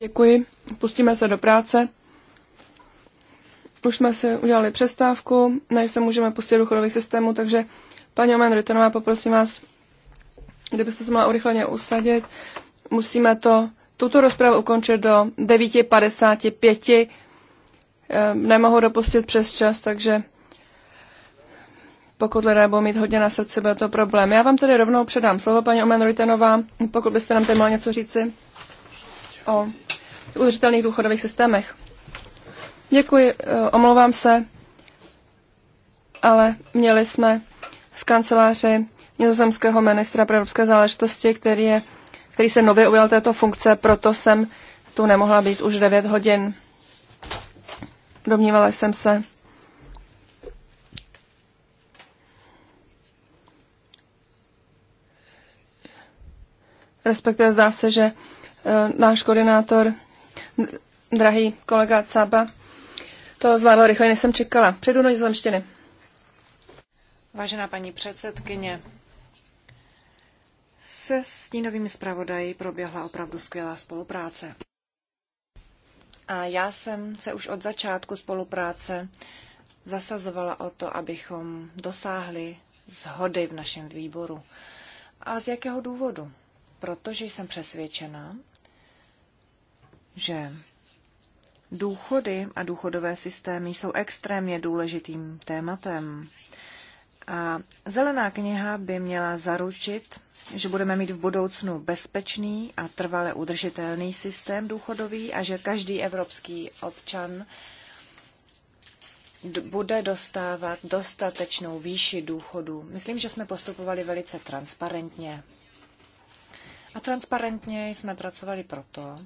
Děkuji. Pustíme se do práce. Už jsme si udělali přestávku, než se můžeme pustit do systému. systémů, takže paní Omen Rytonová, poprosím vás, kdybyste se měla urychleně usadit, musíme to, tuto rozpravu ukončit do 9.55. Ehm, nemohu dopustit přes čas, takže pokud lidé budou mít hodně na srdci, bude to problém. Já vám tedy rovnou předám slovo, paní Omen Rujtenová, pokud byste nám tady měla něco říci o udržitelných důchodových systémech. Děkuji, eh, omlouvám se, ale měli jsme v kanceláři nizozemského ministra pro evropské záležitosti, který, je, který se nově ujal této funkce, proto jsem tu nemohla být už 9 hodin. Domnívala jsem se, respektive zdá se, že eh, náš koordinátor, drahý kolega Caba, to zvládl rychleji, než jsem čekala. Přejdu do nizozemštiny. Vážená paní předsedkyně, se stínovými zpravodaji proběhla opravdu skvělá spolupráce. A já jsem se už od začátku spolupráce zasazovala o to, abychom dosáhli zhody v našem výboru. A z jakého důvodu? protože jsem přesvědčena, že důchody a důchodové systémy jsou extrémně důležitým tématem. A zelená kniha by měla zaručit, že budeme mít v budoucnu bezpečný a trvale udržitelný systém důchodový a že každý evropský občan bude dostávat dostatečnou výši důchodu. Myslím, že jsme postupovali velice transparentně. A transparentně jsme pracovali proto,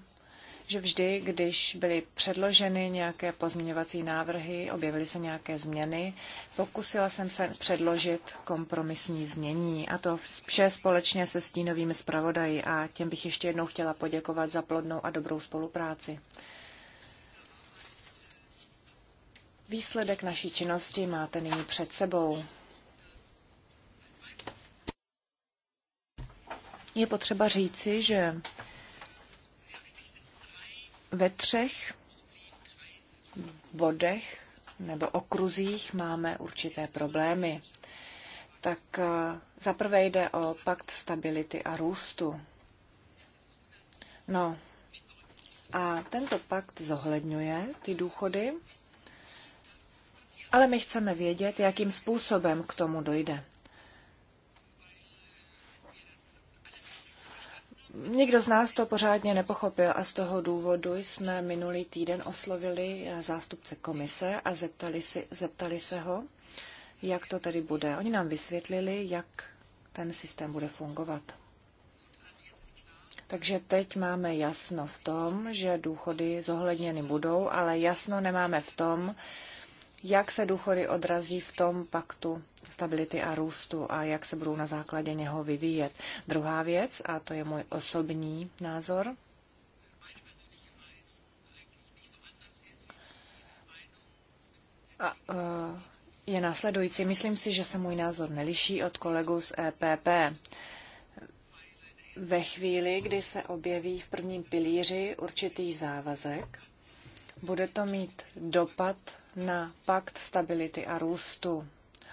že vždy, když byly předloženy nějaké pozměňovací návrhy, objevily se nějaké změny, pokusila jsem se předložit kompromisní změní. a to vše společně se stínovými zpravodaji a těm bych ještě jednou chtěla poděkovat za plodnou a dobrou spolupráci. Výsledek naší činnosti máte nyní před sebou. je potřeba říci, že ve třech bodech nebo okruzích máme určité problémy. Tak eh, zaprvé jde o pakt stability a růstu. No, a tento pakt zohledňuje ty důchody, ale my chceme vědět, jakým způsobem k tomu dojde. Nikdo z nás to pořádně nepochopil a z toho důvodu jsme minulý týden oslovili eh, zástupce komise a zeptali, si, zeptali se ho, jak to tady bude. Oni nám vysvětlili, jak ten systém bude fungovat. Takže teď máme jasno v tom, že důchody zohledněny budou, ale jasno nemáme v tom, jak se důchody odrazí v tom paktu stability a růstu a jak se budou na základě něho vyvíjet. Druhá věc, a to je můj osobní názor, a, e, je následující. Myslím si, že se můj názor neliší od kolegů z EPP. Ve chvíli, kdy se objeví v prvním pilíři určitý závazek, bude to mít dopad na pakt stability a růstu.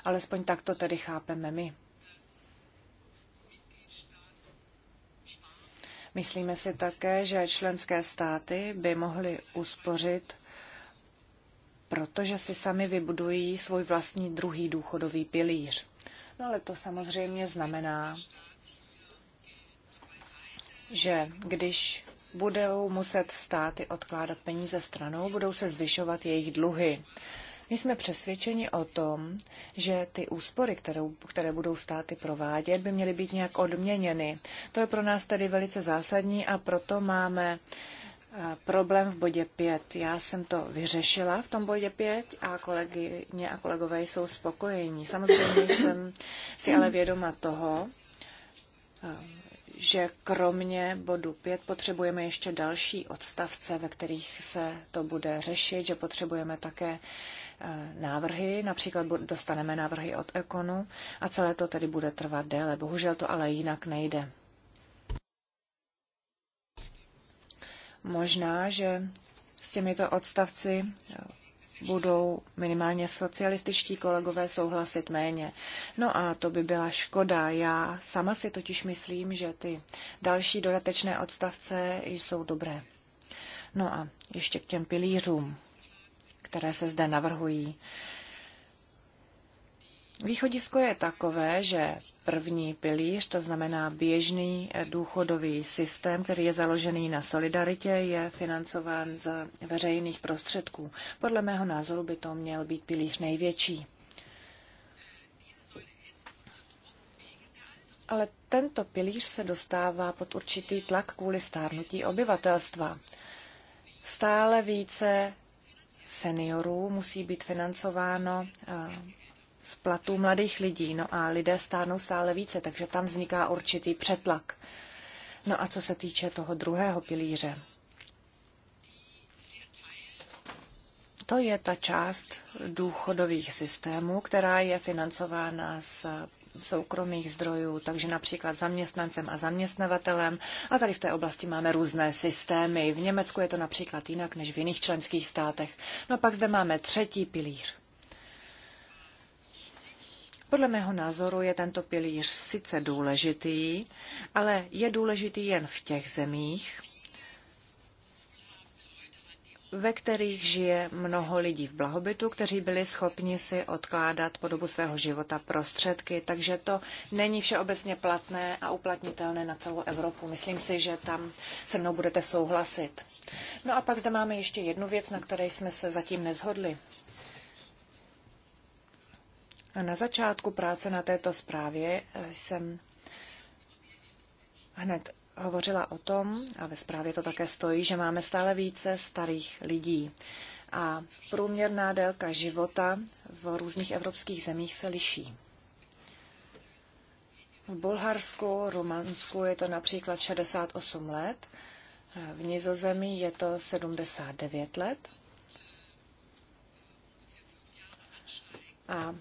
Alespoň tak to tedy chápeme my. Myslíme si také, že členské státy by mohly uspořit, protože si sami vybudují svůj vlastní druhý důchodový pilíř. No ale to samozřejmě znamená, že když budou muset státy odkládat peníze stranou, budou se zvyšovat jejich dluhy. My jsme přesvědčeni o tom, že ty úspory, kterou, které budou státy provádět, by měly být nějak odměněny. To je pro nás tedy velice zásadní a proto máme problém v bodě 5. Já jsem to vyřešila v tom bodě 5 a kolegyně a kolegové jsou spokojení. Samozřejmě jsem si ale vědoma toho, že kromě bodu 5 potřebujeme ještě další odstavce, ve kterých se to bude řešit, že potřebujeme také e, návrhy, například dostaneme návrhy od Ekonu a celé to tedy bude trvat déle. Bohužel to ale jinak nejde. Možná, že s těmito odstavci budou minimálně socialističtí kolegové souhlasit méně. No a to by byla škoda. Já sama si totiž myslím, že ty další dodatečné odstavce jsou dobré. No a ještě k těm pilířům, které se zde navrhují. Uh, Východisko je takové, že první pilíř, to znamená běžný eh, důchodový systém, který je založený na solidaritě, je financován z veřejných prostředků. Podle mého názoru by to měl být pilíř největší. Ale tento pilíř se dostává pod určitý tlak kvůli stárnutí obyvatelstva. Stále více seniorů musí být financováno eh, z platů mladých lidí. No a lidé stárnou stále více, takže tam vzniká určitý přetlak. No a co se týče toho druhého pilíře, to je ta část důchodových systémů, která je financována z soukromých zdrojů, takže například zaměstnancem a zaměstnavatelem. A tady v té oblasti máme různé systémy. V Německu je to například jinak než v jiných členských státech. No a pak zde máme třetí pilíř. Podle mého názoru je tento pilíř sice důležitý, ale je důležitý jen v těch zemích, ve kterých žije mnoho lidí v blahobytu, kteří byli schopni si odkládat po dobu svého života prostředky, takže to není všeobecně platné a uplatnitelné na celou Evropu. Myslím si, že tam se mnou budete souhlasit. No a pak zde máme ještě jednu věc, na které jsme se zatím nezhodli. Na začátku práce na této zprávě eh, jsem hned hovořila o tom, a ve zprávě to také stojí, že máme stále více starých lidí. A průměrná délka života v různých evropských zemích se liší. V Bulharsku, Rumunsku je to například 68 let, eh, v Nizozemí je to 79 let. A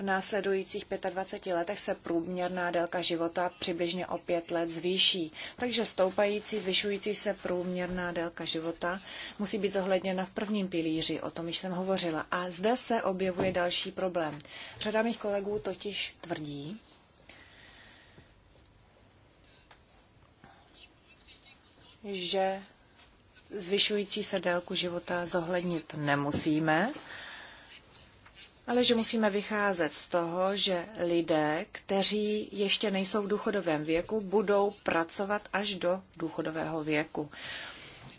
v následujících 25 letech se průměrná délka života přibližně o 5 let zvýší. Takže stoupající, zvyšující se průměrná délka života musí být zohledněna v prvním pilíři, o tom již jsem hovořila. A zde se objevuje další problém. Řada mých kolegů totiž tvrdí, že zvyšující se délku života zohlednit nemusíme, ale že musíme vycházet z toho, že lidé, kteří ještě nejsou v důchodovém věku, budou pracovat až do důchodového věku.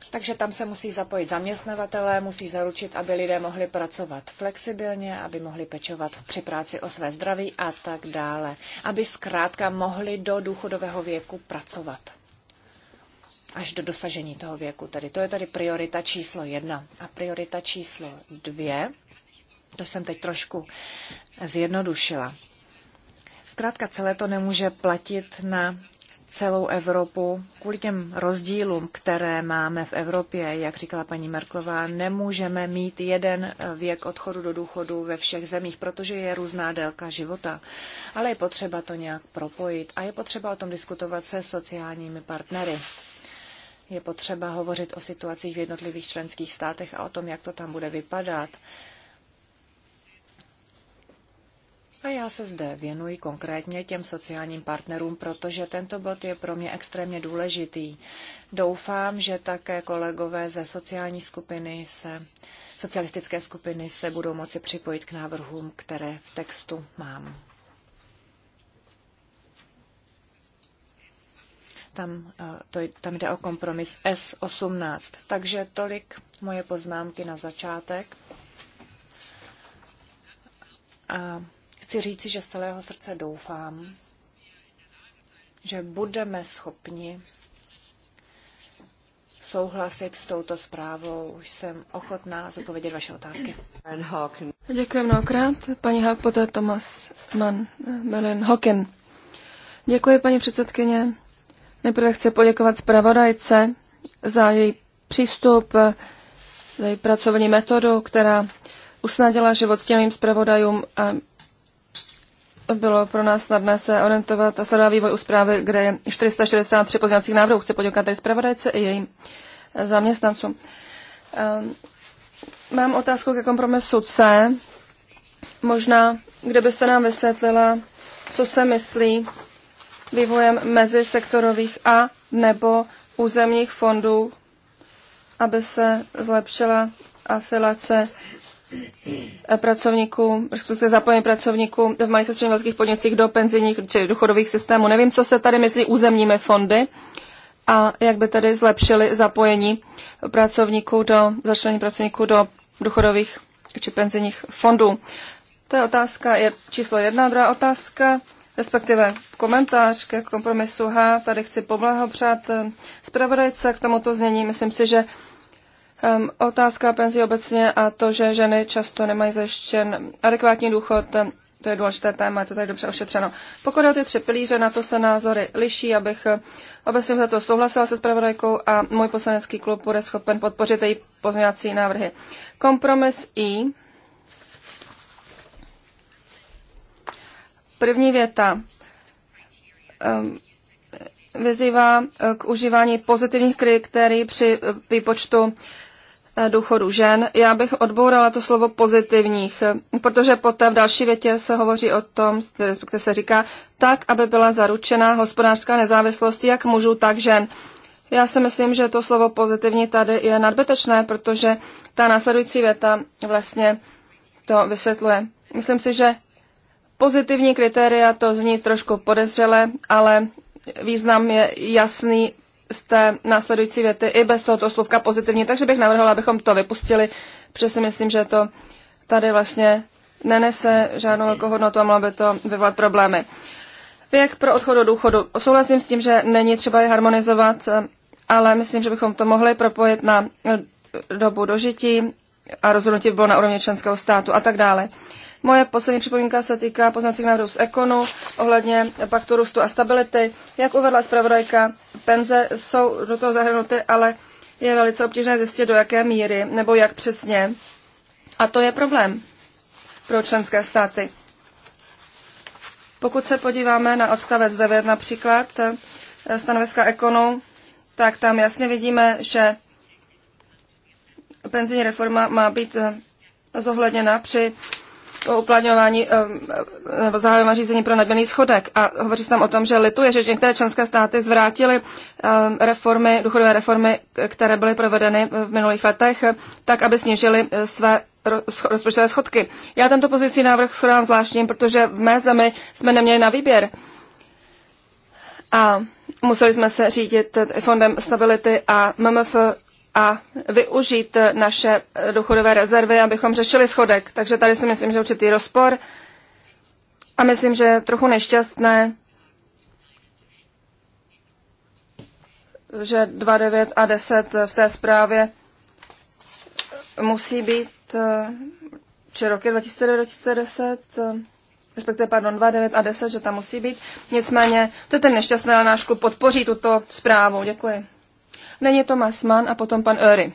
Takže tam se musí zapojit zaměstnavatelé, musí zaručit, aby lidé mohli pracovat flexibilně, aby mohli pečovat při práci o své zdraví a tak dále. Aby zkrátka mohli do důchodového věku pracovat. Až do dosažení toho věku. Tedy to je tady priorita číslo jedna. A priorita číslo dvě to jsem teď trošku zjednodušila. Zkrátka celé to nemůže platit na celou Evropu. Kvůli těm rozdílům, které máme v Evropě, jak říkala paní Merklová, nemůžeme mít jeden věk odchodu do důchodu ve všech zemích, protože je různá délka života. Ale je potřeba to nějak propojit a je potřeba o tom diskutovat se sociálními partnery. Je potřeba hovořit o situacích v jednotlivých členských státech a o tom, jak to tam bude vypadat. A já se zde věnuji konkrétně těm sociálním partnerům, protože tento bod je pro mě extrémně důležitý. Doufám, že také kolegové ze sociální skupiny se, socialistické skupiny se budou moci připojit k návrhům, které v textu mám. Tam, eh, to, tam jde o kompromis S18. Takže tolik moje poznámky na začátek. A chci říci, že z celého srdce doufám, že budeme schopni souhlasit s touto zprávou. Jsem ochotná zodpovědět vaše otázky. Děkuji mnohokrát. Paní Hák, poté Thomas Mann, eh, Merlin Hocken. Děkuji, paní předsedkyně. Nejprve chci poděkovat zpravodajce za její přístup, za její pracovní metodu, která usnadila život s těmým zpravodajům a bylo pro nás snadné se orientovat a sledovat vývoj u zprávy, kde je 463 pozměňovacích návrhů. Chci poděkovat tady zpravodajce i jejím zaměstnancům. Ehm, mám otázku ke kompromisu C. Možná, byste nám vysvětlila, co se myslí vývojem mezi sektorových a nebo územních fondů, aby se zlepšila afilace Eh, pracovníků, respektive zapojení pracovníků v malých a středních velkých podnicích do penzijních či důchodových systémů. Nevím, co se tady myslí územními fondy a jak by tady zlepšili zapojení pracovníků do, začlení pracovníků do důchodových či penzijních fondů. To je otázka je číslo jedna. Druhá otázka, respektive komentář ke kompromisu H. Tady chci poblahopřát eh, zpravodajce k tomuto znění. Myslím si, že Um, otázka penzí obecně a to, že ženy často nemají zajištěn adekvátní důchod, eh, to je důležité téma, je to tady dobře ošetřeno. Pokud o ty tři pilíře, na to se názory liší, abych eh, obecně za to souhlasila se zpravodajkou a můj poslanecký klub bude schopen podpořit její pozměňovací návrhy. Kompromis I. První věta um, vyzývá eh, k užívání pozitivních kritérií při výpočtu Eh, důchodu žen. Já bych odbourala to slovo pozitivních, eh, protože poté v další větě se hovoří o tom, respektive se říká, tak, aby byla zaručena hospodářská nezávislost jak mužů, tak žen. Já si myslím, že to slovo pozitivní tady je nadbytečné, protože ta následující věta vlastně to vysvětluje. Myslím si, že pozitivní kritéria to zní trošku podezřele, ale význam je jasný té následující věty i bez tohoto slovka pozitivní, takže bych navrhla, abychom to vypustili, protože si myslím, že to tady vlastně nenese žádnou velkou hodnotu a mohlo by to vyvolat problémy. Věk pro odchod do důchodu. Souhlasím s tím, že není třeba je harmonizovat, ale myslím, že bychom to mohli propojit na dobu dožití a rozhodnutí bylo na úrovni členského státu a tak dále. Moje poslední připomínka se týká poznacích návrhů z Ekonu ohledně paktu růstu a stability. Jak uvedla zpravodajka, penze jsou do toho zahrnuty, ale je velice obtížné zjistit, do jaké míry nebo jak přesně. A to je problém pro členské státy. Pokud se podíváme na odstavec 9 například eh, stanoviska Ekonu, tak tam jasně vidíme, že penzijní reforma má být eh, zohledněna při uplatňování nebo zahajování řízení pro nadměrný schodek. A hovoří se tam o tom, že lituje, že některé členské státy zvrátily reformy, důchodové reformy, které byly provedeny v minulých letech, tak, aby snížily e, své rozpočtové schodky. Já tento pozici návrh schodám zvláštním, protože v mé zemi jsme neměli na výběr. A museli jsme se řídit fondem stability a MMF a využít naše důchodové rezervy, abychom řešili schodek. Takže tady si myslím, že určitý rozpor a myslím, že je trochu nešťastné, že 2.9 a 10 v té zprávě musí být, či roky 2009-2010, respektive, pardon, 2.9 a 10, že tam musí být. Nicméně, to je ten nešťastný, ale náš klub podpoří tuto zprávu. Děkuji. Není to Mann a potom pan Öry.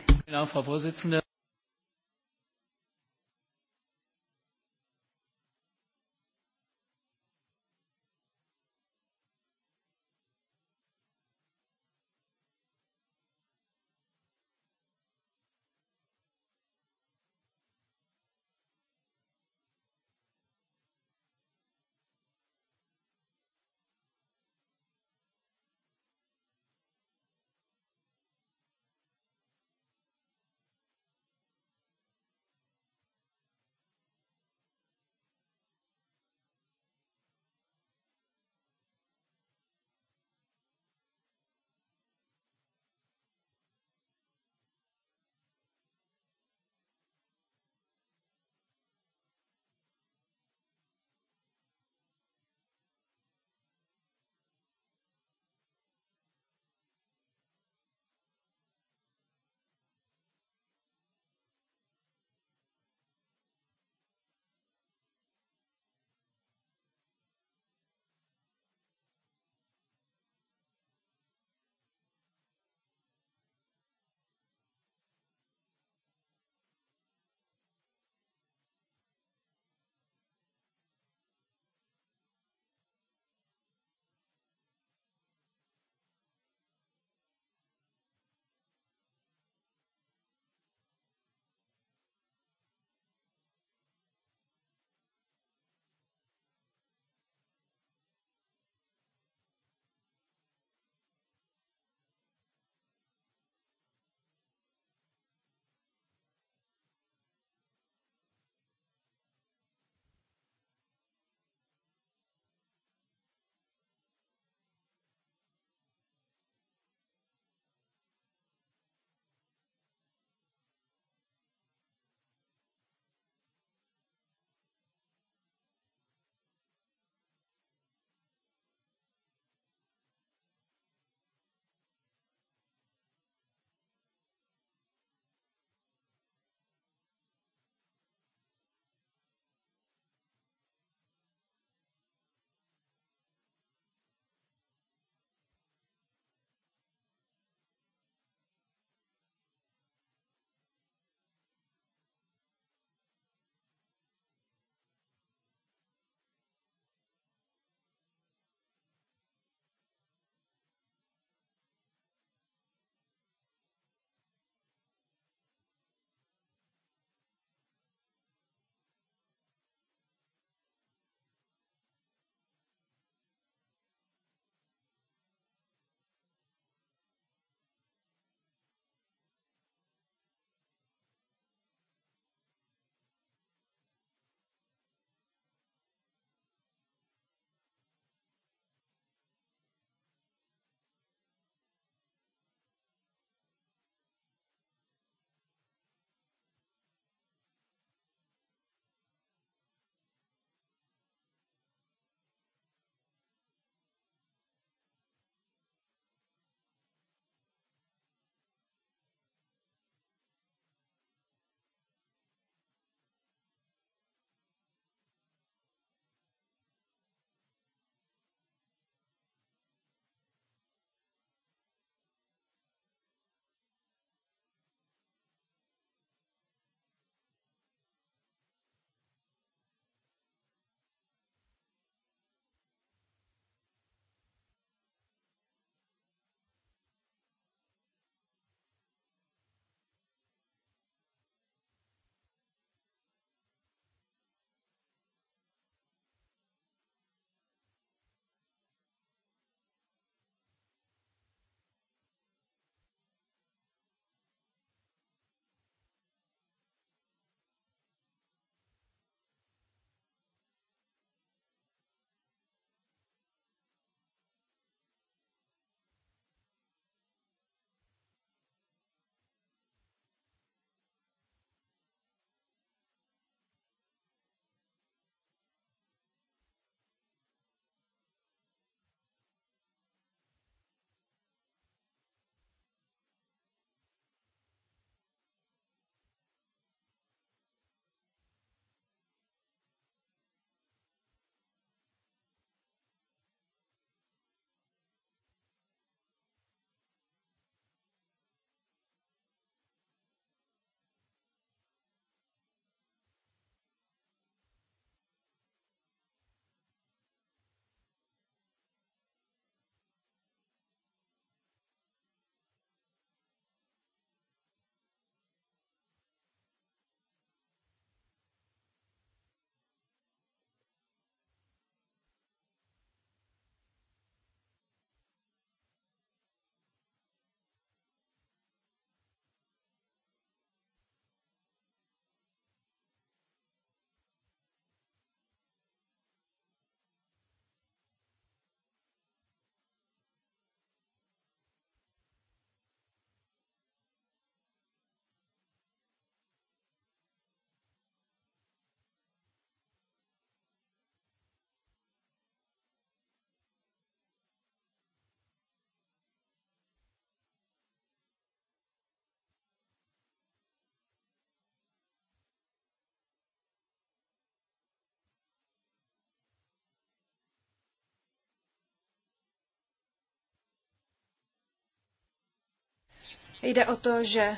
Jde o to, že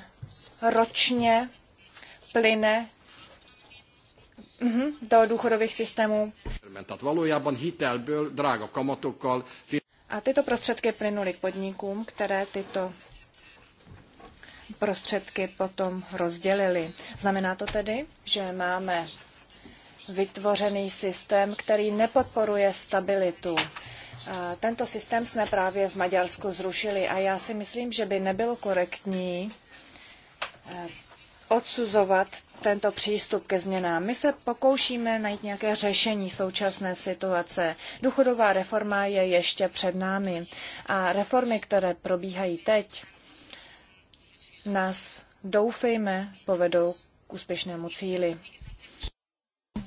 ročně plyne mhm, do důchodových systémů. A tyto prostředky plynuly k podnikům, které tyto prostředky potom rozdělili. Znamená to tedy, že máme vytvořený systém, který nepodporuje stabilitu. Tento systém jsme právě v Maďarsku zrušili a já si myslím, že by nebylo korektní e, odsuzovat tento přístup ke změnám. My se pokoušíme najít nějaké řešení současné situace. Důchodová reforma je ještě před námi a reformy, které probíhají teď, nás doufejme povedou k úspěšnému cíli.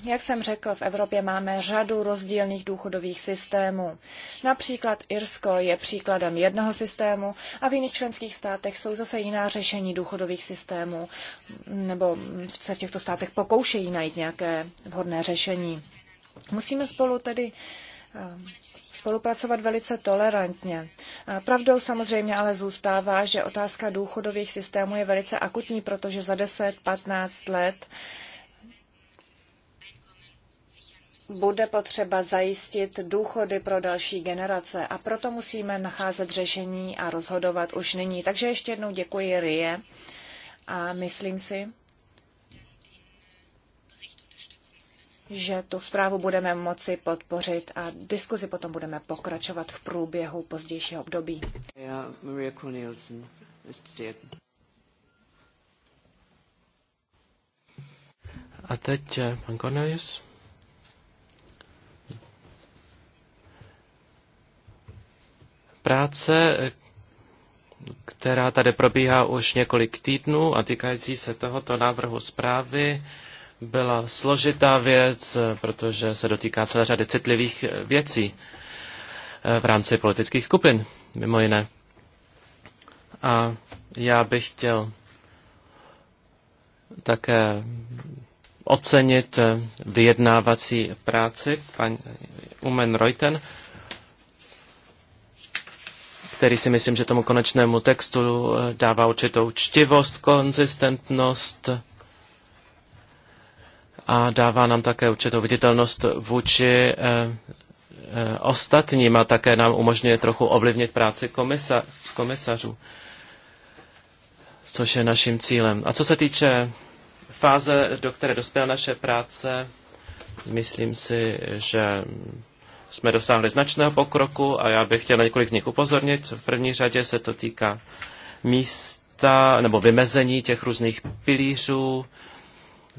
Jak jsem řekl, v Evropě máme řadu rozdílných důchodových systémů. Například Irsko je příkladem jednoho systému a v jiných členských státech jsou zase jiná řešení důchodových systémů, nebo se v těchto státech pokoušejí najít nějaké vhodné řešení. Musíme spolu tedy eh, spolupracovat velice tolerantně. Eh, pravdou samozřejmě ale zůstává, že otázka důchodových systémů je velice akutní, protože za 10-15 let bude potřeba zajistit důchody pro další generace a proto musíme nacházet řešení a rozhodovat už nyní. Takže ještě jednou děkuji Rie a myslím si, že tu zprávu budeme moci podpořit a diskuzi potom budeme pokračovat v průběhu pozdějšího období. a teď eh, pan Cornelius. práce, která tady probíhá už několik týdnů a týkající se tohoto návrhu zprávy, byla složitá věc, protože se dotýká celé řady citlivých věcí eh, v rámci politických skupin, mimo jiné. A já bych chtěl také ocenit eh, vyjednávací práci paní Umen Reuten, který si myslím, že tomu konečnému textu eh, dává určitou čtivost, konzistentnost a dává nám také určitou viditelnost vůči eh, eh, ostatním a také nám umožňuje trochu ovlivnit práci komisa- komisařů, což je naším cílem. A co se týče fáze, do které dospěla naše práce, myslím si, že jsme dosáhli značného pokroku a já bych chtěl na několik z nich upozornit. V první řadě se to týká místa nebo vymezení těch různých pilířů,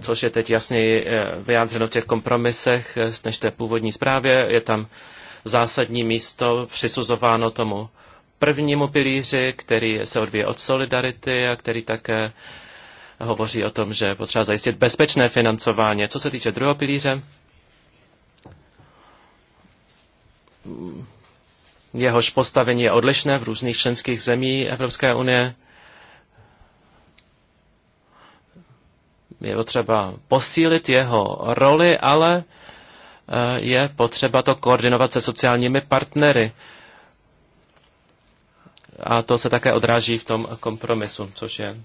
což je teď jasně eh, vyjádřeno v těch kompromisech eh, než té původní zprávě. Je tam zásadní místo přisuzováno tomu prvnímu pilíři, který se odvíje od solidarity a který také hovoří o tom, že potřeba zajistit bezpečné financování. Co se týče druhého pilíře, jehož postavení je odlišné v různých členských zemí Evropské unie. Je potřeba posílit jeho roli, ale eh, je potřeba to koordinovat se sociálními partnery. A to se také odráží v tom kompromisu, což je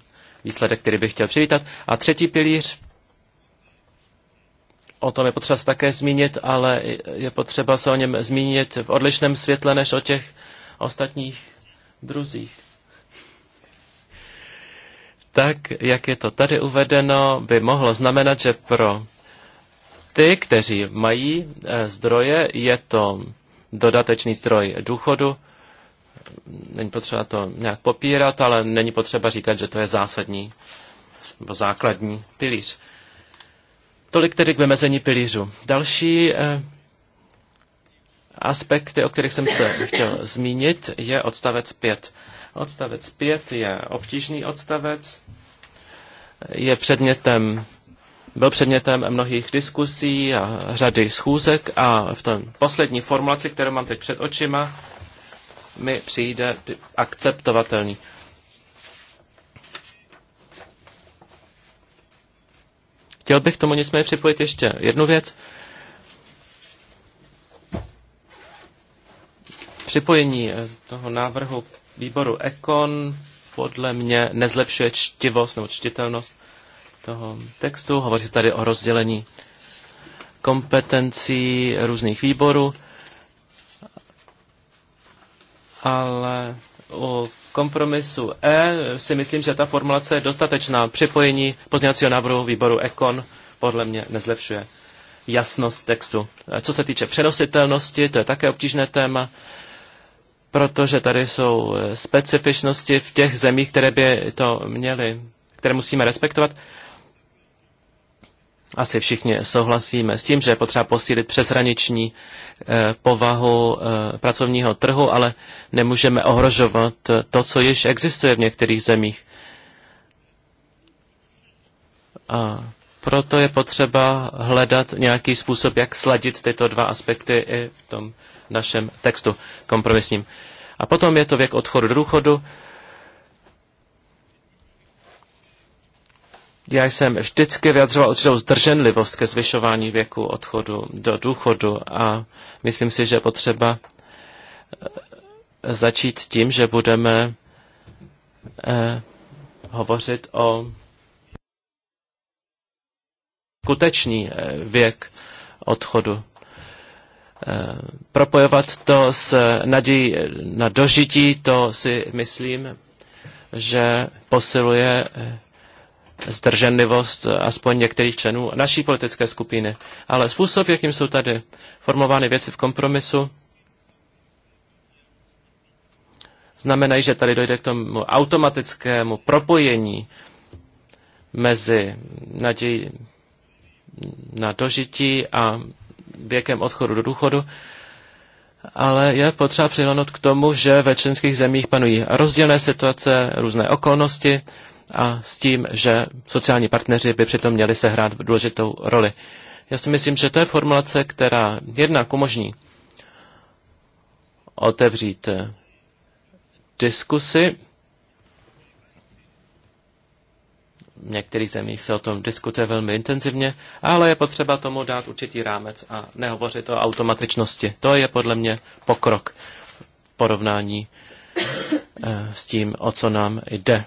výsledek, který bych chtěl přivítat. A třetí pilíř O tom je potřeba se také zmínit, ale je potřeba se o něm zmínit v odlišném světle než o těch ostatních druzích. Tak, jak je to tady uvedeno, by mohlo znamenat, že pro ty, kteří mají eh, zdroje, je to dodatečný zdroj důchodu. Není potřeba to nějak popírat, ale není potřeba říkat, že to je zásadní nebo základní pilíř. Tolik tedy k vymezení pilířů. Další eh, aspekty, o kterých jsem se chtěl zmínit, je odstavec 5. Odstavec 5 je obtížný odstavec, je předmětem, byl předmětem mnohých diskusí a řady schůzek a v tom poslední formulaci, kterou mám teď před očima, mi přijde akceptovatelný. Chtěl bych tomu nicméně připojit ještě jednu věc. Připojení eh, toho návrhu výboru Ekon podle mě nezlepšuje čtivost nebo čtitelnost toho textu. Hovoří se tady o rozdělení kompetencí různých výborů, ale u kompromisu E si myslím, že ta formulace je dostatečná. Připojení pozněvacího návrhu výboru Econ podle mě nezlepšuje jasnost textu. E, co se týče přenositelnosti, to je také obtížné téma, protože tady jsou e, specifičnosti v těch zemích, které by to měly, které musíme respektovat asi všichni souhlasíme s tím, že je potřeba posílit přeshraniční eh, povahu eh, pracovního trhu, ale nemůžeme ohrožovat eh, to, co již existuje v některých zemích. A proto je potřeba hledat nějaký způsob, jak sladit tyto dva aspekty i v tom našem textu kompromisním. A potom je to věk odchodu do důchodu. Já jsem vždycky vyjadřoval určitou zdrženlivost ke zvyšování věku odchodu do důchodu a myslím si, že je potřeba eh, začít tím, že budeme eh, hovořit o skutečný eh, věk odchodu. Eh, propojovat to s nadějí na dožití, to si myslím, že posiluje zdrženlivost eh, aspoň některých členů naší politické skupiny. Ale způsob, jakým jsou tady formovány věci v kompromisu, znamenají, že tady dojde k tomu automatickému propojení mezi nadějí na dožití a věkem odchodu do důchodu, ale je potřeba přihlednout k tomu, že ve členských zemích panují rozdílné situace, různé okolnosti, a s tím, že sociální partneři by přitom měli sehrát důležitou roli. Já si myslím, že to je formulace, která jednak umožní otevřít eh, diskusy. V některých zemích se o tom diskutuje velmi intenzivně, ale je potřeba tomu dát určitý rámec a nehovořit o automatičnosti. To je podle mě pokrok v porovnání eh, s tím, o co nám jde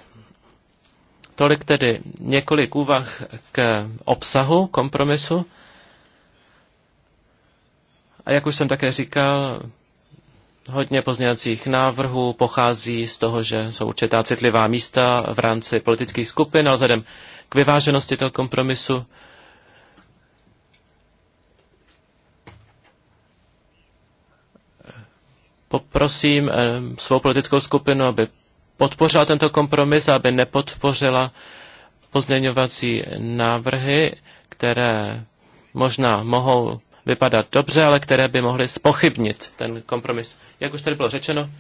Tolik tedy několik úvah k obsahu kompromisu. A jak už jsem také říkal, hodně pozměňovacích návrhů pochází z toho, že jsou určitá citlivá místa v rámci politických skupin a vzhledem k vyváženosti toho kompromisu poprosím eh, svou politickou skupinu, aby podpořila tento kompromis, aby nepodpořila pozměňovací návrhy, které možná mohou vypadat dobře, ale které by mohly spochybnit ten kompromis. Jak už tady bylo řečeno,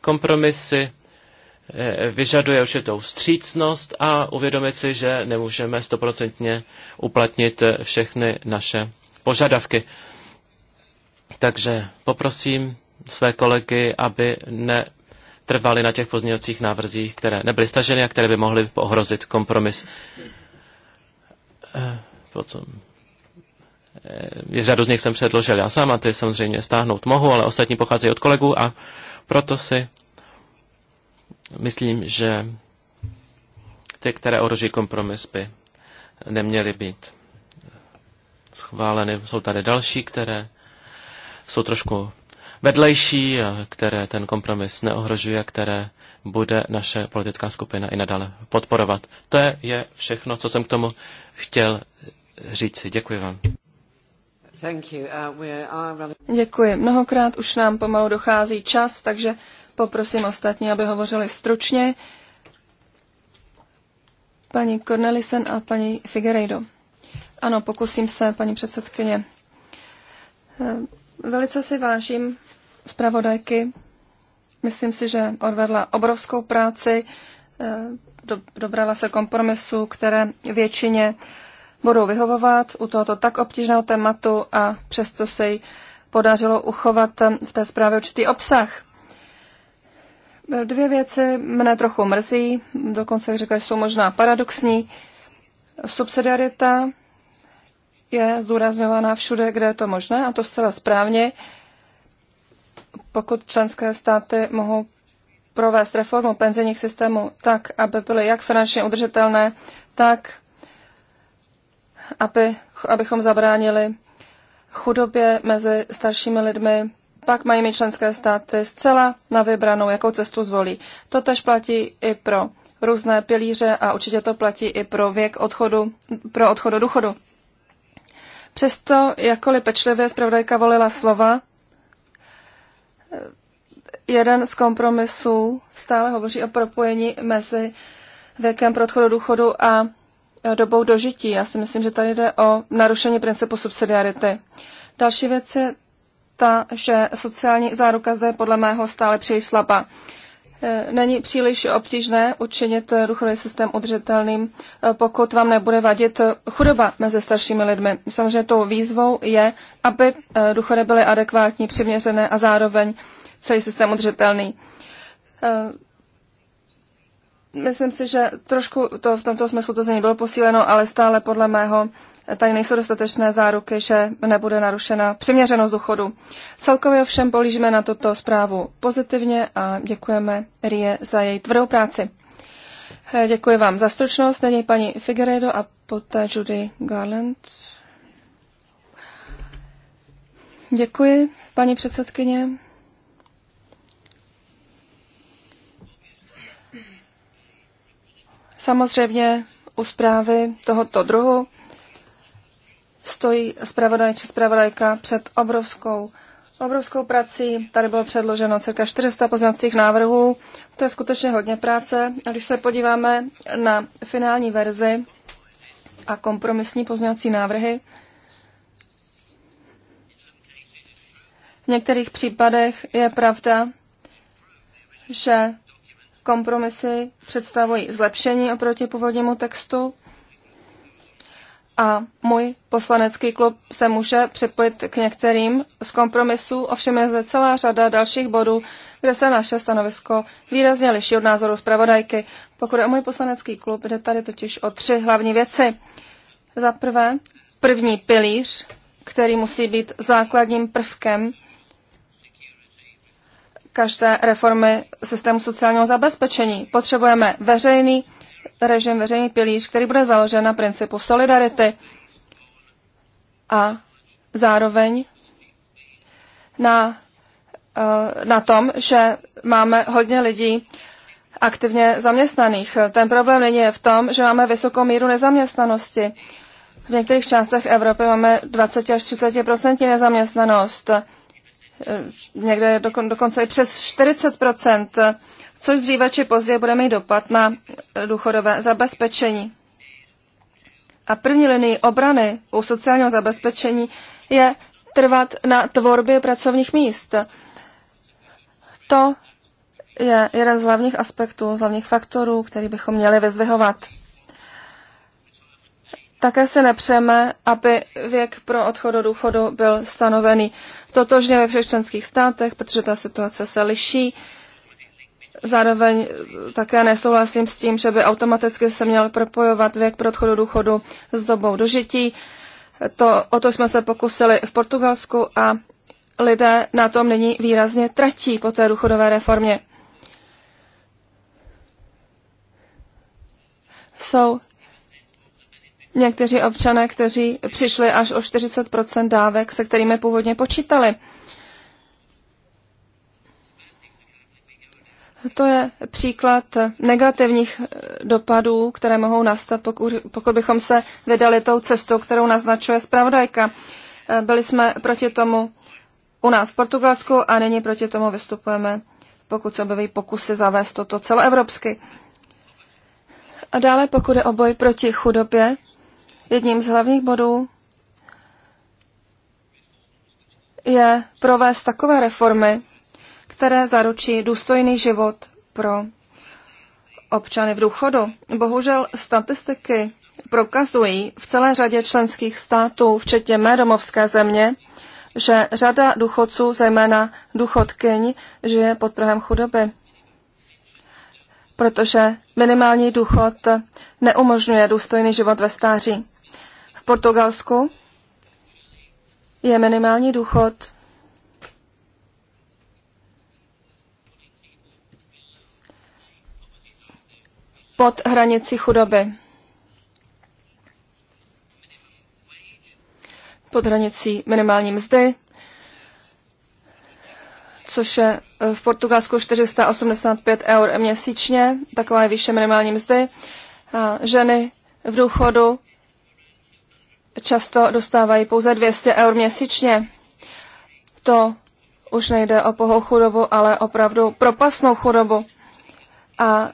kompromisy eh, vyžaduje určitou vstřícnost a uvědomit si, že nemůžeme stoprocentně uplatnit eh, všechny naše požadavky. Takže poprosím své kolegy, aby ne trvali na těch pozměňovacích návrzích, které nebyly staženy a které by mohly ohrozit kompromis. Eh, potom eh, je řadu z nich jsem předložil já sám a ty samozřejmě stáhnout mohu, ale ostatní pocházejí od kolegů a proto si myslím, že ty, které ohrožují kompromis, by neměly být schváleny. Jsou tady další, které jsou trošku vedlejší, které ten kompromis neohrožuje, které bude naše politická skupina i nadále podporovat. To je všechno, co jsem k tomu chtěl říci. Děkuji vám. Uh, Děkuji. Mnohokrát už nám pomalu dochází čas, takže poprosím ostatní, aby hovořili stručně. Paní Cornelisen a paní Figueiredo. Ano, pokusím se, paní předsedkyně. Eh, velice si vážím zpravodajky. Myslím si, že odvedla obrovskou práci, eh, do, dobrala se kompromisu, které většině budou vyhovovat u tohoto tak obtížného tématu a přesto se jí podařilo uchovat eh, v té zprávě určitý obsah. Eh, dvě věci mne trochu mrzí, dokonce jak říkají, jsou možná paradoxní. Subsidiarita je zdůrazňována všude, kde je to možné, a to zcela správně pokud členské státy mohou provést reformu penzijních systémů tak, aby byly jak finančně udržitelné, tak aby, abychom zabránili chudobě mezi staršími lidmi, pak mají mít členské státy zcela na vybranou, jakou cestu zvolí. To tež platí i pro různé pilíře a určitě to platí i pro věk odchodu, pro odchod do důchodu. Přesto, jakkoliv pečlivě zpravodajka volila slova, jeden z kompromisů stále hovoří o propojení mezi věkem pro odchodu důchodu a dobou dožití. Já si myslím, že tady jde o narušení principu subsidiarity. Další věc je ta, že sociální záruka zde je podle mého stále příliš slabá. Eh, není příliš obtížné učinit eh, důchodový systém udržitelným, eh, pokud vám nebude vadit chudoba mezi staršími lidmi. Samozřejmě tou výzvou je, aby důchody byly adekvátní, přiměřené a zároveň celý systém udržitelný. Myslím si, že trošku to v tomto smyslu to zní bylo posíleno, ale stále podle mého tady nejsou dostatečné záruky, že nebude narušena přiměřenost důchodu. Celkově ovšem polížíme na tuto zprávu pozitivně a děkujeme Rie za její tvrdou práci. Eh, děkuji vám za stručnost, není paní Figueredo a poté Judy Garland. Děkuji, paní předsedkyně. Samozřejmě u zprávy tohoto druhu stojí zpravodaj či zpravodajka před obrovskou obrovskou prací. Tady bylo předloženo cirka 400 poznacích návrhů. To je skutečně hodně práce. A když se podíváme na finální verzi a kompromisní poznací návrhy, v některých případech je pravda, že kompromisy představují zlepšení oproti původnímu textu, a můj poslanecký klub se může připojit k některým z kompromisů, ovšem je zde celá řada dalších bodů, kde se naše stanovisko výrazně liší od názoru zpravodajky. Pokud je o můj poslanecký klub, jde tady totiž o tři hlavní věci. Za prvé, první pilíř, který musí být základním prvkem každé reformy systému sociálního zabezpečení. Potřebujeme veřejný režim veřejný pilíř, který bude založen na principu solidarity a zároveň na, eh, na tom, že máme hodně lidí aktivně zaměstnaných. Ten problém není v tom, že máme vysokou míru nezaměstnanosti. V některých částech Evropy máme 20 až 30 nezaměstnanost. Eh, někde dokon, dokonce i přes 40 což dříve či později bude mít dopad na důchodové zabezpečení. A první linii obrany u sociálního zabezpečení je trvat na tvorbě pracovních míst. To je jeden z hlavních aspektů, z hlavních faktorů, který bychom měli vyzdvihovat. Také se nepřeme, aby věk pro odchod do důchodu byl stanovený totožně ve všech členských státech, protože ta situace se liší. Zároveň také nesouhlasím s tím, že by automaticky se měl propojovat věk pro odchodu důchodu s dobou dožití. To, o to jsme se pokusili v Portugalsku a lidé na tom nyní výrazně tratí po té důchodové reformě. Jsou někteří občané, kteří přišli až o 40 dávek, se kterými původně počítali. To je příklad negativních eh, dopadů, které mohou nastat, pokud, pokud bychom se vydali tou cestou, kterou naznačuje zpravodajka. Eh, byli jsme proti tomu u nás v Portugalsku a nyní proti tomu vystupujeme, pokud se objeví pokusy zavést toto celoevropsky. A dále, pokud je o boj proti chudobě, jedním z hlavních bodů je provést takové reformy, které zaručí důstojný život pro občany v důchodu. Bohužel statistiky prokazují v celé řadě členských států, včetně mé domovské země, že řada důchodců, zejména důchodkyň, žije pod prahem chudoby, protože minimální důchod neumožňuje důstojný život ve stáří. V Portugalsku je minimální důchod pod hranici chudoby. Pod hranicí minimální mzdy, což je e, v Portugalsku 485 eur měsíčně, taková je výše minimální mzdy. Ženy v důchodu často dostávají pouze 200 eur měsíčně. To už nejde o pohou chudobu, ale opravdu propasnou chudobu. A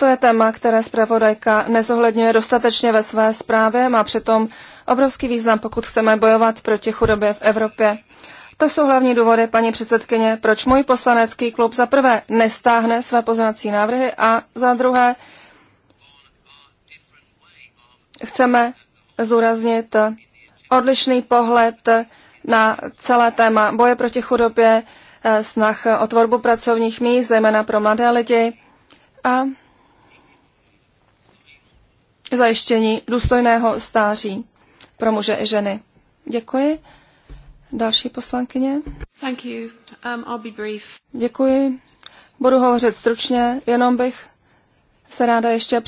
to je téma, které zpravodajka nezohledňuje dostatečně ve své zprávě, má přitom obrovský význam, pokud chceme bojovat proti chudobě v Evropě. To jsou hlavní důvody, paní předsedkyně, proč můj poslanecký klub za prvé nestáhne své poznací návrhy a za druhé chceme zúraznit odlišný pohled na celé téma boje proti chudobě, eh, snah o tvorbu pracovních míst, zejména pro mladé lidi a zajištění důstojného stáří pro muže i ženy. Děkuji. Další poslankyně. Thank you. Um, I'll be brief. Děkuji. Budu hovořit stručně, jenom bych se ráda ještě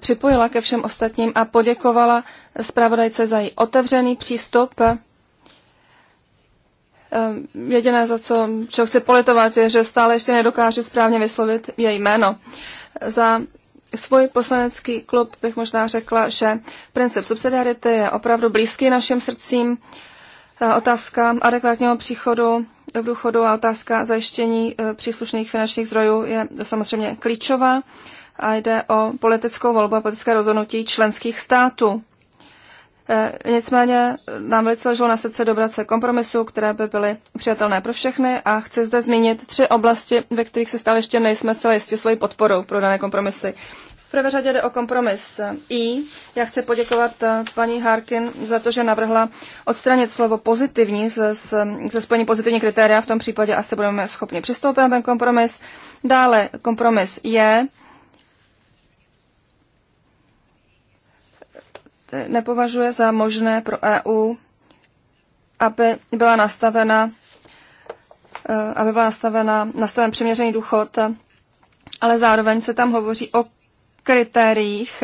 připojila ke všem ostatním a poděkovala zpravodajce za její otevřený přístup. Ehm, jediné, za co, čeho chci politovat, je, že stále ještě nedokáže správně vyslovit její jméno. Za svůj poslanecký klub bych možná řekla, že princip subsidiarity je opravdu blízký našim srdcím. Eh, otázka adekvátního příchodu v eh, důchodu a otázka zajištění eh, příslušných finančních zdrojů je samozřejmě klíčová a jde o politickou volbu a politické rozhodnutí členských států. Eh, nicméně nám velice leželo na srdce dobrat se kompromisu, které by byly přijatelné pro všechny a chci zde zmínit tři oblasti, ve kterých se stále ještě nejsme zcela jistě svojí podporou pro dané kompromisy. V prvé řadě jde o kompromis I. Já chci poděkovat eh, paní Harkin za to, že navrhla odstranit slovo pozitivní ze, ze splnění pozitivní kritéria. V tom případě asi budeme schopni přistoupit na ten kompromis. Dále kompromis je nepovažuje za možné pro EU, aby byla nastavena, eh, aby byla nastavena, nastaven přiměřený důchod, ale zároveň se tam hovoří o kritériích,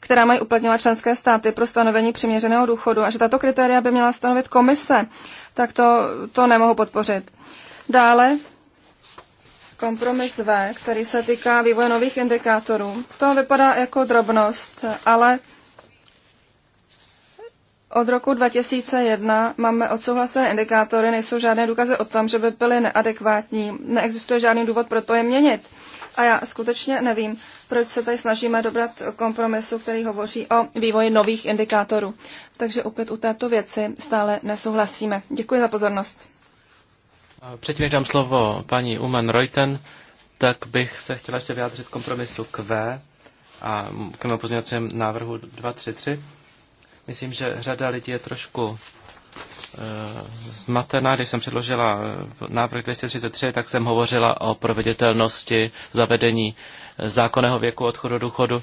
která mají uplatňovat členské státy pro stanovení přiměřeného důchodu a že tato kritéria by měla stanovit komise, tak to, to nemohu podpořit. Dále kompromis V, který se týká vývoje nových indikátorů. To vypadá jako drobnost, ale od roku 2001 máme odsouhlasené indikátory, nejsou žádné důkazy o tom, že by byly neadekvátní, neexistuje žádný důvod pro to je měnit. A já skutečně nevím, proč se tady snažíme dobrat kompromisu, který hovoří o vývoji nových indikátorů. Takže opět u této věci stále nesouhlasíme. Děkuji za pozornost. Předtím, než dám slovo paní Uman Reuten, tak bych se chtěla ještě vyjádřit kompromisu Q a k mému pozměňovacím návrhu 233 Myslím, že řada lidí je trošku eh, zmatená. Když jsem předložila eh, návrh 233, tak jsem hovořila o proveditelnosti zavedení eh, zákonného věku odchodu důchodu.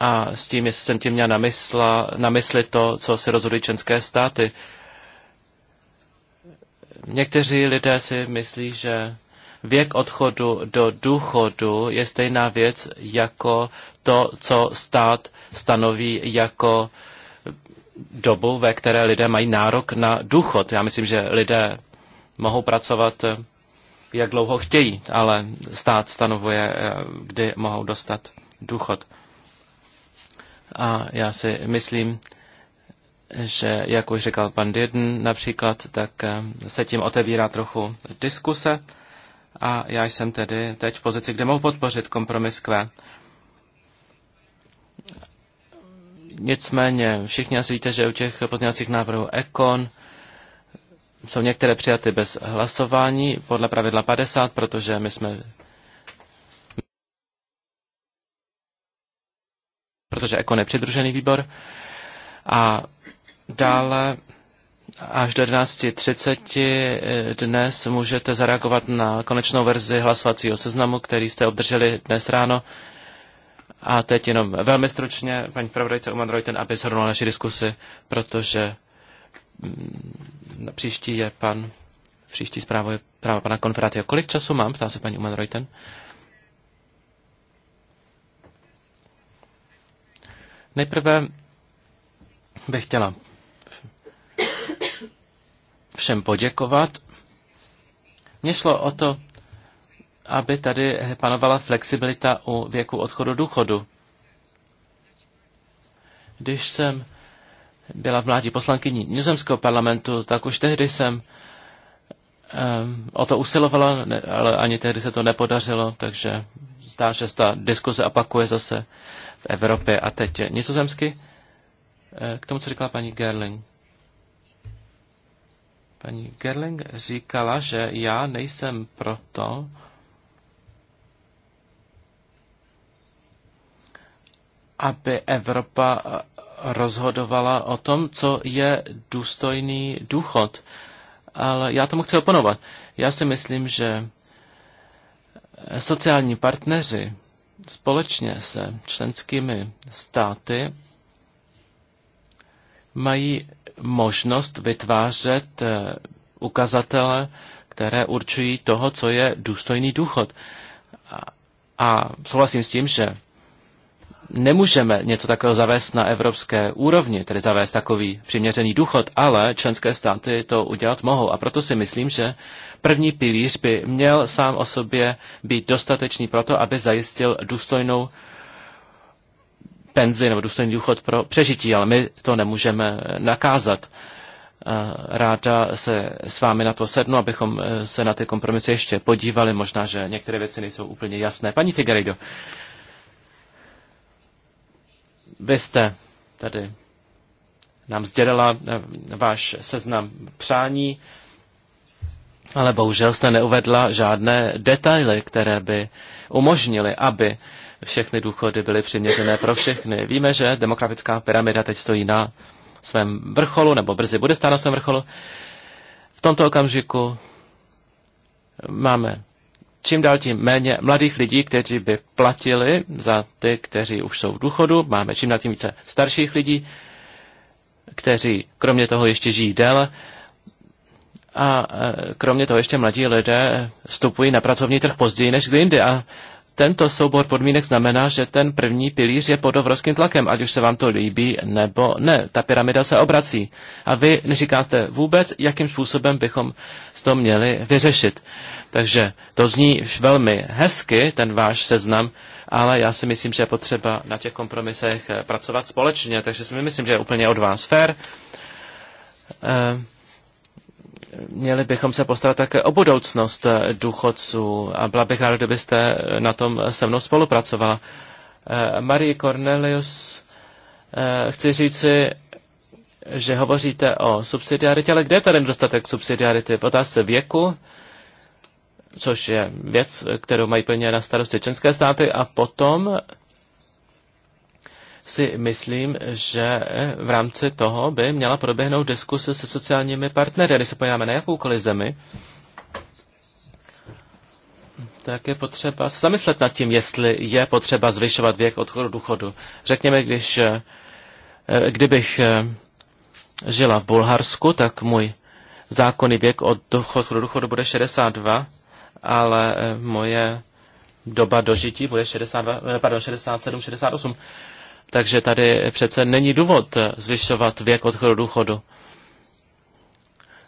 A s tím, jestli jsem tím měla namysla, na mysli to, co si rozhodují členské státy. Někteří lidé si myslí, že Věk odchodu do důchodu je stejná věc jako to, co stát stanoví jako dobu, ve které lidé mají nárok na důchod. Já myslím, že lidé mohou pracovat, eh, jak dlouho chtějí, ale stát stanovuje, eh, kdy mohou dostat důchod. A já si myslím, že, jak už říkal pan Dieden například, tak eh, se tím otevírá trochu diskuse a já jsem tedy teď v pozici, kde mohu podpořit kompromis Q. Nicméně všichni asi víte, že u těch pozměňovacích návrhů ECON jsou některé přijaty bez hlasování podle pravidla 50, protože my jsme protože ECON je přidružený výbor. A dále Až do 11.30 eh, dnes můžete zareagovat na konečnou verzi hlasovacího seznamu, který jste obdrželi dnes ráno. A teď jenom velmi stručně, paní pravodajce Uman Reuten, aby shrnula naši diskusi, protože mm, příští je pan, příští zprávu je práva pana Konferátyho. Kolik času mám, ptá se paní Uman Reuten. Nejprve bych chtěla všem poděkovat. Mně šlo o to, aby tady panovala flexibilita u věku odchodu důchodu. Když jsem byla v mládí poslankyní Nizozemského parlamentu, tak už tehdy jsem um, o to usilovala, ne, ale ani tehdy se to nepodařilo, takže zdá, že ta diskuze opakuje zase v Evropě a teď nizozemsky. Eh, k tomu, co říkala paní Gerling. Paní Gerling říkala, že já nejsem proto, aby Evropa eh, rozhodovala o tom, co je důstojný důchod. Ale já tomu chci oponovat. Já si myslím, že eh, sociální partneři společně se členskými státy mají možnost vytvářet eh, ukazatele, které určují toho, co je důstojný důchod. A souhlasím s tím, že nemůžeme něco takového zavést na evropské úrovni, tedy zavést takový přiměřený důchod, ale členské státy to udělat mohou. A proto si myslím, že první pilíř by měl sám o sobě být dostatečný proto, aby zajistil důstojnou penzi nebo důstojný důchod pro přežití, ale my to nemůžeme nakázat. Ráda se s vámi na to sednu, abychom e, se na ty kompromisy ještě podívali. Možná, že některé věci nejsou úplně jasné. Paní Figueiredo, vy jste tady nám sdělila e, váš seznam přání, ale bohužel jste neuvedla žádné detaily, které by umožnily, aby všechny důchody byly přiměřené pro všechny. Víme, že demokratická pyramida teď stojí na svém vrcholu, nebo brzy bude stát na svém vrcholu. V tomto okamžiku máme čím dál tím méně mladých lidí, kteří by platili za ty, kteří už jsou v důchodu. Máme čím dál tím více starších lidí, kteří kromě toho ještě žijí déle. A e, kromě toho ještě mladí lidé vstupují na pracovní trh později než kdy jindy. A tento soubor podmínek znamená, že ten první pilíř je pod obrovským tlakem, ať už se vám to líbí nebo ne. Ta pyramida se obrací. A vy neříkáte vůbec, jakým způsobem bychom to měli vyřešit. Takže to zní velmi hezky, ten váš seznam, ale já si myslím, že je potřeba na těch kompromisech eh, pracovat společně, takže si myslím, že je úplně od vás fér. Ehm Měli bychom se postarat také o budoucnost eh, důchodců a byla bych ráda, kdybyste eh, na tom se mnou spolupracovala. Eh, Marie Cornelius, chci říci, že hovoříte o subsidiaritě, ale kde je tady dostatek subsidiarity? V otázce věku, což je věc, kterou mají plně na starosti členské státy, a potom si myslím, že v rámci toho by měla proběhnout diskuse se sociálními partnery. Když se pojáme na jakoukoliv zemi, tak je potřeba zamyslet nad tím, jestli je potřeba zvyšovat věk odchodu důchodu. Řekněme, když, eh, kdybych eh, žila v Bulharsku, tak můj zákonný věk od odchodu důchodu bude 62, ale eh, moje doba dožití bude 62, pardon, 67, 68 takže tady přece není důvod zvyšovat věk odchodu důchodu.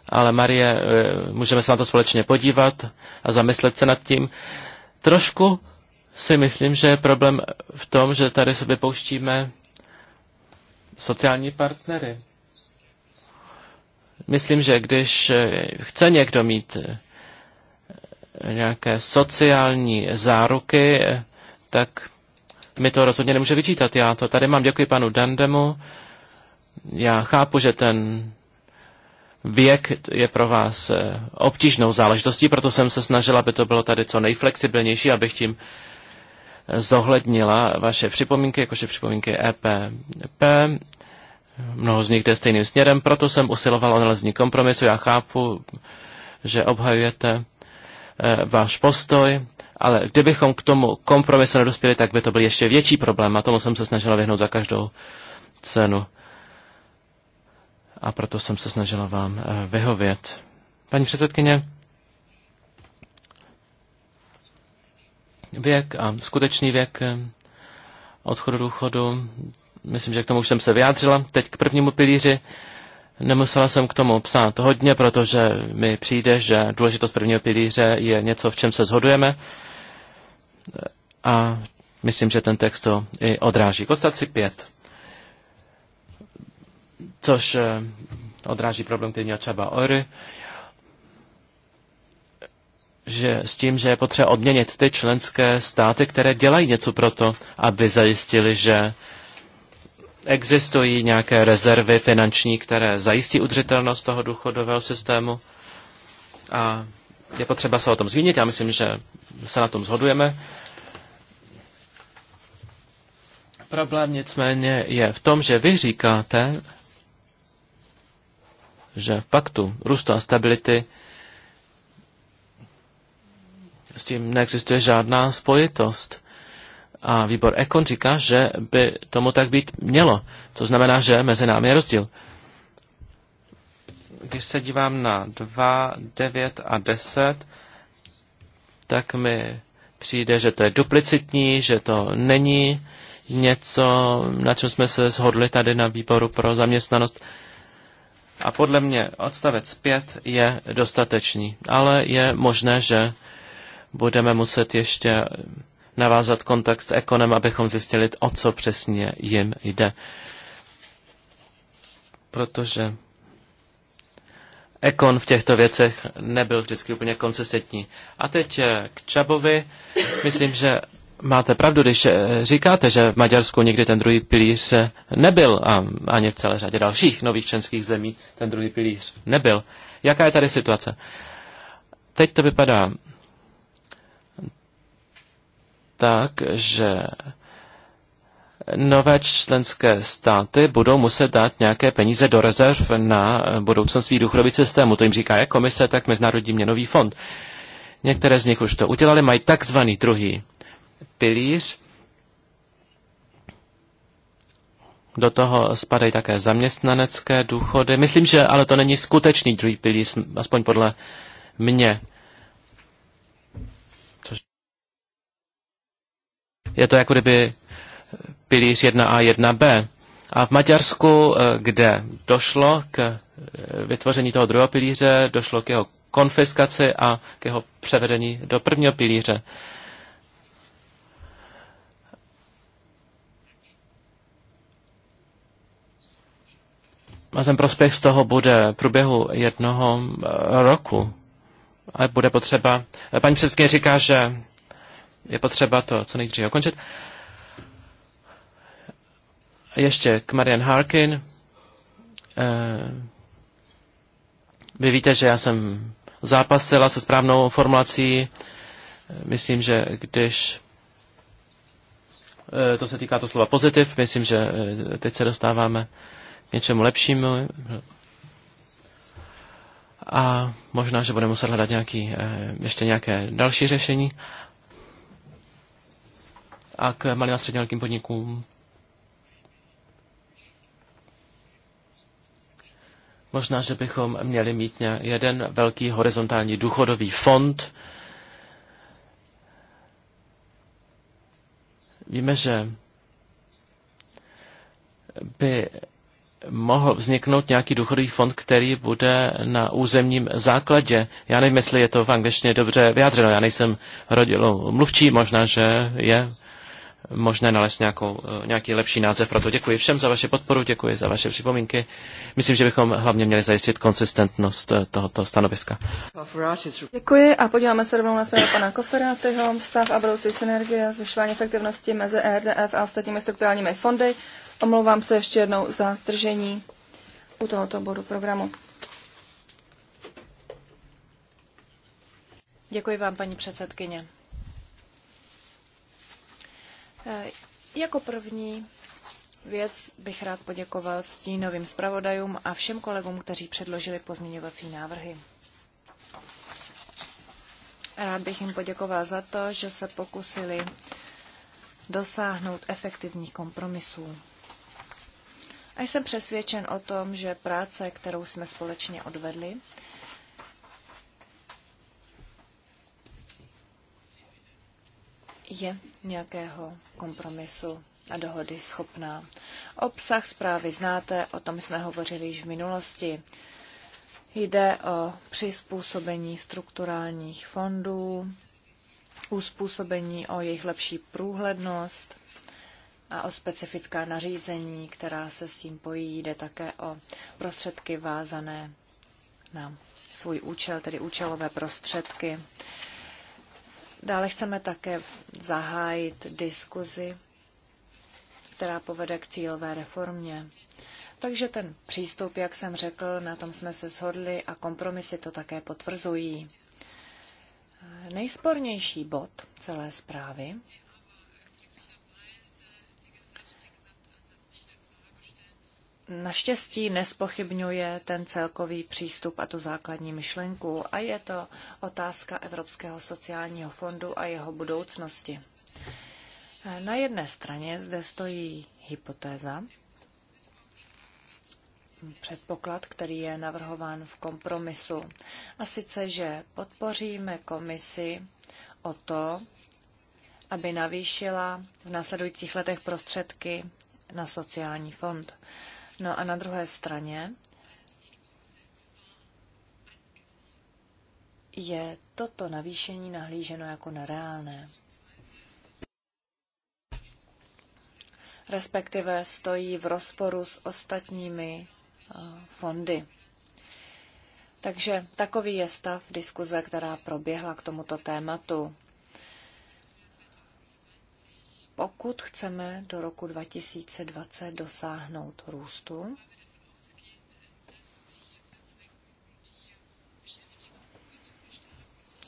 Ale Marie, eh, můžeme se na to společně podívat a zamyslet se nad tím. Trošku si myslím, že je problém v tom, že tady se vypouštíme sociální partnery. Myslím, že když eh, chce někdo mít eh, nějaké sociální záruky, tak mi to rozhodně nemůže vyčítat. Já to tady mám, děkuji panu Dandemu. Já chápu, že ten věk je pro vás eh, obtížnou záležitostí, proto jsem se snažila, aby to bylo tady co nejflexibilnější, abych tím eh, zohlednila vaše připomínky, jakože připomínky EPP. Mnoho z nich jde stejným směrem, proto jsem usiloval o nalezení kompromisu. Já chápu, že obhajujete eh, váš postoj, ale kdybychom k tomu kompromisu nedospěli, tak by to byl ještě větší problém a tomu jsem se snažila vyhnout za každou cenu. A proto jsem se snažila vám eh, vyhovět. Paní předsedkyně, věk a skutečný věk eh, odchodu důchodu, myslím, že k tomu už jsem se vyjádřila. Teď k prvnímu pilíři. Nemusela jsem k tomu psát hodně, protože mi přijde, že důležitost prvního pilíře je něco, v čem se shodujeme a myslím, že ten text to i odráží. K ostatci 5, což eh, odráží problém, který měl Čaba Ory, že s tím, že je potřeba odměnit ty členské státy, které dělají něco pro to, aby zajistili, že existují nějaké rezervy finanční, které zajistí udržitelnost toho důchodového systému. A je potřeba se o tom zmínit. Já myslím, že se na tom zhodujeme. Problém nicméně je v tom, že vy říkáte, že v paktu růstu a stability s tím neexistuje žádná spojitost. A výbor Ekon říká, že by tomu tak být mělo. To znamená, že mezi námi je rozdíl. Když se dívám na 2, 9 a 10, tak mi přijde, že to je duplicitní, že to není něco, na čem jsme se shodli tady na výboru pro zaměstnanost. A podle mě odstavec 5 je dostatečný, ale je možné, že budeme muset ještě navázat kontakt s ekonem, abychom zjistili, o co přesně jim jde. Protože Ekon v těchto věcech nebyl vždycky úplně konsistentní. A teď k Čabovi. Myslím, že máte pravdu, když eh, říkáte, že v Maďarsku nikdy ten druhý pilíř eh, nebyl a ani v celé řadě dalších nových členských zemí ten druhý pilíř nebyl. Jaká je tady situace? Teď to vypadá tak, že nové členské státy budou muset dát nějaké peníze do rezerv na eh, budoucnost svých důchodových systémů. To jim říká jak komise, tak Mezinárodní měnový fond. Některé z nich už to udělali, mají takzvaný druhý pilíř. Do toho spadají také zaměstnanecké důchody. Myslím, že ale to není skutečný druhý pilíř, aspoň podle mě. Což je to jako kdyby pilíř 1a, 1b. A v Maďarsku, eh, kde došlo k eh, vytvoření toho druhého pilíře, došlo k jeho konfiskaci a k jeho převedení do prvního pilíře. A ten prospěch z toho bude v průběhu jednoho eh, roku. A bude potřeba, eh, paní předsedkyně říká, že je potřeba to co nejdříve ukončit. Ještě k Marian Harkin. Eh, vy víte, že já jsem zápasila se správnou formulací. Myslím, že když to se týká to slova pozitiv, myslím, že teď se dostáváme něčemu lepšímu. A možná, že budeme muset hledat nějaký, eh, ještě nějaké další řešení. A k malým a středně velkým podnikům Možná, že bychom měli mít jeden velký horizontální důchodový fond. Víme, že by mohl vzniknout nějaký důchodový fond, který bude na územním základě. Já nevím, jestli je to v angličtině dobře vyjádřeno. Já nejsem rodilou mluvčí, možná, že je možné nalézt nějakou, eh, nějaký lepší název. Proto děkuji všem za vaši podporu, děkuji za vaše připomínky. Myslím, že bychom hlavně měli zajistit konsistentnost eh, tohoto stanoviska. Děkuji a podíváme se rovnou na svého pana Koferátyho. Stav a budoucí synergie, zvyšování efektivnosti mezi RDF a ostatními strukturálními fondy. Omlouvám se ještě jednou za zdržení u tohoto bodu programu. Děkuji vám, paní předsedkyně. E, jako první věc bych rád poděkoval stínovým zpravodajům a všem kolegům, kteří předložili pozměňovací návrhy. Rád bych jim poděkoval za to, že se pokusili dosáhnout efektivních kompromisů. A jsem přesvědčen o tom, že práce, kterou jsme společně odvedli, je nějakého kompromisu a dohody schopná. Obsah zprávy znáte, o tom jsme hovořili již v minulosti. Jde o přizpůsobení strukturálních fondů, uspůsobení o jejich lepší průhlednost, a o specifická nařízení, která se s tím pojí. Jde také o prostředky vázané na svůj účel, tedy účelové prostředky. Dále chceme také zahájit diskuzi, která povede k cílové reformě. Takže ten přístup, jak jsem řekl, na tom jsme se shodli a kompromisy to také potvrzují. Nejspornější bod celé zprávy naštěstí nespochybňuje ten celkový přístup a tu základní myšlenku a je to otázka Evropského sociálního fondu a jeho budoucnosti. Na jedné straně zde stojí hypotéza, předpoklad, který je navrhován v kompromisu. A sice, že podpoříme komisi o to, aby navýšila v následujících letech prostředky na sociální fond. No a na druhé straně je toto navýšení nahlíženo jako nereálné. Respektive stojí v rozporu s ostatními eh, fondy. Takže takový je stav diskuze, která proběhla k tomuto tématu pokud chceme do roku 2020 dosáhnout růstu,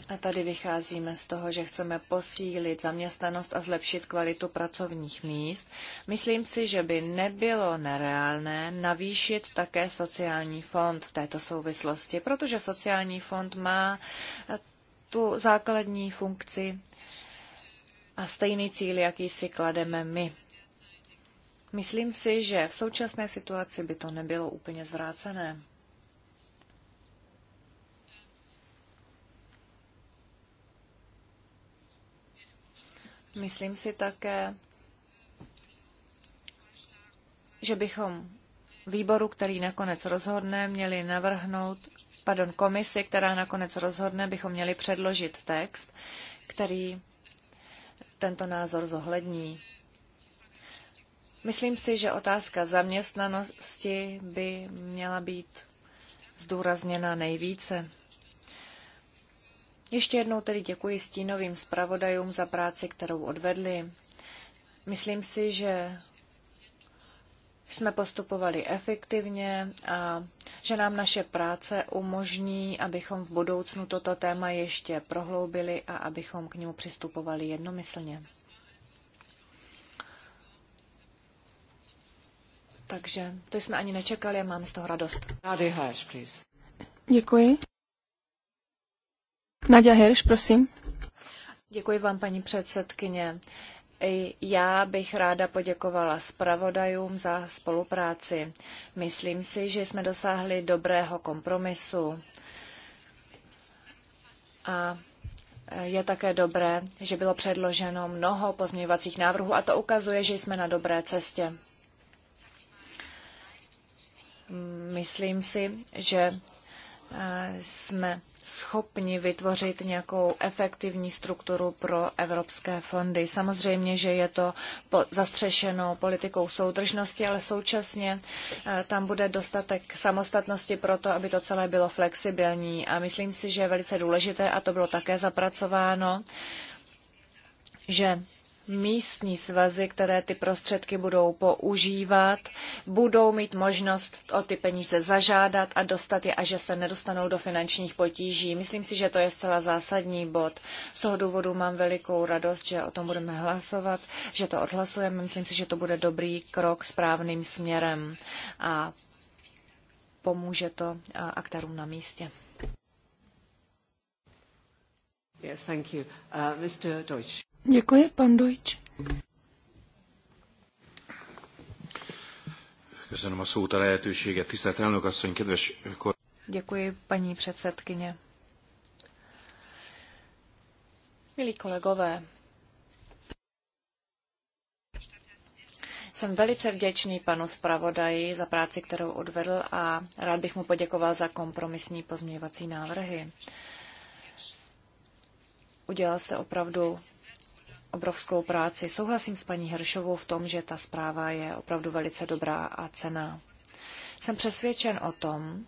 A tady vycházíme z toho, že chceme posílit zaměstnanost a zlepšit kvalitu pracovních míst. Myslím si, že by nebylo nereálné navýšit také sociální fond v této souvislosti, protože sociální fond má tu základní funkci a stejný cíl, jaký si klademe my. Myslím si, že v současné situaci by to nebylo úplně zvrácené. Myslím si také, že bychom výboru, který nakonec rozhodne, měli navrhnout, pardon, komisi, která nakonec rozhodne, bychom měli předložit text, který tento názor zohlední. Myslím si, že otázka zaměstnanosti by měla být zdůrazněna nejvíce. Ještě jednou tedy děkuji stínovým zpravodajům za práci, kterou odvedli. Myslím si, že jsme postupovali efektivně a že nám naše práce umožní, abychom v budoucnu toto téma ještě prohloubili a abychom k němu přistupovali jednomyslně. Takže to jsme ani nečekali a mám z toho radost. Děkuji. Nadia Hirsch, prosím. Děkuji vám, paní předsedkyně já bych ráda poděkovala zpravodajům za spolupráci. Myslím si, že jsme dosáhli dobrého kompromisu. A je také dobré, že bylo předloženo mnoho pozměňovacích návrhů a to ukazuje, že jsme na dobré cestě. Myslím si, že eh, jsme schopni vytvořit nějakou efektivní strukturu pro evropské fondy. Samozřejmě, že je to zastřešeno politikou soudržnosti, ale současně eh, tam bude dostatek samostatnosti pro to, aby to celé bylo flexibilní. A myslím si, že je velice důležité, a to bylo také zapracováno, že místní svazy, které ty prostředky budou používat, budou mít možnost o ty peníze zažádat a dostat je a že se nedostanou do finančních potíží. Myslím si, že to je zcela zásadní bod. Z toho důvodu mám velikou radost, že o tom budeme hlasovat, že to odhlasujeme. Myslím si, že to bude dobrý krok správným směrem a pomůže to aktérům na místě. Yes, thank you. Uh, Mr. Deutsch. Děkuji, pan Dojč. Köszönöm a szót, a lehetőséget. Tisztelt elnök asszony, kedves Děkuji, paní předsedkyně. Milí kolegové, Jsem velice vděčný panu zpravodaji za práci, kterou odvedl a rád bych mu poděkoval za kompromisní pozměňovací návrhy. Udělal jste opravdu obrovskou práci. Souhlasím s paní Hršovou v tom, že ta zpráva je opravdu velice dobrá a cená. Jsem přesvědčen o tom,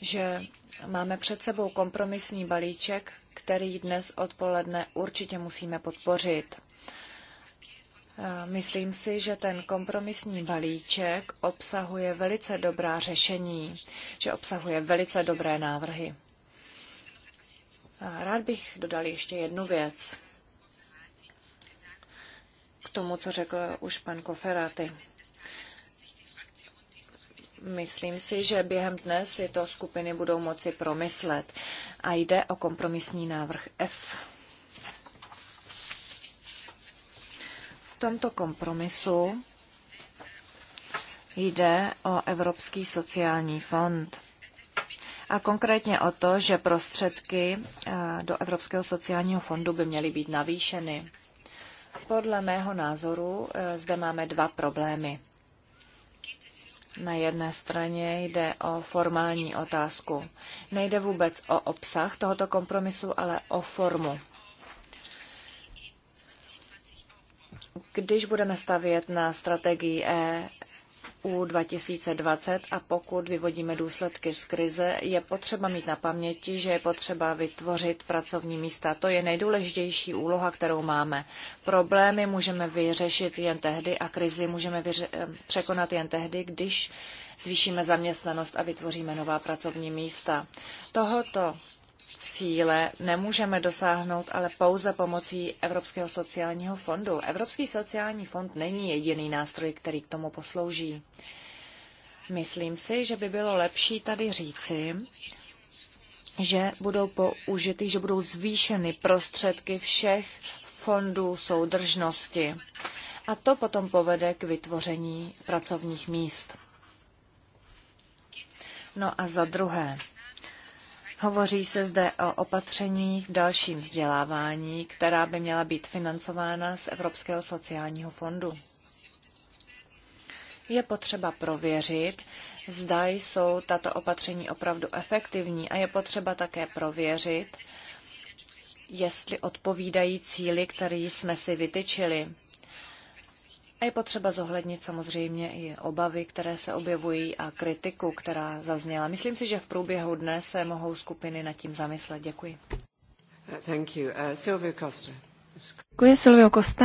že máme před sebou kompromisní balíček, který dnes odpoledne určitě musíme podpořit. Myslím si, že ten kompromisní balíček obsahuje velice dobrá řešení, že obsahuje velice dobré návrhy. Rád bych dodal ještě jednu věc k tomu, co řekl už pan Koferaty. Myslím si, že během dne si to skupiny budou moci promyslet. A jde o kompromisní návrh F. V tomto kompromisu jde o Evropský sociální fond a konkrétně o to, že prostředky eh, do Evropského sociálního fondu by měly být navýšeny. Podle mého názoru eh, zde máme dva problémy. Na jedné straně jde o formální otázku. Nejde vůbec o obsah tohoto kompromisu, ale o formu. Když budeme stavět na strategii E. EU 2020 a pokud vyvodíme důsledky z krize, je potřeba mít na paměti, že je potřeba vytvořit pracovní místa. To je nejdůležitější úloha, kterou máme. Problémy můžeme vyřešit jen tehdy a krizi můžeme eh, překonat jen tehdy, když zvýšíme zaměstnanost a vytvoříme nová pracovní místa. Tohoto cíle nemůžeme dosáhnout, ale pouze pomocí Evropského sociálního fondu. Evropský sociální fond není jediný nástroj, který k tomu poslouží. Myslím si, že by bylo lepší tady říci, že budou použity, že budou zvýšeny prostředky všech fondů soudržnosti. A to potom povede k vytvoření pracovních míst. No a za druhé, Hovoří se zde o opatřeních v dalším vzdělávání, která by měla být financována z Evropského sociálního fondu. Je potřeba prověřit, zda jsou tato opatření opravdu efektivní a je potřeba také prověřit, jestli odpovídají cíli, který jsme si vytyčili je potřeba zohlednit samozřejmě i obavy, které se objevují a kritiku, která zazněla. Myslím si, že v průběhu dne se mohou skupiny nad tím zamyslet. Děkuji. Thank you. Uh, Silvio Costa. Děkuji, Silvio Costa.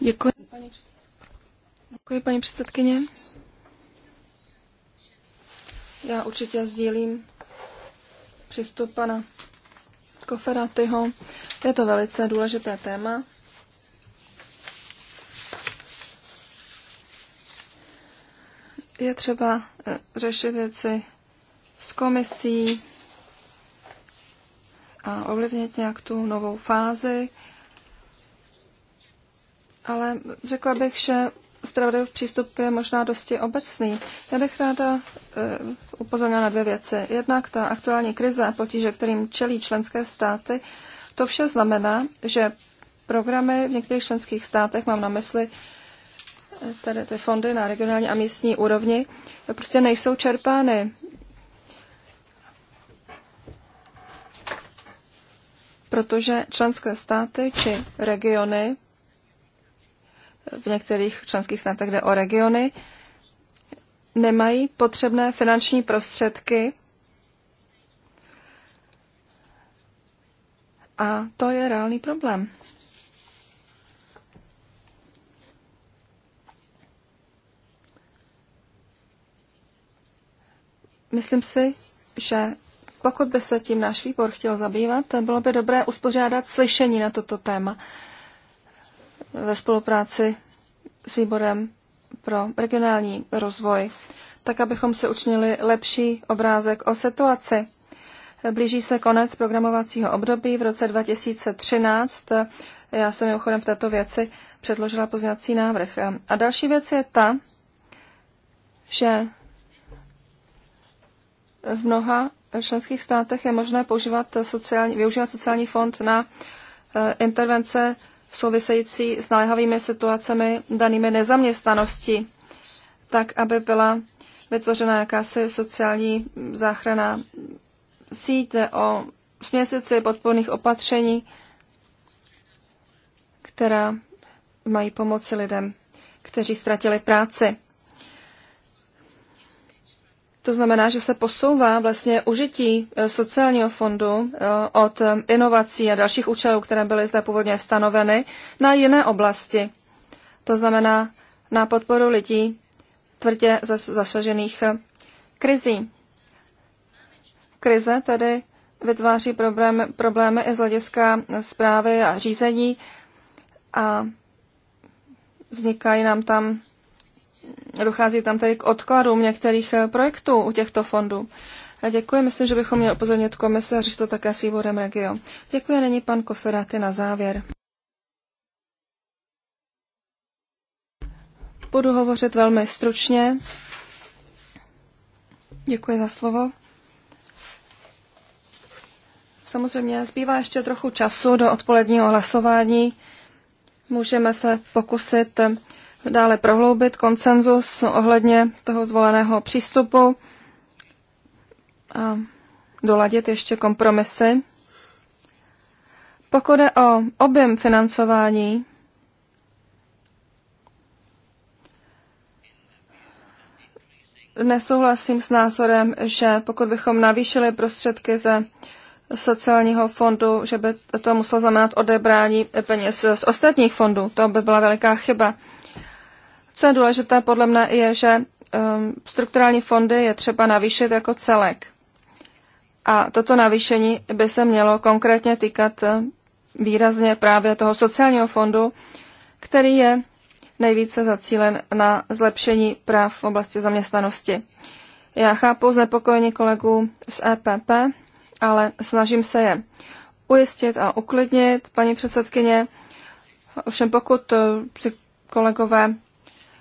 Děkuji, paní, Děkuji, paní předsedkyně. Já určitě sdílím přístup pana Koferatyho. Je to velice důležité téma. Je třeba eh, řešit věci s komisí a ovlivnit nějak tu novou fázi. Ale řekla bych, že zpravodajův přístup je možná dosti obecný. Já bych ráda e, upozornila na dvě věci. Jednak ta aktuální krize a potíže, kterým čelí členské státy, to vše znamená, že programy v některých členských státech, mám na mysli eh, tady ty fondy na regionální a místní úrovni, prostě nejsou čerpány. Protože členské státy či regiony v některých členských státech jde o regiony, nemají potřebné finanční prostředky a to je reálný problém. Myslím si, že pokud by se tím náš výbor chtěl zabývat, bylo by dobré uspořádat slyšení na toto téma ve spolupráci s výborem pro regionální rozvoj, tak abychom si učinili lepší obrázek o situaci. Blíží se konec programovacího období v roce 2013. Já jsem mimochodem v této věci předložila pozměňovací návrh. A další věc je ta, že v mnoha členských státech je možné používat sociální, využívat sociální fond na eh, intervence související s naléhavými situacemi danými nezaměstnanosti, tak aby byla vytvořena jakási sociální záchrana síť o směsici podporných opatření, která mají pomoci lidem, kteří ztratili práci. To znamená, že se posouvá vlastně užití eh, sociálního fondu eh, od eh, inovací a dalších účelů, které byly zde původně stanoveny, na jiné oblasti. To znamená na podporu lidí tvrdě zasažených krizí. Krize tedy vytváří problémy, problémy i z hlediska zprávy a řízení a vznikají nám tam dochází tam tady k odkladům některých eh, projektů u těchto fondů. A děkuji, myslím, že bychom měli upozornit komise a to také s výborem Regio. Děkuji, není pan Koferáty na závěr. Budu hovořit velmi stručně. Děkuji za slovo. Samozřejmě zbývá ještě trochu času do odpoledního hlasování. Můžeme se pokusit dále prohloubit konsenzus ohledně toho zvoleného přístupu a doladit ještě kompromisy. Pokud je o objem financování, nesouhlasím s názorem, že pokud bychom navýšili prostředky ze sociálního fondu, že by to muselo znamenat odebrání peněz z ostatních fondů. To by byla veliká chyba. Co je důležité podle mne je, že um, strukturální fondy je třeba navýšit jako celek. A toto navýšení by se mělo konkrétně týkat eh, výrazně právě toho sociálního fondu, který je nejvíce zacílen na zlepšení práv v oblasti zaměstnanosti. Já chápu znepokojení kolegů z EPP, ale snažím se je ujistit a uklidnit, paní předsedkyně. Ovšem pokud eh, si kolegové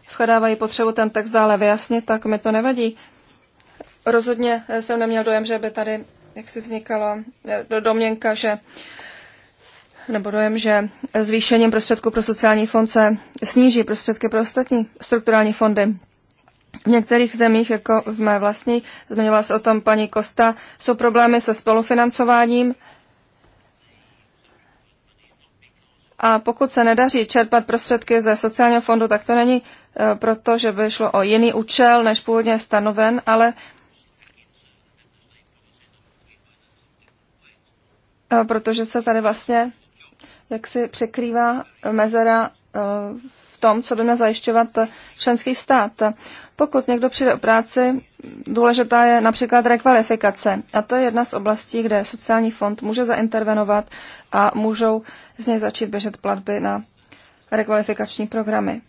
shledávají potřebu ten text dále vyjasnit, tak mi to nevadí. Rozhodně jsem neměl dojem, že by tady jak si vznikala eh, domněnka, že nebo dojem, že zvýšením prostředků pro sociální fond se sníží prostředky pro ostatní strukturální fondy. V některých zemích, jako v mé vlastní, zmiňovala se o tom paní Kosta, jsou problémy se spolufinancováním A pokud se nedaří čerpat prostředky ze sociálního fondu, tak to není eh, proto, že by šlo o jiný účel, než původně stanoven, ale eh, protože se tady vlastně jaksi překrývá mezera eh, v tom, co by měl zajišťovat členský stát. Pokud někdo přijde o práci, důležitá je například rekvalifikace. A to je jedna z oblastí, kde sociální fond může zaintervenovat a můžou z něj začít běžet platby na rekvalifikační programy.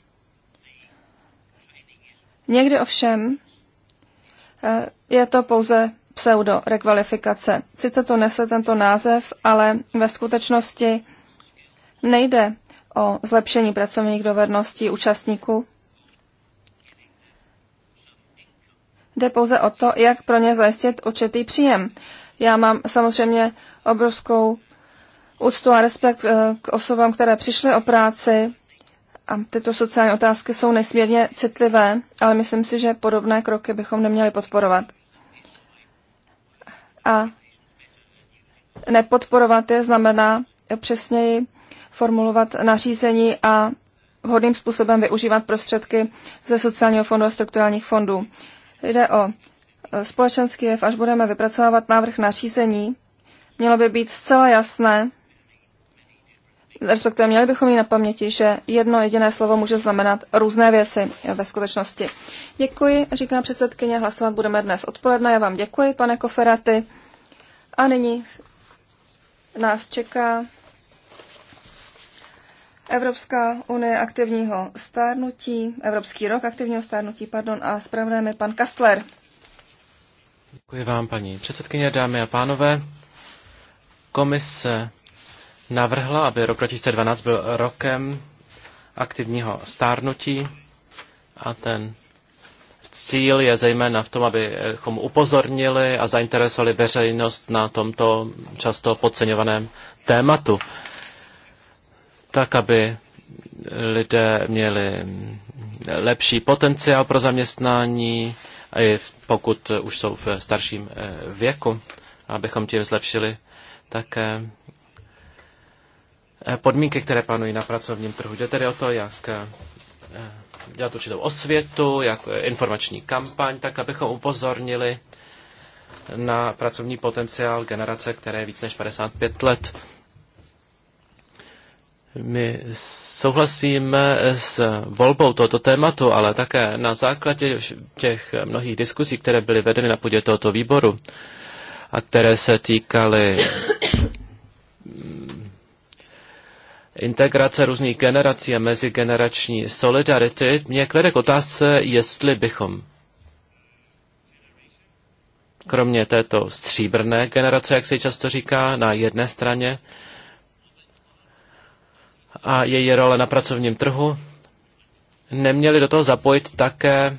Někdy ovšem eh, je to pouze pseudo-rekvalifikace. Sice to nese tento název, ale ve skutečnosti nejde o zlepšení pracovních dovedností účastníků. Jde pouze o to, jak pro ně zajistit určitý příjem. Já mám samozřejmě obrovskou úctu a respekt eh, k osobám, které přišly o práci. A tyto sociální otázky jsou nesmírně citlivé, ale myslím si, že podobné kroky bychom neměli podporovat. A nepodporovat je znamená přesněji formulovat nařízení a vhodným způsobem využívat prostředky ze sociálního fondu a strukturálních fondů. Jde o e, společenský jev, až budeme vypracovávat návrh nařízení, mělo by být zcela jasné, respektive měli bychom mít na paměti, že jedno jediné slovo může znamenat různé věci ve skutečnosti. Děkuji, říká předsedkyně, hlasovat budeme dnes odpoledne. Já vám děkuji, pane Koferaty. A nyní nás čeká Evropská unie aktivního stárnutí, Evropský rok aktivního stárnutí, pardon, a zpravodajem pan Kastler. Děkuji vám, paní předsedkyně, dámy a pánové. Komise navrhla, aby rok 2012 byl rokem aktivního stárnutí a ten cíl je zejména v tom, abychom upozornili a zainteresovali veřejnost na tomto často podceňovaném tématu tak, aby lidé měli lepší potenciál pro zaměstnání, i pokud už jsou v starším eh, věku, abychom tím zlepšili také eh, podmínky, které panují na pracovním trhu. Jde tedy o to, jak eh, dělat určitou osvětu, jak informační kampaň, tak abychom upozornili na pracovní potenciál generace, které je víc než 55 let. My souhlasíme s volbou tohoto tématu, ale také na základě těch mnohých diskusí, které byly vedeny na půdě tohoto výboru a které se týkaly integrace různých generací a mezigenerační solidarity, mě klede k otázce, jestli bychom kromě této stříbrné generace, jak se často říká, na jedné straně, a její role na pracovním trhu, neměli do toho zapojit také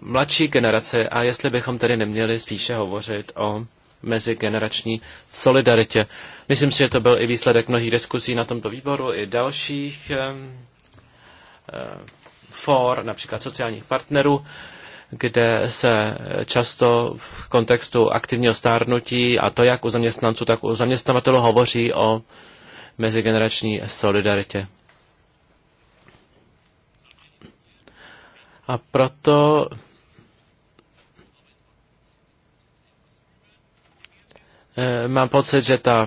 mladší generace a jestli bychom tedy neměli spíše hovořit o mezigenerační solidaritě. Myslím si, že to byl i výsledek mnohých diskusí na tomto výboru i dalších eh, for, například sociálních partnerů, kde se často v kontextu aktivního stárnutí a to jak u zaměstnanců, tak u zaměstnavatelů hovoří o mezigenerační solidaritě. A proto eh, mám pocit, že ta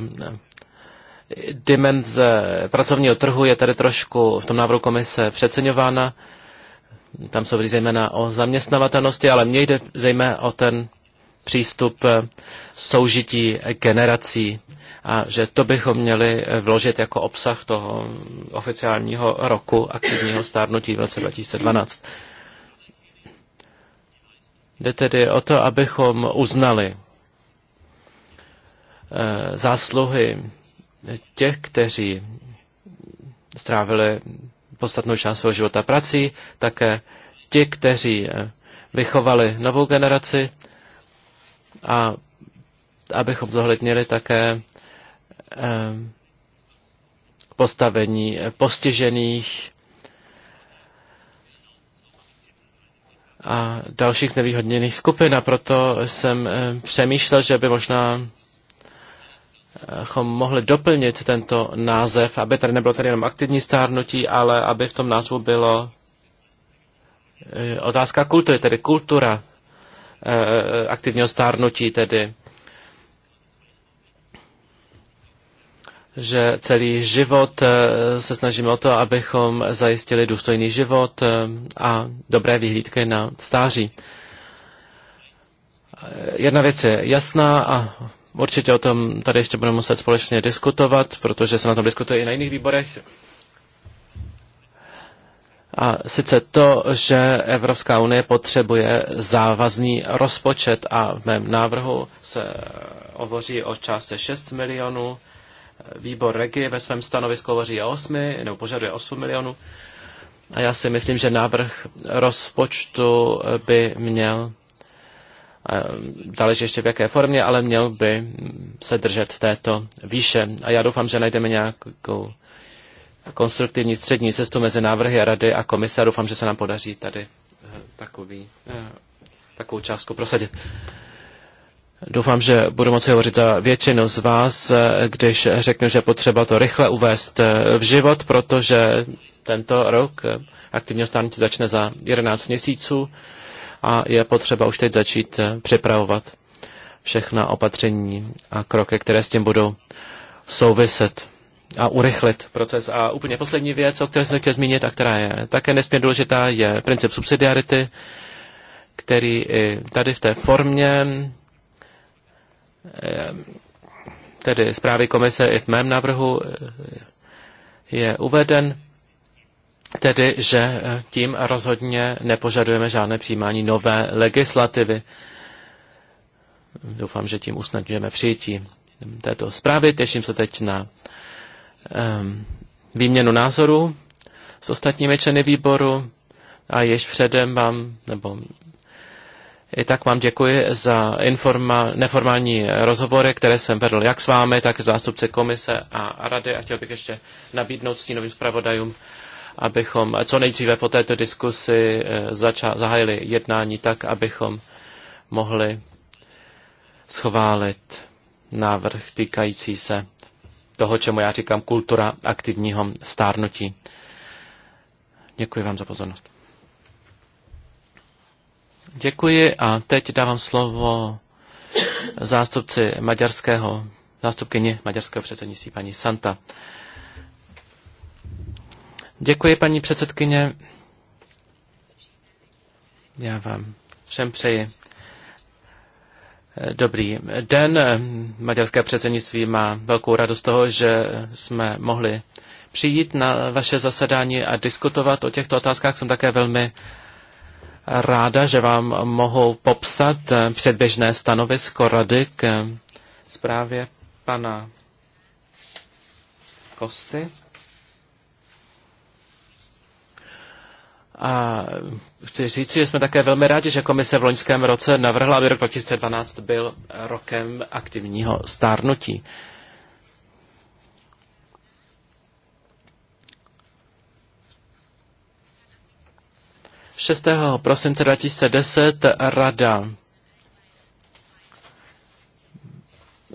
dimenze pracovního trhu je tady trošku v tom návrhu komise přeceňována. Tam se hovoří zejména o zaměstnavatelnosti, ale mně jde zejména o ten přístup eh, soužití generací a že to bychom měli vložit jako obsah toho oficiálního roku aktivního stárnutí v roce 2012. Jde tedy o to, abychom uznali eh, zásluhy těch, kteří strávili podstatnou část svého života prací, také ti, kteří eh, vychovali novou generaci a abychom zohlednili také Eh, postavení postižených a dalších nevýhodněných skupin. A proto jsem eh, přemýšlel, že by možná eh, mohli doplnit tento název, aby tady nebylo tady jenom aktivní stárnutí, ale aby v tom názvu bylo otázka kultury, tedy kultura aktivního stárnutí, tedy že celý život eh, se snažíme o to, abychom zajistili důstojný život eh, a dobré vyhlídky na stáří. Eh, jedna věc je jasná a určitě o tom tady ještě budeme muset společně diskutovat, protože se na tom diskutuje i na jiných výborech. A sice to, že Evropská unie potřebuje závazný rozpočet a v mém návrhu se hovoří o částce 6 milionů Výbor Regi ve svém stanovisku hovoří o 8, nebo požaduje 8 milionů. A já si myslím, že návrh rozpočtu by měl eh, záleží ještě v jaké formě, ale měl by se držet této výše. A já doufám, že najdeme nějakou konstruktivní střední cestu mezi návrhy a rady a komise a doufám, že se nám podaří tady eh, takový, eh, takovou částku prosadit. Doufám, že budu moci hovořit za většinu z vás, eh, když řeknu, že potřeba to rychle uvést eh, v život, protože tento rok eh, aktivního stárnutí začne za 11 měsíců a je potřeba už teď začít připravovat všechna opatření a kroky, které s tím budou souviset a urychlit proces. A úplně poslední věc, o které jsem chtěl zmínit a která je také nesmírně důležitá, je princip subsidiarity, který i tady v té formě Eh, tedy zprávy komise i v mém návrhu eh, je uveden, tedy, že eh, tím rozhodně nepožadujeme žádné přijímání nové legislativy. Doufám, že tím usnadňujeme přijetí této zprávy. Těším se teď na um, výměnu názorů s ostatními členy výboru a již předem vám, nebo i tak vám děkuji za informa- neformální rozhovory, které jsem vedl jak s vámi, tak zástupci komise a rady a chtěl bych ještě nabídnout stínovým zpravodajům, abychom co nejdříve po této diskusi eh, zača- zahájili jednání tak, abychom mohli schválit návrh týkající se toho, čemu já říkám kultura aktivního stárnutí. Děkuji vám za pozornost. Děkuji a teď dávám slovo zástupci maďarského, zástupkyni maďarského předsednictví paní Santa. Děkuji, paní předsedkyně. Já vám všem přeji dobrý den. Maďarské předsednictví má velkou radost toho, že jsme mohli přijít na vaše zasedání a diskutovat o těchto otázkách. Jsem také velmi ráda, že vám mohu popsat eh, předběžné stanovisko rady k eh, zprávě pana Kosty. A chci říct, že jsme také velmi rádi, že komise v loňském roce navrhla, aby rok 2012 byl rokem aktivního stárnutí. Uh, 6. prosince 2010 rada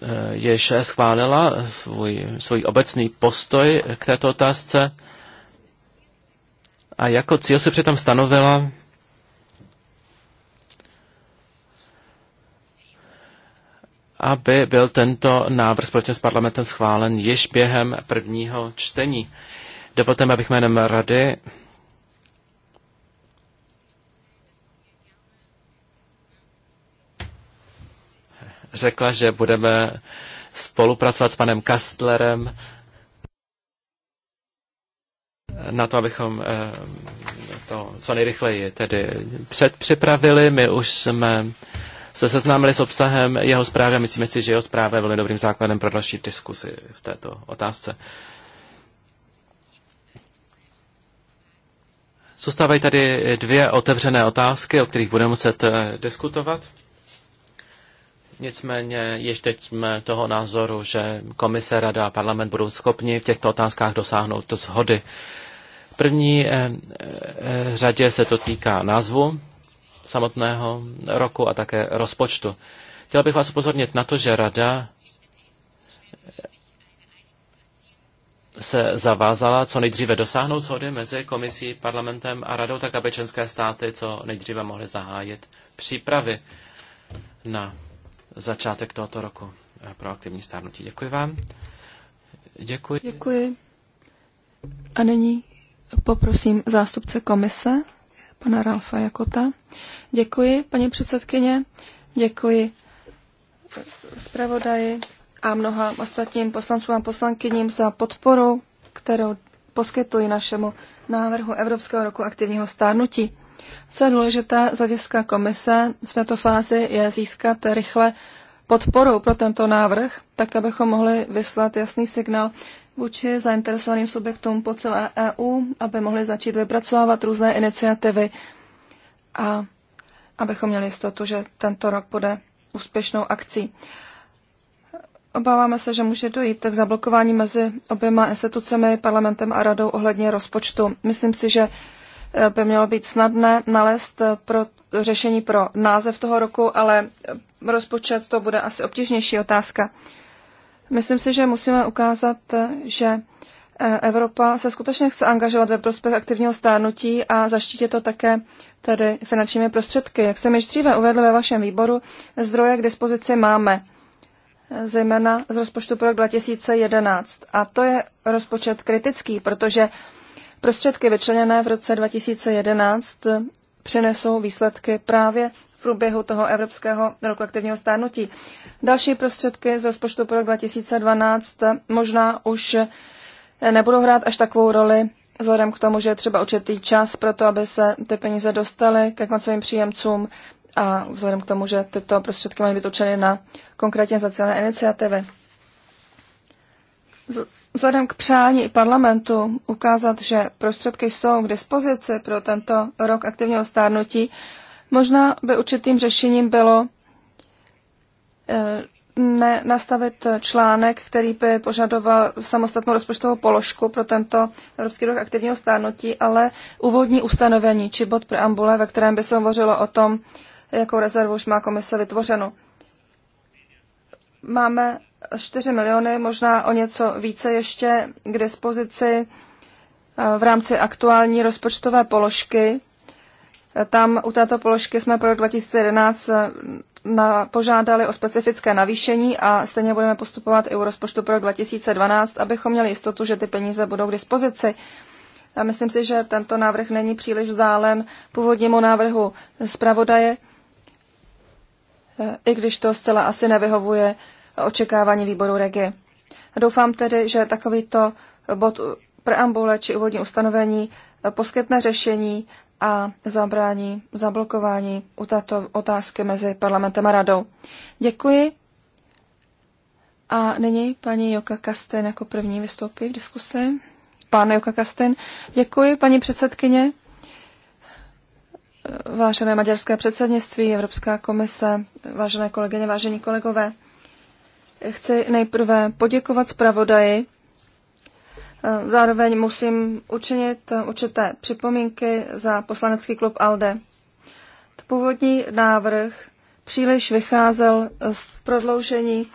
eh, jež schválila svůj, svůj obecný postoj k této otázce a jako cíl se přitom stanovila aby byl tento návrh společně s parlamentem schválen již během prvního čtení. Dovolte mi, abych jménem Rady řekla, že budeme spolupracovat s panem Kastlerem na to, abychom eh, to co nejrychleji tedy předpřipravili. My už jsme se seznámili s obsahem jeho zprávy a myslíme si, že jeho zpráva je velmi dobrým základem pro další diskusy v této otázce. Zůstávají tady dvě otevřené otázky, o kterých budeme muset eh, diskutovat. Nicméně již teď jsme toho názoru, že komise, rada a parlament budou schopni v těchto otázkách dosáhnout shody. V první eh, eh, řadě se to týká názvu samotného roku a také rozpočtu. Chtěl bych vás upozornit na to, že rada eh, se zavázala co nejdříve dosáhnout shody mezi komisí, parlamentem a radou, tak aby členské státy co nejdříve mohly zahájit přípravy na začátek tohoto roku eh, pro aktivní stárnutí. Děkuji vám. Děkuji. Děkuji. A nyní poprosím zástupce komise, pana Ralfa Jakota. Děkuji, paní předsedkyně. Děkuji eh, zpravodaji a mnoha ostatním poslancům a poslankyním za podporu, kterou poskytují našemu návrhu Evropského roku aktivního stárnutí. Co je důležité z hlediska komise v této fázi je získat rychle podporu pro tento návrh, tak abychom mohli vyslat jasný signál vůči zainteresovaným subjektům po celé EU, aby mohli začít vypracovávat různé iniciativy a abychom měli jistotu, že tento rok bude úspěšnou akcí. Obáváme se, že může dojít tak zablokování mezi oběma institucemi, parlamentem a radou ohledně rozpočtu. Myslím si, že Eh, by mělo být snadné nalézt eh, pro řešení pro název toho roku, ale eh, rozpočet to bude asi obtížnější otázka. Myslím si, že musíme ukázat, že Evropa se skutečně chce angažovat ve prospěch aktivního stárnutí a zaštítit to také tedy finančními prostředky. Jak jsem již dříve uvedl ve vašem výboru, zdroje k dispozici máme, zejména z rozpočtu pro rok 2011. A to je rozpočet kritický, protože Prostředky vyčleněné v roce 2011 přinesou výsledky právě v průběhu toho evropského roku aktivního stárnutí. Další prostředky z rozpočtu pro rok 2012 možná už nebudou hrát až takovou roli, vzhledem k tomu, že je třeba určitý čas pro to, aby se ty peníze dostaly ke koncovým příjemcům a vzhledem k tomu, že tyto prostředky mají být určeny na konkrétně zacílené iniciativy. Vzhledem k přání parlamentu ukázat, že prostředky jsou k dispozici pro tento rok aktivního stárnutí, možná by určitým řešením bylo eh, ne, nastavit článek, který by požadoval samostatnou rozpočtovou položku pro tento Evropský rok aktivního stárnutí, ale úvodní ustanovení či bod preambule, ve kterém by se hovořilo o tom, jakou rezervu už má komise vytvořenu. Máme 4 miliony, možná o něco více ještě k dispozici eh, v rámci aktuální rozpočtové položky. Tam u této položky jsme pro rok 2011 eh, na, požádali o specifické navýšení a stejně budeme postupovat i u rozpočtu pro rok 2012, abychom měli jistotu, že ty peníze budou k dispozici. Já myslím si, že tento návrh není příliš vzdálen původnímu návrhu zpravodaje, eh, i když to zcela asi nevyhovuje očekávání výboru regie. Doufám tedy, že takovýto bod preambule či úvodní ustanovení poskytne řešení a zabrání zablokování u této otázky mezi parlamentem a radou. Děkuji. A nyní paní Joka Kasten jako první vystoupí v diskusi. Pán Joka Kasten, děkuji, paní předsedkyně. Vážené maďarské předsednictví, Evropská komise, vážené kolegyně, vážení kolegové. Chci nejprve poděkovat zpravodaji. Eh, zároveň musím učinit eh, určité připomínky za poslanecký klub ALDE. Původní návrh příliš vycházel z prodloužení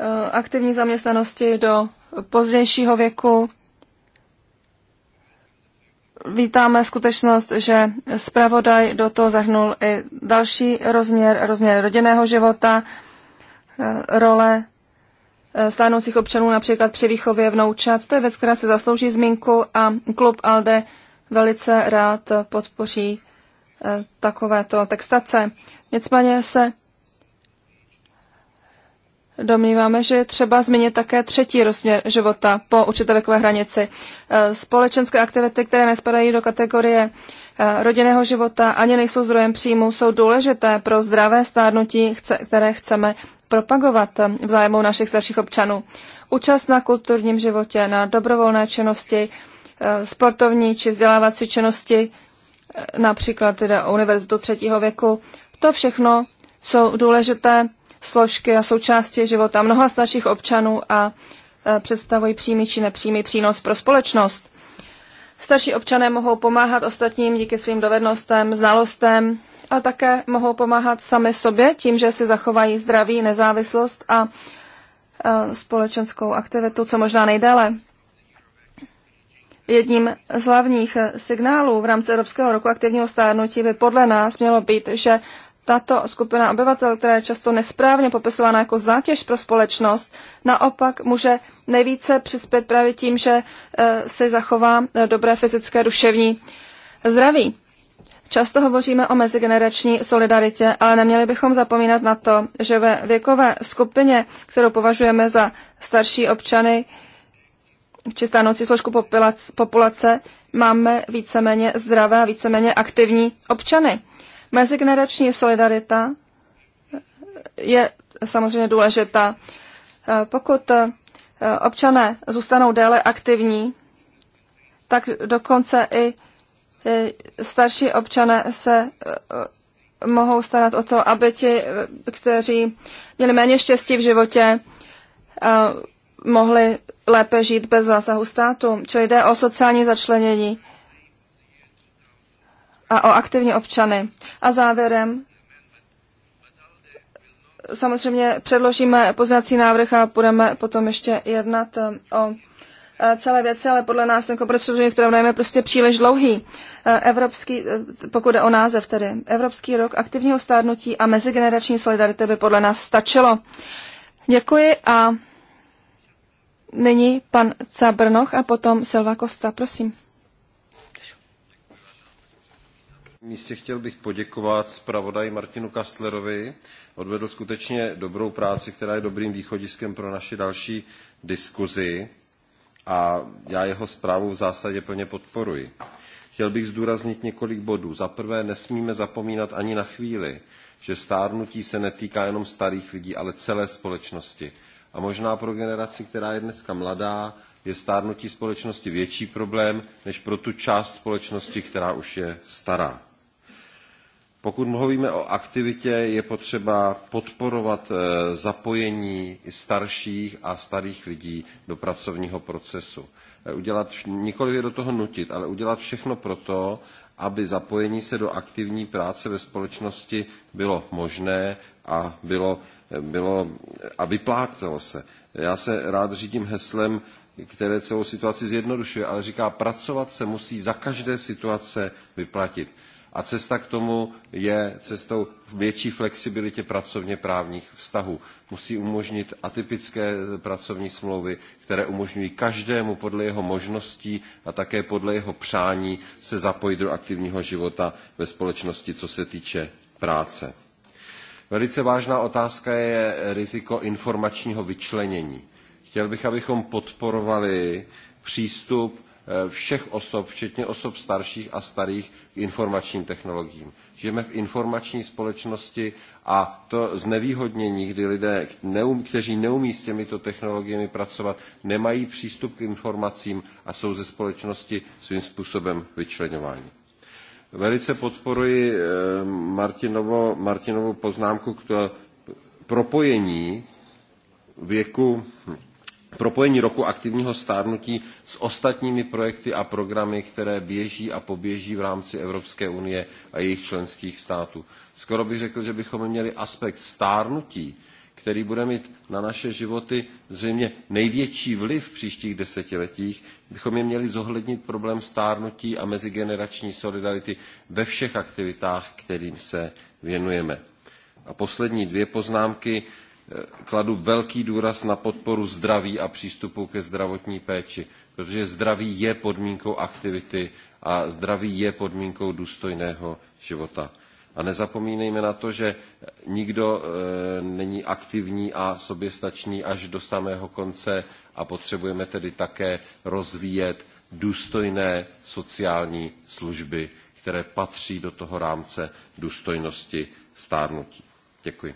eh, aktivní zaměstnanosti do pozdějšího věku. Vítáme skutečnost, že zpravodaj do toho zahnul i další rozměr, rozměr rodinného života, Eh, role eh, stánoucích občanů například při výchově vnoučat. To je věc, která se zaslouží zmínku a klub ALDE velice rád podpoří eh, takovéto textace. Nicméně se domníváme, že je třeba zmínit také třetí rozměr života po určité věkové hranici. Společenské aktivity, které nespadají do kategorie rodinného života, ani nejsou zdrojem příjmu, jsou důležité pro zdravé stárnutí, které chceme propagovat v zájmu našich starších občanů. Účast na kulturním životě, na dobrovolné činnosti, eh, sportovní či vzdělávací činnosti, eh, například teda univerzitu třetího věku, to všechno jsou důležité složky a součásti života mnoha starších občanů a eh, představují přímý či nepřímý přínos pro společnost. Starší občané mohou pomáhat ostatním díky svým dovednostem, znalostem, a také mohou pomáhat sami sobě tím, že si zachovají zdraví, nezávislost a e, společenskou aktivitu, co možná nejdéle. Jedním z hlavních signálů v rámci Evropského roku aktivního stárnutí by podle nás mělo být, že tato skupina obyvatel, která je často nesprávně popisována jako zátěž pro společnost, naopak může nejvíce přispět právě tím, že se zachová e, dobré fyzické duševní zdraví. Často hovoříme o mezigenerační solidaritě, ale neměli bychom zapomínat na to, že ve věkové skupině, kterou považujeme za starší občany či stánoucí složku populace, máme víceméně zdravé a víceméně aktivní občany. Mezigenerační solidarita je samozřejmě důležitá. Pokud eh, občané zůstanou déle aktivní, tak dokonce i E, starší občané se e, mohou starat o to, aby ti, e, kteří měli méně štěstí v životě, mohli lépe žít bez zásahu státu. Čili jde o sociální začlenění a o aktivní občany. A závěrem samozřejmě předložíme poznací návrh a budeme potom ještě jednat o Eh, celé věci, ale podle nás ten kompromis předložený zpravodajem je prostě příliš dlouhý. Eh, evropský, eh, pokud je o název tedy, Evropský rok aktivního stárnutí a mezigenerační solidarity by podle nás stačilo. Děkuji a nyní pan Cabrnoch a potom Silva Kosta, prosím. místě chtěl bych poděkovat zpravodaji Martinu Kastlerovi. Odvedl skutečně dobrou práci, která je dobrým východiskem pro naši další diskuzi a já jeho zprávu v zásadě plně podporuji. Chtěl bych zdůraznit několik bodů. Za prvé, nesmíme zapomínat ani na chvíli, že stárnutí se netýká jenom starých lidí, ale celé společnosti. A možná pro generaci, která je dneska mladá, je stárnutí společnosti větší problém než pro tu část společnosti, která už je stará. Pokud mluvíme o aktivitě, je potřeba podporovat eh, zapojení starších a starých lidí do pracovního procesu. Eh, udělat, nikoliv je do toho nutit, ale udělat všechno proto, aby zapojení se do aktivní práce ve společnosti bylo možné a, bylo, eh, bylo, a vyplácelo se. Já se rád řídím heslem, které celou situaci zjednodušuje, ale říká, pracovat se musí za každé situace vyplatit. A cesta k tomu je cestou větší flexibilitě pracovně právních vztahů. Musí umožnit atypické pracovní smlouvy, které umožňují každému podle jeho možností a také podle jeho přání se zapojit do aktivního života ve společnosti, co se týče práce. Velice vážná otázka je riziko informačního vyčlenění. Chtěl bych, abychom podporovali přístup Eh, všech osob, včetně osob starších a starých, k informačním technologiím. Žijeme v informační společnosti a to znevýhodnění, kdy lidé, kteří neumí s těmito technologiemi pracovat, nemají přístup k informacím a jsou ze společnosti svým způsobem vyčleňováni. Velice podporuji eh, Martinovo, Martinovu poznámku k to propojení věku hm, propojení roku aktivního stárnutí s ostatními projekty a programy, které běží a poběží v rámci Evropské unie a jejich členských států. Skoro bych řekl, že bychom měli aspekt stárnutí, který bude mít na naše životy zřejmě největší vliv v příštích desetiletích, bychom je měli zohlednit problém stárnutí a mezigenerační solidarity ve všech aktivitách, kterým se věnujeme. A poslední dvě poznámky kladu velký důraz na podporu zdraví a přístupu ke zdravotní péči, protože zdraví je podmínkou aktivity a zdraví je podmínkou důstojného života. A nezapomínejme na to, že nikdo e, není aktivní a soběstačný až do samého konce a potřebujeme tedy také rozvíjet důstojné sociální služby, které patří do toho rámce důstojnosti stárnutí. Děkuji.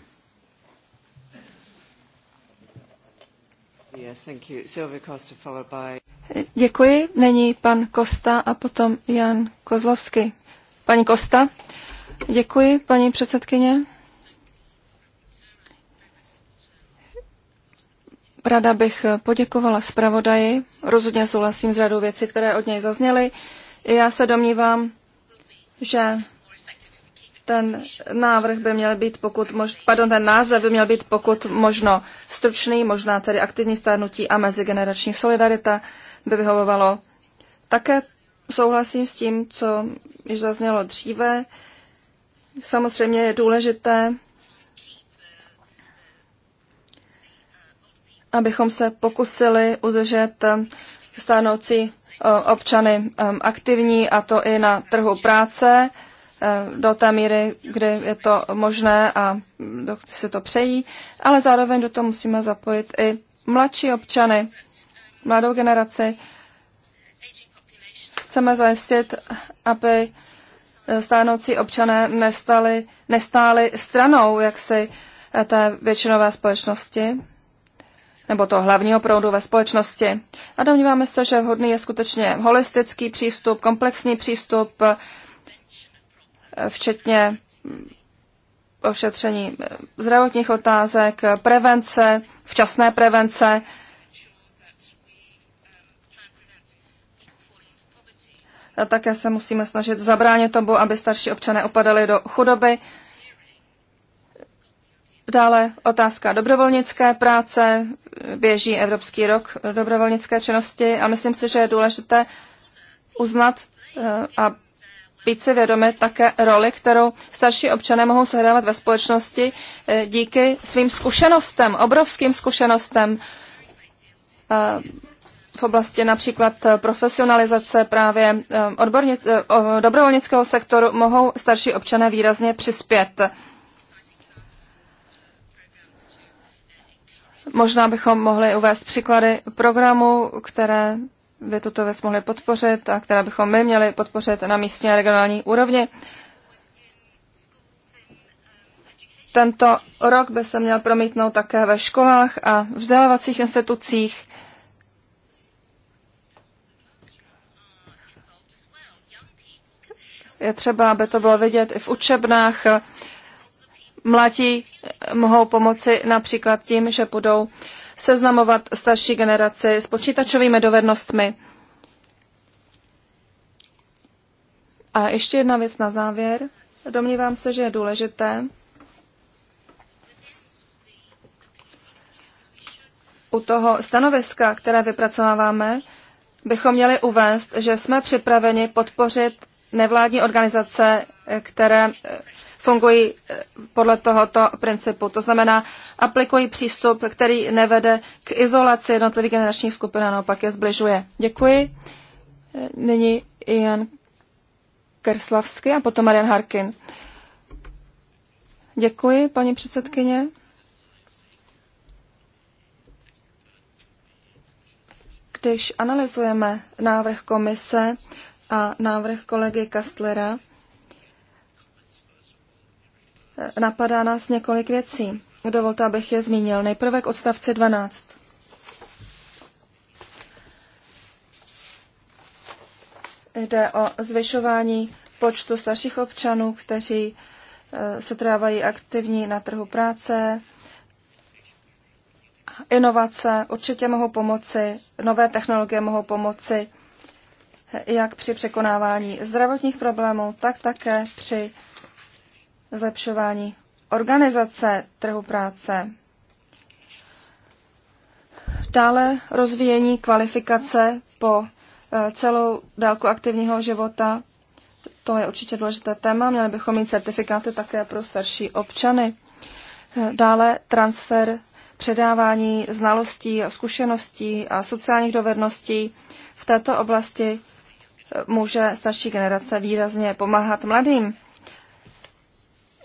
Děkuji. Není pan Kosta a potom Jan Kozlovský. Paní Kosta. Děkuji, paní předsedkyně. Ráda bych poděkovala zpravodaji. Rozhodně souhlasím s řadou věcí, které od něj zazněly. Já se domnívám, že ten návrh by měl být pokud mož, pardon, ten název by měl být pokud možno stručný, možná tedy aktivní stárnutí a mezigenerační solidarita by vyhovovalo. Také souhlasím s tím, co již zaznělo dříve. Samozřejmě je důležité, abychom se pokusili udržet eh, stárnoucí eh, občany eh, aktivní, a to i na trhu práce. Eh, do té míry, kdy je to možné a dokud si to přejí, ale zároveň do toho musíme zapojit i mladší občany, mladou generaci. Chceme zajistit, aby eh, stánoucí občané nestali, nestáli stranou jaksi eh, té většinové společnosti nebo toho hlavního proudu ve společnosti. A domníváme se, že vhodný je skutečně holistický přístup, komplexní přístup, včetně ošetření zdravotních otázek, prevence, včasné prevence. A také se musíme snažit zabránit tomu, aby starší občané opadali do chudoby. Dále otázka dobrovolnické práce. Běží Evropský rok dobrovolnické činnosti a myslím si, že je důležité uznat eh, a být si vědomi také roli, kterou starší občané mohou sehrávat ve společnosti eh, díky svým zkušenostem, obrovským zkušenostem eh, v oblasti například eh, profesionalizace právě odborně, dobrovolnického sektoru mohou starší občané výrazně přispět. Možná bychom mohli uvést příklady programů, které by tuto věc mohli podpořit a která bychom my měli podpořit na místní a regionální úrovni. Tento rok by se měl promítnout také ve školách a vzdělávacích institucích. Je třeba, aby to bylo vidět i v učebnách. Mladí mohou pomoci například tím, že budou uh, seznamovat starší generaci s počítačovými dovednostmi. A ještě jedna věc na závěr. Domnívám se, že je důležité u toho stanoviska, které vypracováváme, bychom měli uvést, že jsme připraveni podpořit nevládní organizace, které fungují eh, podle tohoto principu. To znamená, aplikují přístup, který nevede k izolaci jednotlivých generačních skupin a naopak je zbližuje. Děkuji. Eh, nyní Jan Kerslavsky a potom Marian Harkin. Děkuji, paní předsedkyně. Když analyzujeme návrh komise a návrh kolegy Kastlera, napadá nás několik věcí. Dovolte, abych je zmínil. Nejprve k odstavci 12. Jde o zvyšování počtu starších občanů, kteří eh, se trávají aktivní na trhu práce. Inovace určitě mohou pomoci, nové technologie mohou pomoci eh, jak při překonávání zdravotních problémů, tak také při zlepšování organizace trhu práce, dále rozvíjení kvalifikace po eh, celou délku aktivního života. To je určitě důležité téma. Měli bychom mít certifikáty také pro starší občany. Eh, dále transfer předávání znalostí, zkušeností a sociálních dovedností. V této oblasti eh, může starší generace výrazně pomáhat mladým.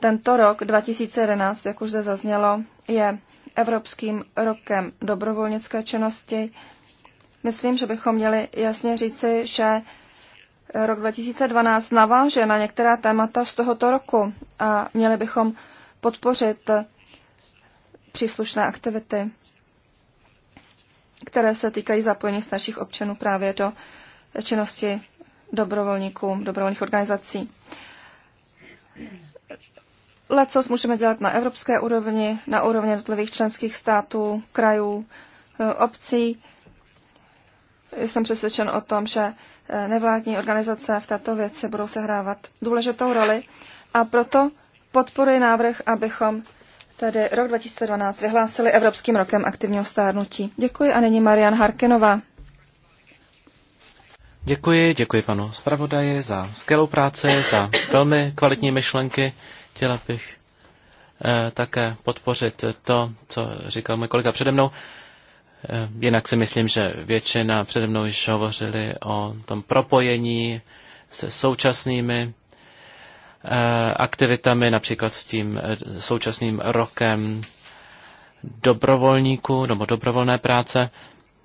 Tento rok 2011, jak už zde zaznělo, je Evropským rokem dobrovolnické činnosti. Myslím, že bychom měli jasně říci, že rok 2012 naváže na některá témata z tohoto roku a měli bychom podpořit příslušné aktivity, které se týkají zapojení starších občanů právě do činnosti dobrovolníků, dobrovolných organizací. Lecos můžeme dělat na evropské úrovni, na úrovni jednotlivých členských států, krajů, eh, obcí. Jsem přesvědčen o tom, že eh, nevládní organizace v této věci budou sehrávat důležitou roli a proto podporuji návrh, abychom tedy rok 2012 vyhlásili Evropským rokem aktivního stárnutí. Děkuji a nyní Marian Harkinová. Děkuji, děkuji panu zpravodaji za skvělou práci, za velmi kvalitní myšlenky. Chtěla bych eh, také podpořit to, co říkal můj kolega přede mnou. Eh, jinak si myslím, že většina přede mnou již hovořili o tom propojení se současnými eh, aktivitami, například s tím současným rokem dobrovolníků nebo dobrovolné práce.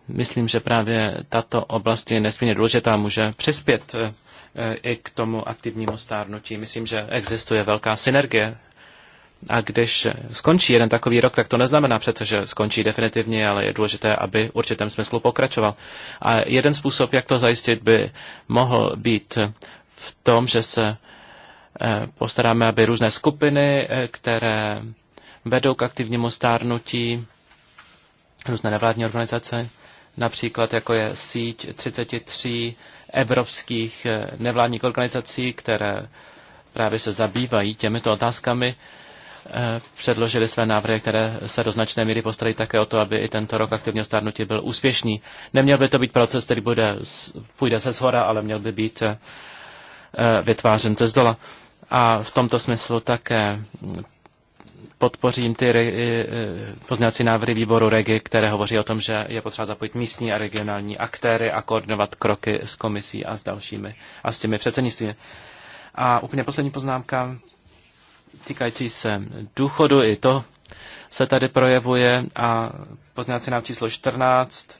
Myslím, že právě tato oblast je nesmírně důležitá, může přispět i k tomu aktivnímu stárnutí. Myslím, že existuje velká synergie. A když skončí jeden takový rok, tak to neznamená přece, že skončí definitivně, ale je důležité, aby v určitém smyslu pokračoval. A jeden způsob, jak to zajistit, by mohl být v tom, že se eh, postaráme, aby různé skupiny, eh, které vedou k aktivnímu stárnutí, různé nevládní organizace, například jako je síť 33 evropských eh, nevládních organizací, které právě se zabývají těmito otázkami, eh, předložili své návrhy, které se do značné míry postarají také o to, aby i tento rok aktivního stárnutí byl úspěšný. Neměl by to být proces, který bude, půjde se zhora, ale měl by být eh, vytvářen ze zdola. A v tomto smyslu také podpořím ty re, e, e, pozměňovací návrhy výboru REGI, které hovoří o tom, že je potřeba zapojit místní a regionální aktéry a koordinovat kroky s komisí a s dalšími a s těmi předsednictvími. A úplně poslední poznámka týkající se důchodu, i to se tady projevuje a pozměňovací návrh číslo 14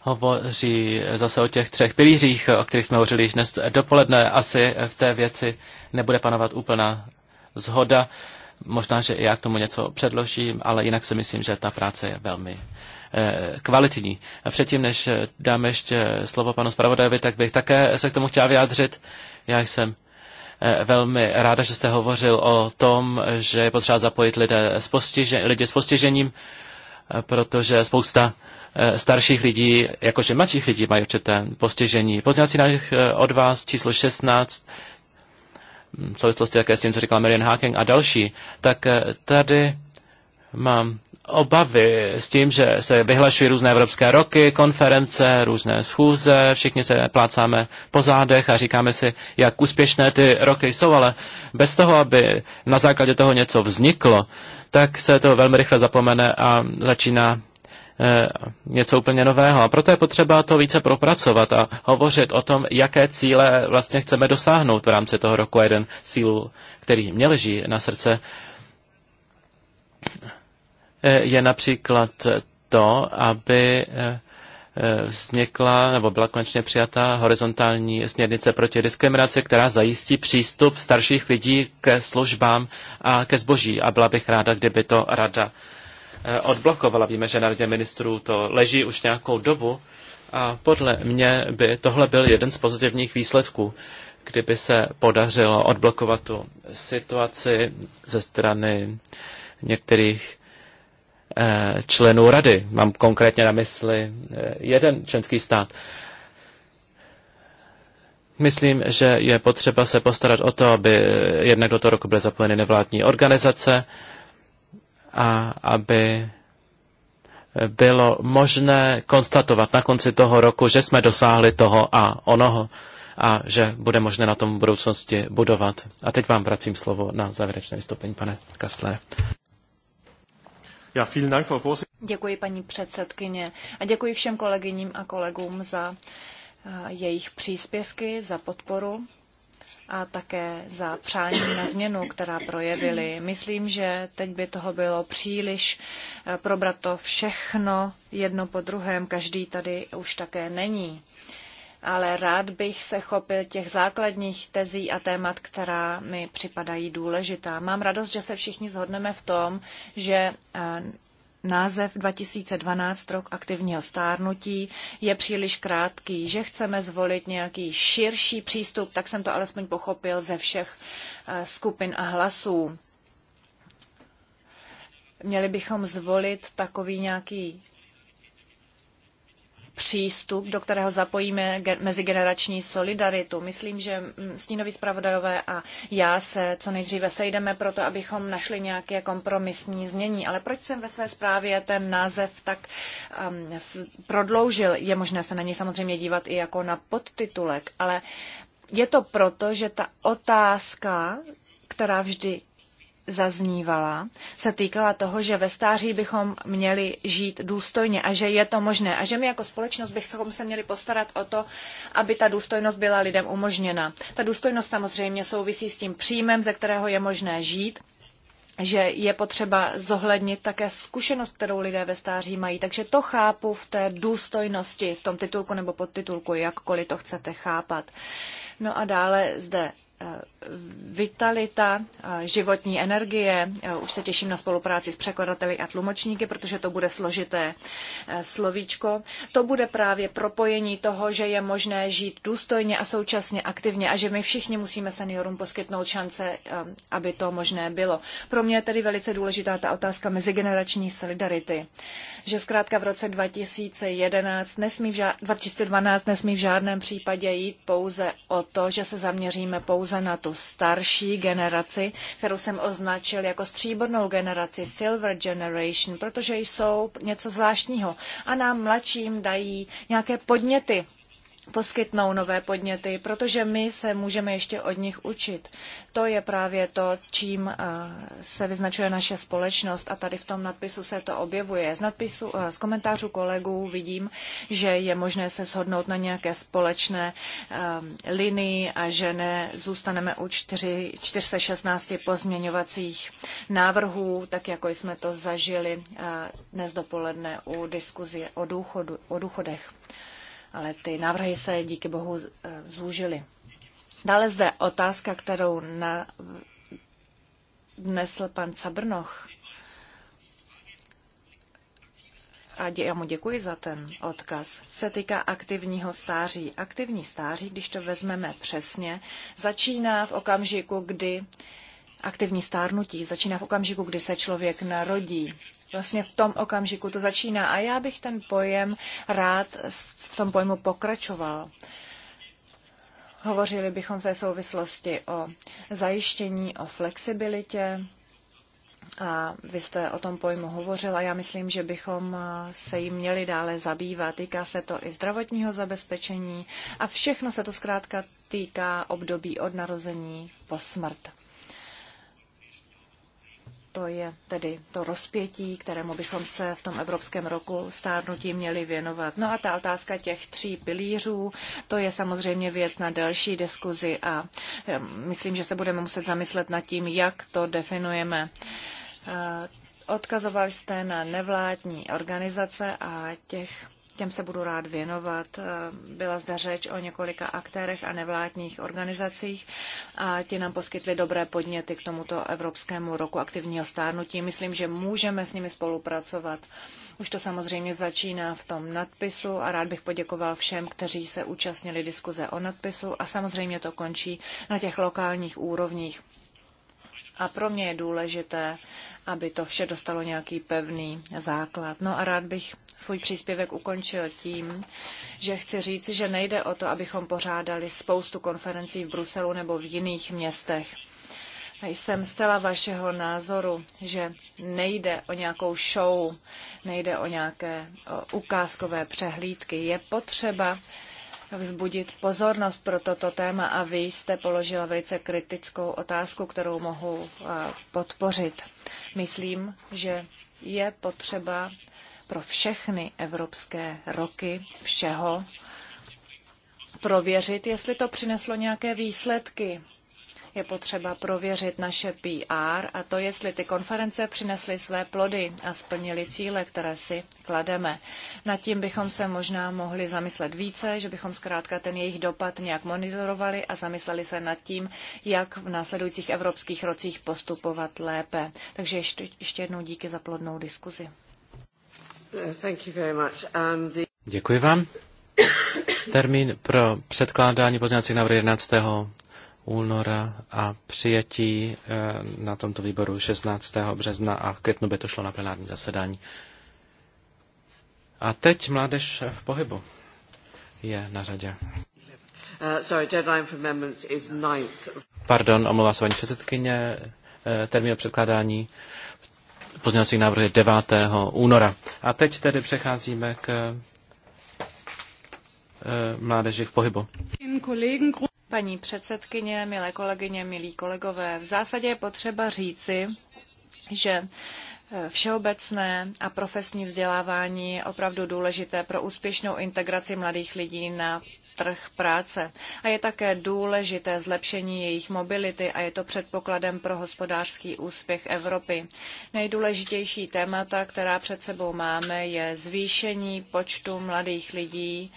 hovoří zase o těch třech pilířích, o kterých jsme hovořili již dnes dopoledne. Asi v té věci nebude panovat úplná zhoda. Možná, že i já k tomu něco předložím, ale jinak si myslím, že ta práce je velmi eh, kvalitní. A předtím, než eh, dáme ještě eh, slovo panu zpravodajovi, tak bych také se k tomu chtěla vyjádřit. Já jsem velmi ráda, že jste hovořil o tom, že je potřeba zapojit lidé s, postiže, lidi s postižením, protože spousta starších lidí, jakože mladších lidí mají určité postižení. Pozněvací návrh od vás číslo 16 v souvislosti také s tím, co říkala Marian Haken a další, tak eh, tady mám obavy s tím, že se vyhlašují různé evropské roky, konference, různé schůze, všichni se plácáme po zádech a říkáme si, jak úspěšné ty roky jsou, ale bez toho, aby na základě toho něco vzniklo, tak se to velmi rychle zapomene a začíná Eh, něco úplně nového. A proto je potřeba to více propracovat a hovořit o tom, jaké cíle vlastně chceme dosáhnout v rámci toho roku. jeden cíl, který mě leží na srdce, eh, je například to, aby eh, vznikla nebo byla konečně přijata horizontální směrnice proti diskriminaci, která zajistí přístup starších lidí ke službám a ke zboží. A byla bych ráda, kdyby to rada Eh, odblokovala. Víme, že na radě ministrů to leží už nějakou dobu a podle mě by tohle byl jeden z pozitivních výsledků, kdyby se podařilo odblokovat tu situaci ze strany některých eh, členů rady. Mám konkrétně na mysli eh, jeden členský stát. Myslím, že je potřeba se postarat o to, aby jednak do toho roku byly zapojeny nevládní organizace, a aby bylo možné konstatovat na konci toho roku, že jsme dosáhli toho a onoho a že bude možné na tom v budoucnosti budovat. A teď vám vracím slovo na závěrečné vystoupení, pane Kastlere. Ja, Dank, Děkuji, paní předsedkyně, a děkuji všem kolegyním a kolegům za eh, jejich příspěvky, za podporu a také za přání na změnu, která projevili. Myslím, že teď by toho bylo příliš eh, probrat to všechno jedno po druhém. Každý tady už také není. Ale rád bych se chopil těch základních tezí a témat, která mi připadají důležitá. Mám radost, že se všichni zhodneme v tom, že eh, název 2012 rok aktivního stárnutí je příliš krátký, že chceme zvolit nějaký širší přístup, tak jsem to alespoň pochopil ze všech eh, skupin a hlasů. Měli bychom zvolit takový nějaký přístup, do kterého zapojíme mezigenerační solidaritu. Myslím, že mm, stínoví zpravodajové a já se co nejdříve sejdeme pro to, abychom našli nějaké kompromisní znění. Ale proč jsem ve své zprávě ten název tak um, prodloužil? Je možné se na něj samozřejmě dívat i jako na podtitulek, ale je to proto, že ta otázka, která vždy zaznívala, se týkala toho, že ve stáří bychom měli žít důstojně a že je to možné a že my jako společnost bychom se měli postarat o to, aby ta důstojnost byla lidem umožněna. Ta důstojnost samozřejmě souvisí s tím příjmem, ze kterého je možné žít, že je potřeba zohlednit také zkušenost, kterou lidé ve stáří mají. Takže to chápu v té důstojnosti, v tom titulku nebo podtitulku, jakkoliv to chcete chápat. No a dále zde vitalita životní energie. Eh, už se těším na spolupráci s překladateli a tlumočníky, protože to bude složité eh, slovíčko. To bude právě propojení toho, že je možné žít důstojně a současně aktivně a že my všichni musíme seniorům poskytnout šance, eh, aby to možné bylo. Pro mě je tedy velice důležitá ta otázka mezigenerační solidarity. Že zkrátka v roce 2011 nesmí v žád, 2012 nesmí v žádném případě jít pouze o to, že se zaměříme pouze pouze na tu starší generaci, kterou jsem označil jako stříbrnou generaci, Silver Generation, protože jsou něco zvláštního a nám mladším dají nějaké podněty poskytnou nové podněty, protože my se můžeme ještě od nich učit. To je právě to, čím eh, se vyznačuje naše společnost a tady v tom nadpisu se to objevuje. Z, nadpisu, eh, z komentářů kolegů vidím, že je možné se shodnout na nějaké společné eh, linii a že ne zůstaneme u 4, 416 pozměňovacích návrhů, tak jako jsme to zažili dnes dopoledne u diskuzi o, důchodu, o důchodech ale ty návrhy se díky bohu eh, zúžily. Dále zde otázka, kterou na, dnesl pan Cabrnoch. A dě, já mu děkuji za ten odkaz. Se týká aktivního stáří. Aktivní stáří, když to vezmeme přesně, začíná v okamžiku, kdy aktivní stárnutí začíná v okamžiku, kdy se člověk narodí vlastně v tom okamžiku to začíná. A já bych ten pojem rád v tom pojmu pokračoval. Hovořili bychom v té souvislosti o zajištění, o flexibilitě. A vy jste o tom pojmu hovořila. Já myslím, že bychom se jim měli dále zabývat. Týká se to i zdravotního zabezpečení a všechno se to zkrátka týká období od narození po smrt. To je tedy to rozpětí, kterému bychom se v tom Evropském roku stárnutí měli věnovat. No a ta otázka těch tří pilířů, to je samozřejmě věc na další diskuzi a myslím, že se budeme muset zamyslet nad tím, jak to definujeme. Odkazoval jste na nevládní organizace a těch těm se budu rád věnovat. Eh, Byla zde řeč o několika aktérech a nevládních organizacích a ti nám poskytli dobré podněty k tomuto Evropskému roku aktivního stárnutí. Myslím, že můžeme s nimi spolupracovat. Už to samozřejmě začíná v tom nadpisu a rád bych poděkoval všem, kteří se účastnili diskuze o nadpisu a samozřejmě to končí na těch lokálních úrovních. A pro mě je důležité, aby to vše dostalo nějaký pevný základ. No a rád bych svůj příspěvek ukončil tím, že chci říct, že nejde o to, abychom pořádali spoustu konferencí v Bruselu nebo v jiných městech. A jsem zcela vašeho názoru, že nejde o nějakou show, nejde o nějaké ukázkové přehlídky. Je potřeba vzbudit pozornost pro toto téma a vy jste položila velice kritickou otázku, kterou mohu eh, podpořit. Myslím, že je potřeba pro všechny evropské roky všeho prověřit, jestli to přineslo nějaké výsledky je potřeba prověřit naše PR a to, jestli ty konference přinesly své plody a splnily cíle, které si klademe. Nad tím bychom se možná mohli zamyslet více, že bychom zkrátka ten jejich dopad nějak monitorovali a zamysleli se nad tím, jak v následujících evropských rocích postupovat lépe. Takže ještě, ještě jednou díky za plodnou diskuzi. Děkuji vám. Termín pro předkládání pozměňovacích návrhů 11 února a přijetí eh, na tomto výboru 16. března a v květnu by to šlo na plenární zasedání. A teď mládež v pohybu je na řadě. Uh, Pardon, omlouvá se paní předsedkyně. Eh, termín předkládání pozměňovacích návrhů je 9. února. A teď tedy přecházíme k eh, mládeži v pohybu. Paní předsedkyně, milé kolegyně, milí kolegové, v zásadě je potřeba říci, že eh, všeobecné a profesní vzdělávání je opravdu důležité pro úspěšnou integraci mladých lidí na trh práce. A je také důležité zlepšení jejich mobility a je to předpokladem pro hospodářský úspěch Evropy. Nejdůležitější témata, která před sebou máme, je zvýšení počtu mladých lidí,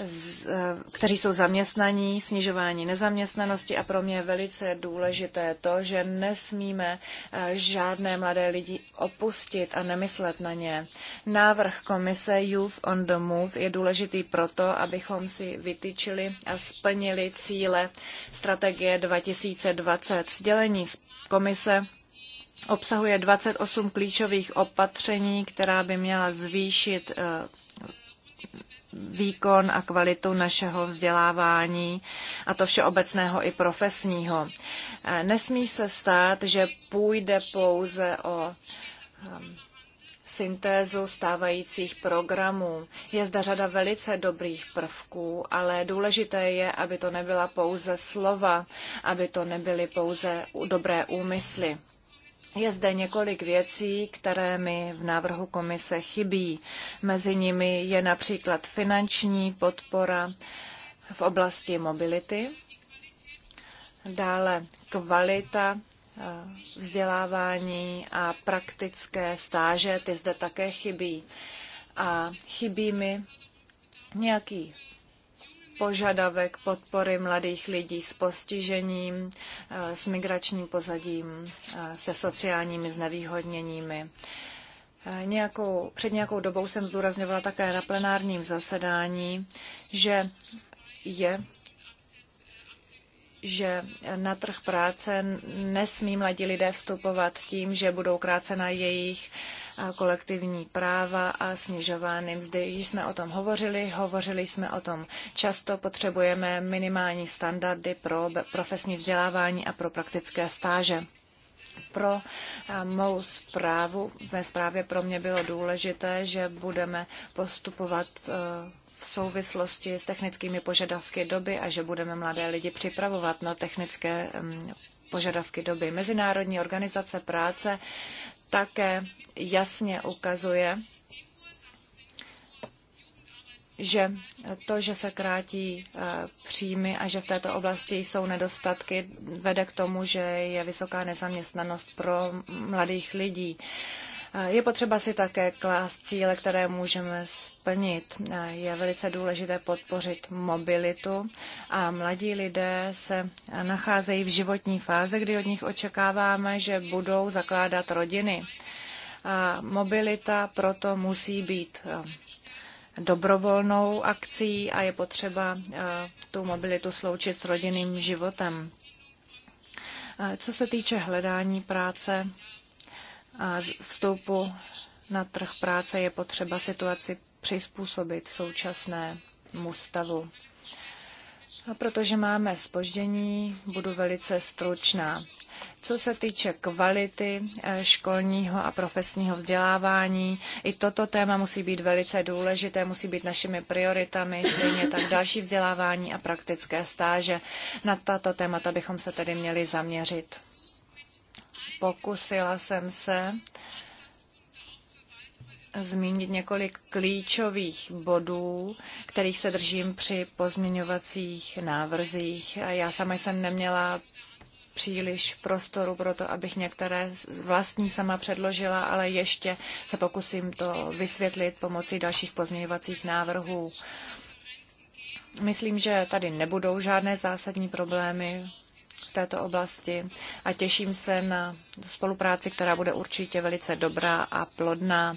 Eh, kteří jsou zaměstnaní, snižování nezaměstnanosti a pro mě je velice důležité to, že nesmíme eh, žádné mladé lidi opustit a nemyslet na ně. Návrh komise Youth on the Move je důležitý proto, abychom si vytyčili a splnili cíle strategie 2020. Sdělení komise obsahuje 28 klíčových opatření, která by měla zvýšit eh, výkon a kvalitu našeho vzdělávání, a to všeobecného i profesního. Nesmí se stát, že půjde pouze o um, syntézu stávajících programů. Je zde řada velice dobrých prvků, ale důležité je, aby to nebyla pouze slova, aby to nebyly pouze dobré úmysly. Je zde několik věcí, které mi v návrhu komise chybí. Mezi nimi je například finanční podpora v oblasti mobility, dále kvalita eh, vzdělávání a praktické stáže, ty zde také chybí. A chybí mi nějaký požadavek podpory mladých lidí s postižením, eh, s migračním pozadím, eh, se sociálními znevýhodněními. Eh, nějakou, před nějakou dobou jsem zdůrazňovala také na plenárním zasedání, že je že na trh práce nesmí mladí lidé vstupovat tím, že budou krácena jejich uh, kolektivní práva a snižovány mzdy. Již jsme o tom hovořili, hovořili jsme o tom často. Potřebujeme minimální standardy pro profesní vzdělávání a pro praktické stáže pro mou zprávu, v mé zprávě pro mě bylo důležité, že budeme postupovat e, v souvislosti s technickými požadavky doby a že budeme mladé lidi připravovat na technické požadavky doby. Mezinárodní organizace práce také jasně ukazuje, že to, že se krátí eh, příjmy a že v této oblasti jsou nedostatky, vede k tomu, že je vysoká nezaměstnanost pro mladých lidí. Je potřeba si také klást cíle, které můžeme splnit. Je velice důležité podpořit mobilitu a mladí lidé se nacházejí v životní fázi, kdy od nich očekáváme, že budou zakládat rodiny. A mobilita proto musí být eh, dobrovolnou akcí a je potřeba eh, tu mobilitu sloučit s rodinným životem. Eh, co se týče hledání práce, a vstupu na trh práce je potřeba situaci přizpůsobit současnému stavu. A protože máme spoždění, budu velice stručná. Co se týče kvality eh, školního a profesního vzdělávání, i toto téma musí být velice důležité, musí být našimi prioritami, stejně tak další vzdělávání a praktické stáže. Na tato témata bychom se tedy měli zaměřit. Pokusila jsem se zmínit několik klíčových bodů, kterých se držím při pozměňovacích návrzích. Já sama jsem neměla příliš prostoru pro to, abych některé vlastní sama předložila, ale ještě se pokusím to vysvětlit pomocí dalších pozměňovacích návrhů. Myslím, že tady nebudou žádné zásadní problémy v této oblasti a těším se na spolupráci, která bude určitě velice dobrá a plodná.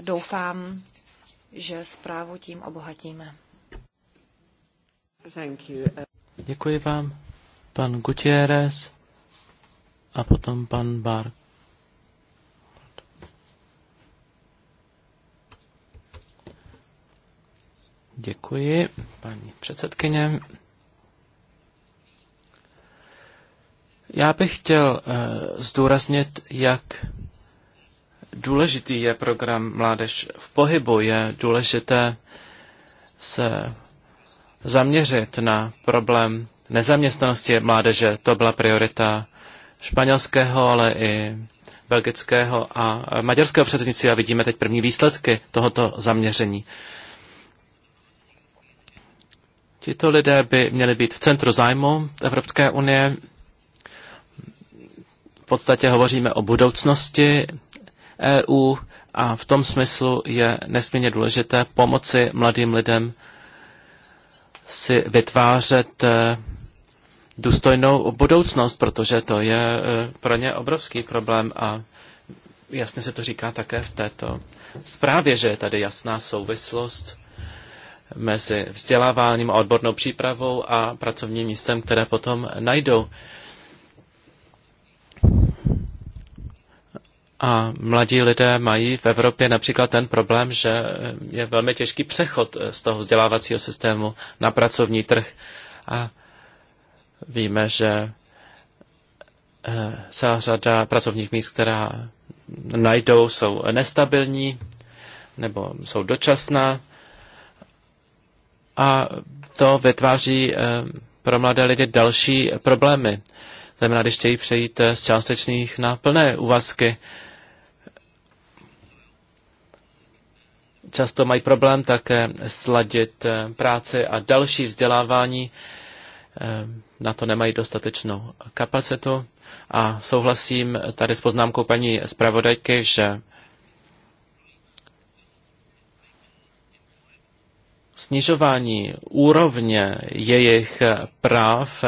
Doufám, že zprávu tím obohatíme. Děkuji vám, pan Gutierrez a potom pan Bark. Děkuji, paní předsedkyně. Já bych chtěl eh, zdůraznit, jak důležitý je program Mládež v pohybu. Je důležité se zaměřit na problém nezaměstnanosti mládeže. To byla priorita španělského, ale i belgického a maďarského předsednictví a vidíme teď první výsledky tohoto zaměření. Tito lidé by měli být v centru zájmu Evropské unie, v podstatě hovoříme o budoucnosti EU a v tom smyslu je nesmírně důležité pomoci mladým lidem si vytvářet eh, důstojnou budoucnost, protože to je eh, pro ně obrovský problém a jasně se to říká také v této zprávě, že je tady jasná souvislost mezi vzděláváním a odbornou přípravou a pracovním místem, které potom najdou. A mladí lidé mají v Evropě například ten problém, že je velmi těžký přechod eh, z toho vzdělávacího systému na pracovní trh. A víme, že eh, celá řada pracovních míst, která najdou, jsou nestabilní nebo jsou dočasná. A to vytváří eh, pro mladé lidi další problémy. Znamená, když chtějí přejít z částečných na plné úvazky, často mají problém také sladit eh, práci a další vzdělávání. Eh, na to nemají dostatečnou kapacitu. A souhlasím tady s poznámkou paní zpravodajky, že snižování úrovně jejich práv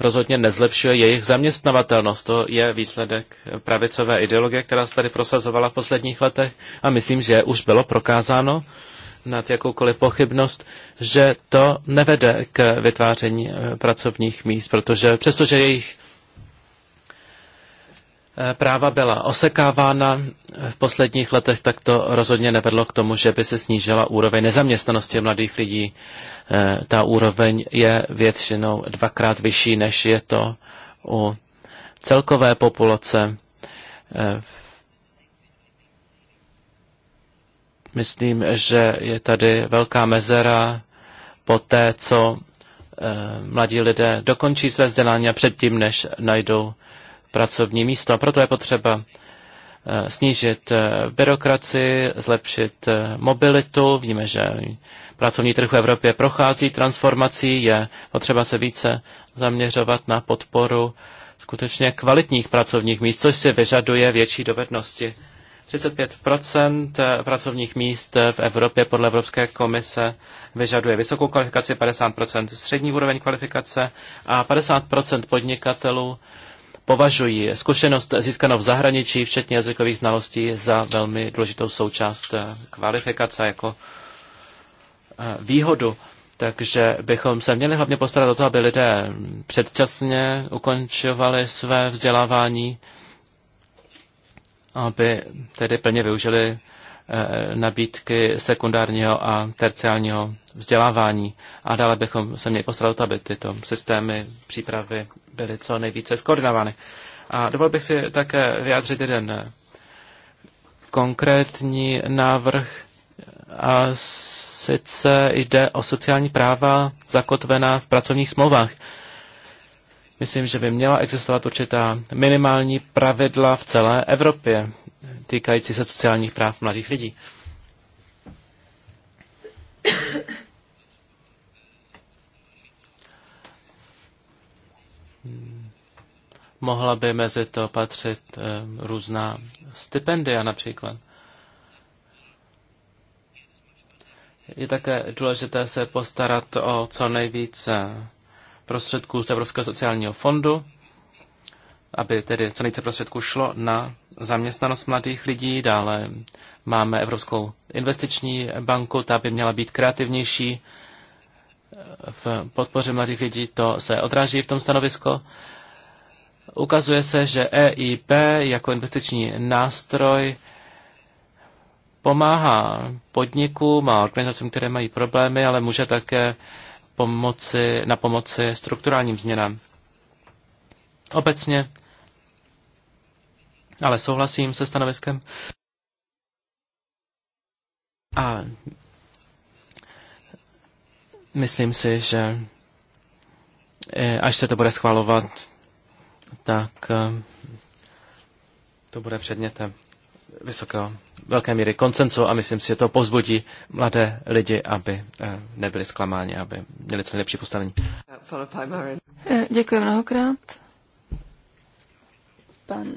rozhodně nezlepšuje jejich zaměstnavatelnost. To je výsledek pravicové ideologie, která se tady prosazovala v posledních letech a myslím, že už bylo prokázáno nad jakoukoliv pochybnost, že to nevede k vytváření eh, pracovních míst, protože přestože jejich Eh, práva byla osekávána v posledních letech, tak to rozhodně nevedlo k tomu, že by se snížila úroveň nezaměstnanosti mladých lidí. Eh, ta úroveň je většinou dvakrát vyšší, než je to u celkové populace. Eh, myslím, že je tady velká mezera po té, co mladí lidé dokončí své vzdělání a předtím, než najdou pracovní a Proto je potřeba eh, snížit eh, byrokracii, zlepšit eh, mobilitu. Víme, že pracovní trh v Evropě prochází transformací, je potřeba se více zaměřovat na podporu skutečně kvalitních pracovních míst, což si vyžaduje větší dovednosti. 35 pracovních míst v Evropě podle Evropské komise vyžaduje vysokou kvalifikaci, 50 střední úroveň kvalifikace a 50 podnikatelů považují zkušenost získanou v zahraničí, včetně jazykových znalostí, za velmi důležitou součást eh, kvalifikace jako eh, výhodu. Takže bychom se měli hlavně postarat o to, aby lidé předčasně ukončovali své vzdělávání, aby tedy plně využili Eh, nabídky sekundárního a terciálního vzdělávání. A dále bychom se měli postarat, aby tyto systémy přípravy byly co nejvíce skoordinovány. A dovolil bych si také vyjádřit jeden eh, konkrétní návrh, a sice jde o sociální práva zakotvená v pracovních smlouvách. Myslím, že by měla existovat určitá minimální pravidla v celé Evropě týkající se sociálních práv mladých lidí. Mohla by mezi to patřit eh, různá stipendia například. Je také důležité se postarat o co nejvíce prostředků z Evropského sociálního fondu, aby tedy co nejvíce prostředků šlo na zaměstnanost mladých lidí, dále máme Evropskou investiční banku, ta by měla být kreativnější v podpoře mladých lidí, to se odráží v tom stanovisko. Ukazuje se, že EIP jako investiční nástroj pomáhá podnikům a organizacím, které mají problémy, ale může také pomoci, na pomoci strukturálním změnám. Obecně ale souhlasím se stanoviskem. A myslím si, že e, až se to bude schvalovat, tak e, to bude předmětem vysokého, velké míry koncenzu a myslím si, že to pozbudí mladé lidi, aby e, nebyli zklamáni, aby měli co nejlepší postavení. Děkuji mnohokrát. Pan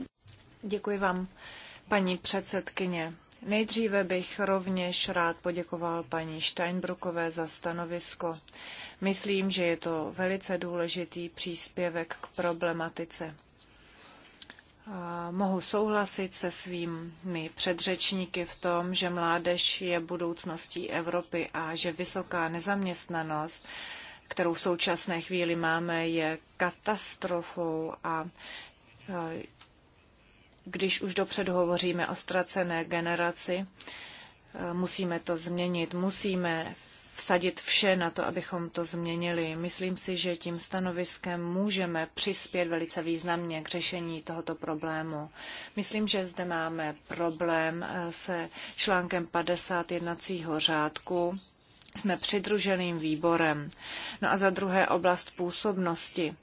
Děkuji vám, paní předsedkyně. Nejdříve bych rovněž rád poděkoval paní Steinbrukové za stanovisko. Myslím, že je to velice důležitý příspěvek k problematice. mohu souhlasit se svými předřečníky v tom, že mládež je budoucností Evropy a že vysoká nezaměstnanost, kterou v současné chvíli máme, je katastrofou a když už dopředu hovoříme o ztracené generaci, eh, musíme to změnit, musíme vsadit vše na to, abychom to změnili. Myslím si, že tím stanoviskem můžeme přispět velice významně k řešení tohoto problému. Myslím, že zde máme problém eh, se článkem 50 jednacího řádku. Jsme přidruženým výborem. No a za druhé oblast působnosti.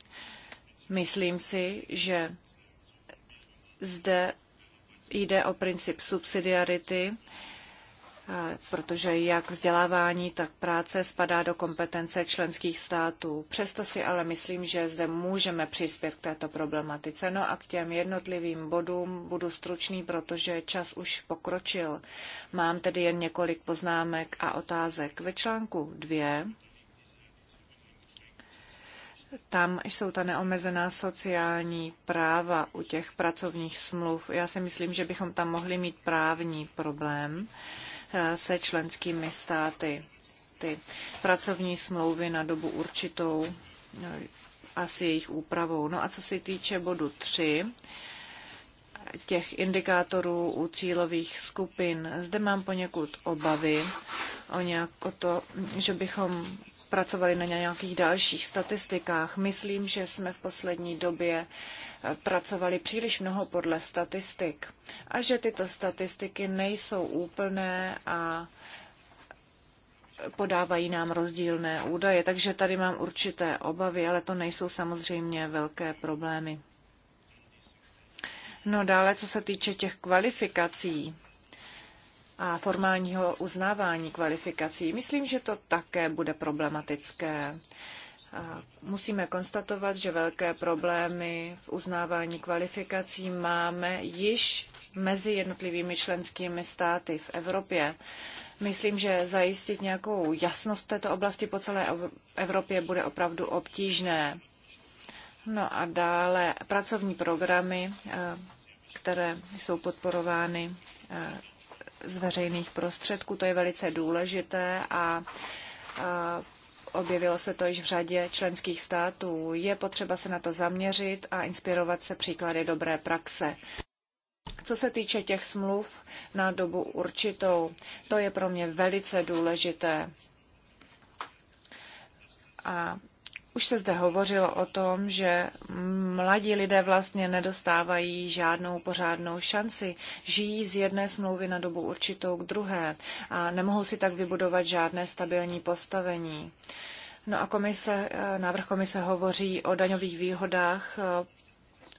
Myslím si, že zde jde o princip subsidiarity, protože jak vzdělávání, tak práce spadá do kompetence členských států. Přesto si ale myslím, že zde můžeme přispět k této problematice. No a k těm jednotlivým bodům budu stručný, protože čas už pokročil. Mám tedy jen několik poznámek a otázek. Ve článku 2 tam jsou ta neomezená sociální práva u těch pracovních smluv. Já si myslím, že bychom tam mohli mít právní problém eh, se členskými státy. Ty pracovní smlouvy na dobu určitou eh, a s jejich úpravou. No a co se týče bodu 3, těch indikátorů u cílových skupin. Zde mám poněkud obavy o, nějak, o to, že bychom pracovali na nějakých dalších statistikách. Myslím, že jsme v poslední době eh, pracovali příliš mnoho podle statistik a že tyto statistiky nejsou úplné a podávají nám rozdílné údaje, takže tady mám určité obavy, ale to nejsou samozřejmě velké problémy. No dále, co se týče těch kvalifikací, a formálního uznávání kvalifikací. Myslím, že to také bude problematické. Musíme konstatovat, že velké problémy v uznávání kvalifikací máme již mezi jednotlivými členskými státy v Evropě. Myslím, že zajistit nějakou jasnost této oblasti po celé Evropě bude opravdu obtížné. No a dále pracovní programy, eh, které jsou podporovány eh, z veřejných prostředků. To je velice důležité a objevilo se to již v řadě členských států. Je potřeba se na to zaměřit a inspirovat se příklady dobré praxe. Co se týče těch smluv na dobu určitou, to je pro mě velice důležité. A už se zde hovořilo o tom, že mladí lidé vlastně nedostávají žádnou pořádnou šanci. Žijí z jedné smlouvy na dobu určitou k druhé a nemohou si tak vybudovat žádné stabilní postavení. No a komise, eh, návrh komise hovoří o daňových výhodách eh,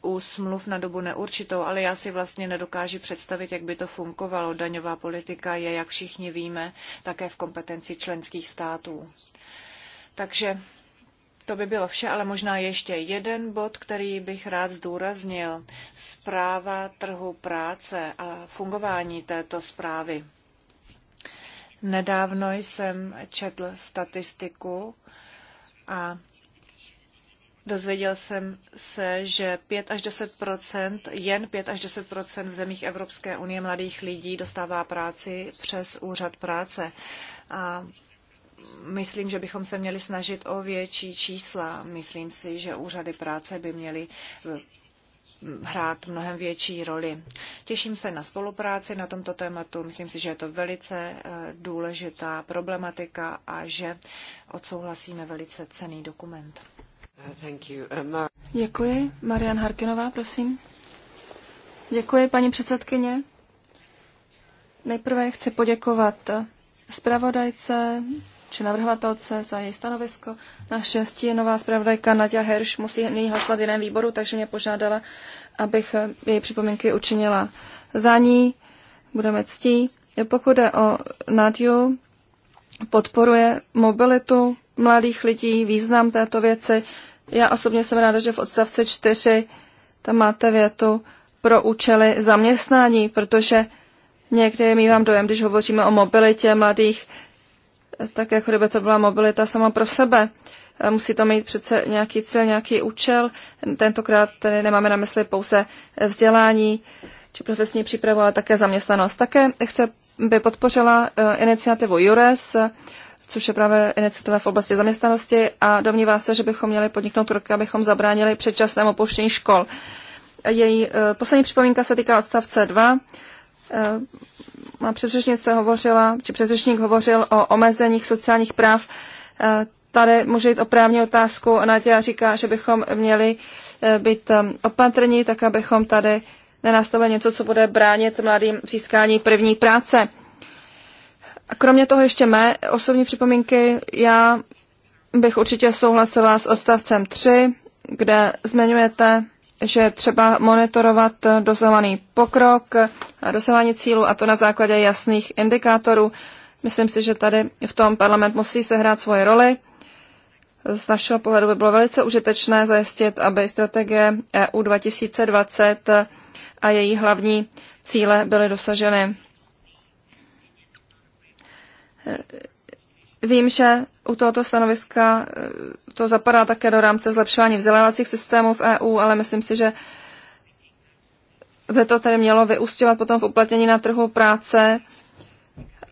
u smluv na dobu neurčitou, ale já si vlastně nedokážu představit, jak by to fungovalo. Daňová politika je, jak všichni víme, také v kompetenci členských států. Takže to by bylo vše, ale možná ještě jeden bod, který bych rád zdůraznil. Zpráva trhu práce a fungování této zprávy. Nedávno jsem četl statistiku a dozvěděl jsem se, že 5 až 10 jen 5 až 10 v zemích Evropské unie mladých lidí dostává práci přes úřad práce. A myslím, že bychom se měli snažit o větší čísla. Myslím si, že úřady práce by měly eh, hrát mnohem větší roli. Těším se na spolupráci na tomto tématu. Myslím si, že je to velice eh, důležitá problematika a že odsouhlasíme velice cený dokument. Eh, Děkuji. Marian Harkinová, prosím. Děkuji, paní předsedkyně. Nejprve chci poděkovat zpravodajce, či navrhovatelce za její stanovisko. Naštěstí nová zpravodajka Nadia Hirsch musí nyní hlasovat v jiném výboru, takže mě požádala, abych její připomínky učinila za ní. Budeme ctí. Pokud jde o Nadiu, podporuje mobilitu mladých lidí, význam této věci. Já osobně jsem ráda, že v odstavci 4 tam máte větu pro účely zaměstnání, protože někdy mývám dojem, když hovoříme o mobilitě mladých, tak jako kdyby to byla mobilita sama pro sebe. Musí to mít přece nějaký cíl, nějaký účel. Tentokrát tedy nemáme na mysli pouze vzdělání či profesní přípravu, ale také zaměstnanost. Také chce by podpořila eh, iniciativu JURES, což je právě iniciativa v oblasti zaměstnanosti a domnívá se, že bychom měli podniknout kroky, abychom zabránili předčasnému opuštění škol. Její eh, poslední připomínka se týká odstavce 2. Eh, má předřečnice hovořila, či předřečník hovořil o omezeních sociálních práv. Eh, tady může jít o právní otázku. Naděja říká, že bychom měli eh, být opatrní, tak abychom tady nenastavili něco, co bude bránit mladým získání první práce. A kromě toho ještě mé osobní připomínky. Já bych určitě souhlasila s odstavcem 3, kde zmiňujete že třeba monitorovat dozovaný pokrok, dosahování cílu a to na základě jasných indikátorů. Myslím si, že tady v tom parlament musí sehrát svoje roli. Z našeho pohledu by bylo velice užitečné zajistit, aby strategie EU 2020 a její hlavní cíle byly dosaženy. Vím, že u tohoto stanoviska to zapadá také do rámce zlepšování vzdělávacích systémů v EU, ale myslím si, že by to tedy mělo vyústěvat potom v uplatnění na trhu práce.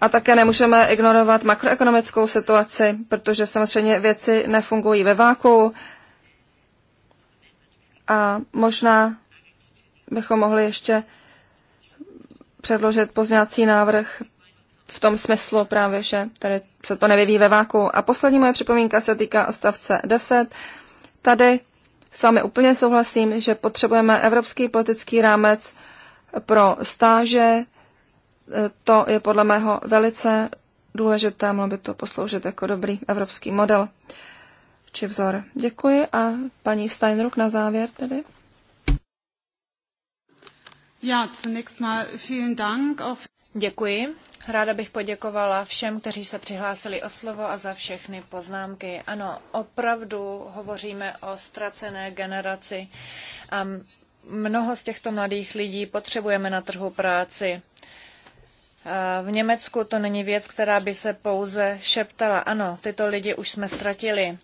A také nemůžeme ignorovat makroekonomickou situaci, protože samozřejmě věci nefungují ve váku. A možná bychom mohli ještě předložit pozňací návrh v tom smyslu právě, že tady se to nevyvíjí ve váku. A poslední moje připomínka se týká ostavce 10. Tady s vámi úplně souhlasím, že potřebujeme evropský politický rámec pro stáže. To je podle mého velice důležité, mohlo by to posloužit jako dobrý evropský model či vzor. Děkuji a paní Steinruck na závěr tedy. Ja, zunächst mal vielen Dank auf Děkuji. Ráda bych poděkovala všem, kteří se přihlásili o slovo a za všechny poznámky. Ano, opravdu hovoříme o ztracené generaci. A mnoho z těchto mladých lidí potřebujeme na trhu práci. V Německu to není věc, která by se pouze šeptala. Ano, tyto lidi už jsme ztratili.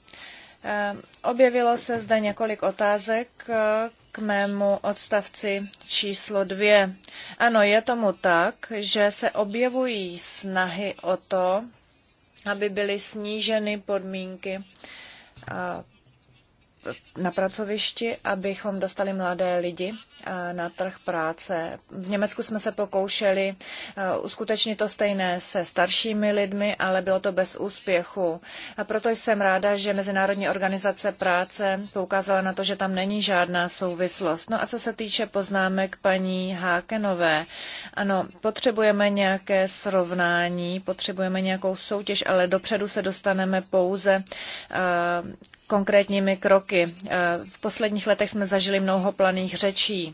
Eh, objevilo se zde několik otázek eh, k mému odstavci číslo dvě. Ano, je tomu tak, že se objevují snahy o to, aby byly sníženy podmínky eh, na pracovišti, abychom dostali mladé lidi na trh práce. V Německu jsme se pokoušeli uskutečnit to stejné se staršími lidmi, ale bylo to bez úspěchu. A proto jsem ráda, že Mezinárodní organizace práce poukázala na to, že tam není žádná souvislost. No a co se týče poznámek paní Hákenové, ano, potřebujeme nějaké srovnání, potřebujeme nějakou soutěž, ale dopředu se dostaneme pouze konkrétními kroky. V posledních letech jsme zažili mnoho planých řečí.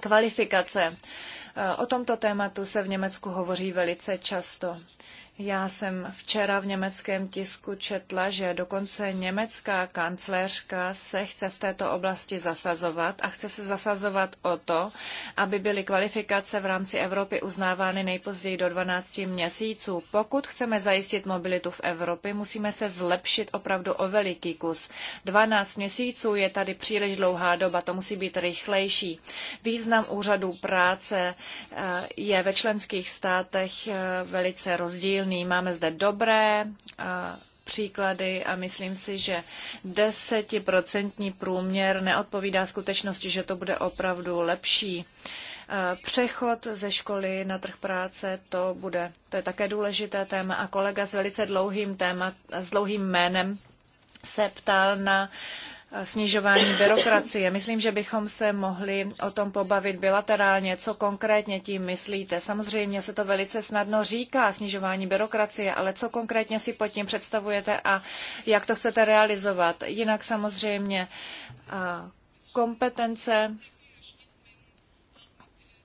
Kvalifikace. E, o tomto tématu se v Německu hovoří velice často. Já jsem včera v německém tisku četla, že dokonce německá kancléřka se chce v této oblasti zasazovat a chce se zasazovat o to, aby byly kvalifikace v rámci Evropy uznávány nejpozději do 12 měsíců. Pokud chceme zajistit mobilitu v Evropě, musíme se zlepšit opravdu o veliký kus. 12 měsíců je tady příliš dlouhá doba, to musí být rychlejší. Význam úřadů práce eh, je ve členských státech eh, velice rozdílný silný. Máme zde dobré eh, příklady a myslím si, že desetiprocentní průměr neodpovídá skutečnosti, že to bude opravdu lepší. Eh, přechod ze školy na trh práce, to bude, to je také důležité téma a kolega s velice dlouhým téma, s dlouhým jménem se ptal na uh, snižování byrokracie. Myslím, že bychom se mohli o tom pobavit bilaterálně. Co konkrétně tím myslíte? Samozřejmě se to velice snadno říká, snižování byrokracie, ale co konkrétně si pod tím představujete a jak to chcete realizovat? Jinak samozřejmě kompetence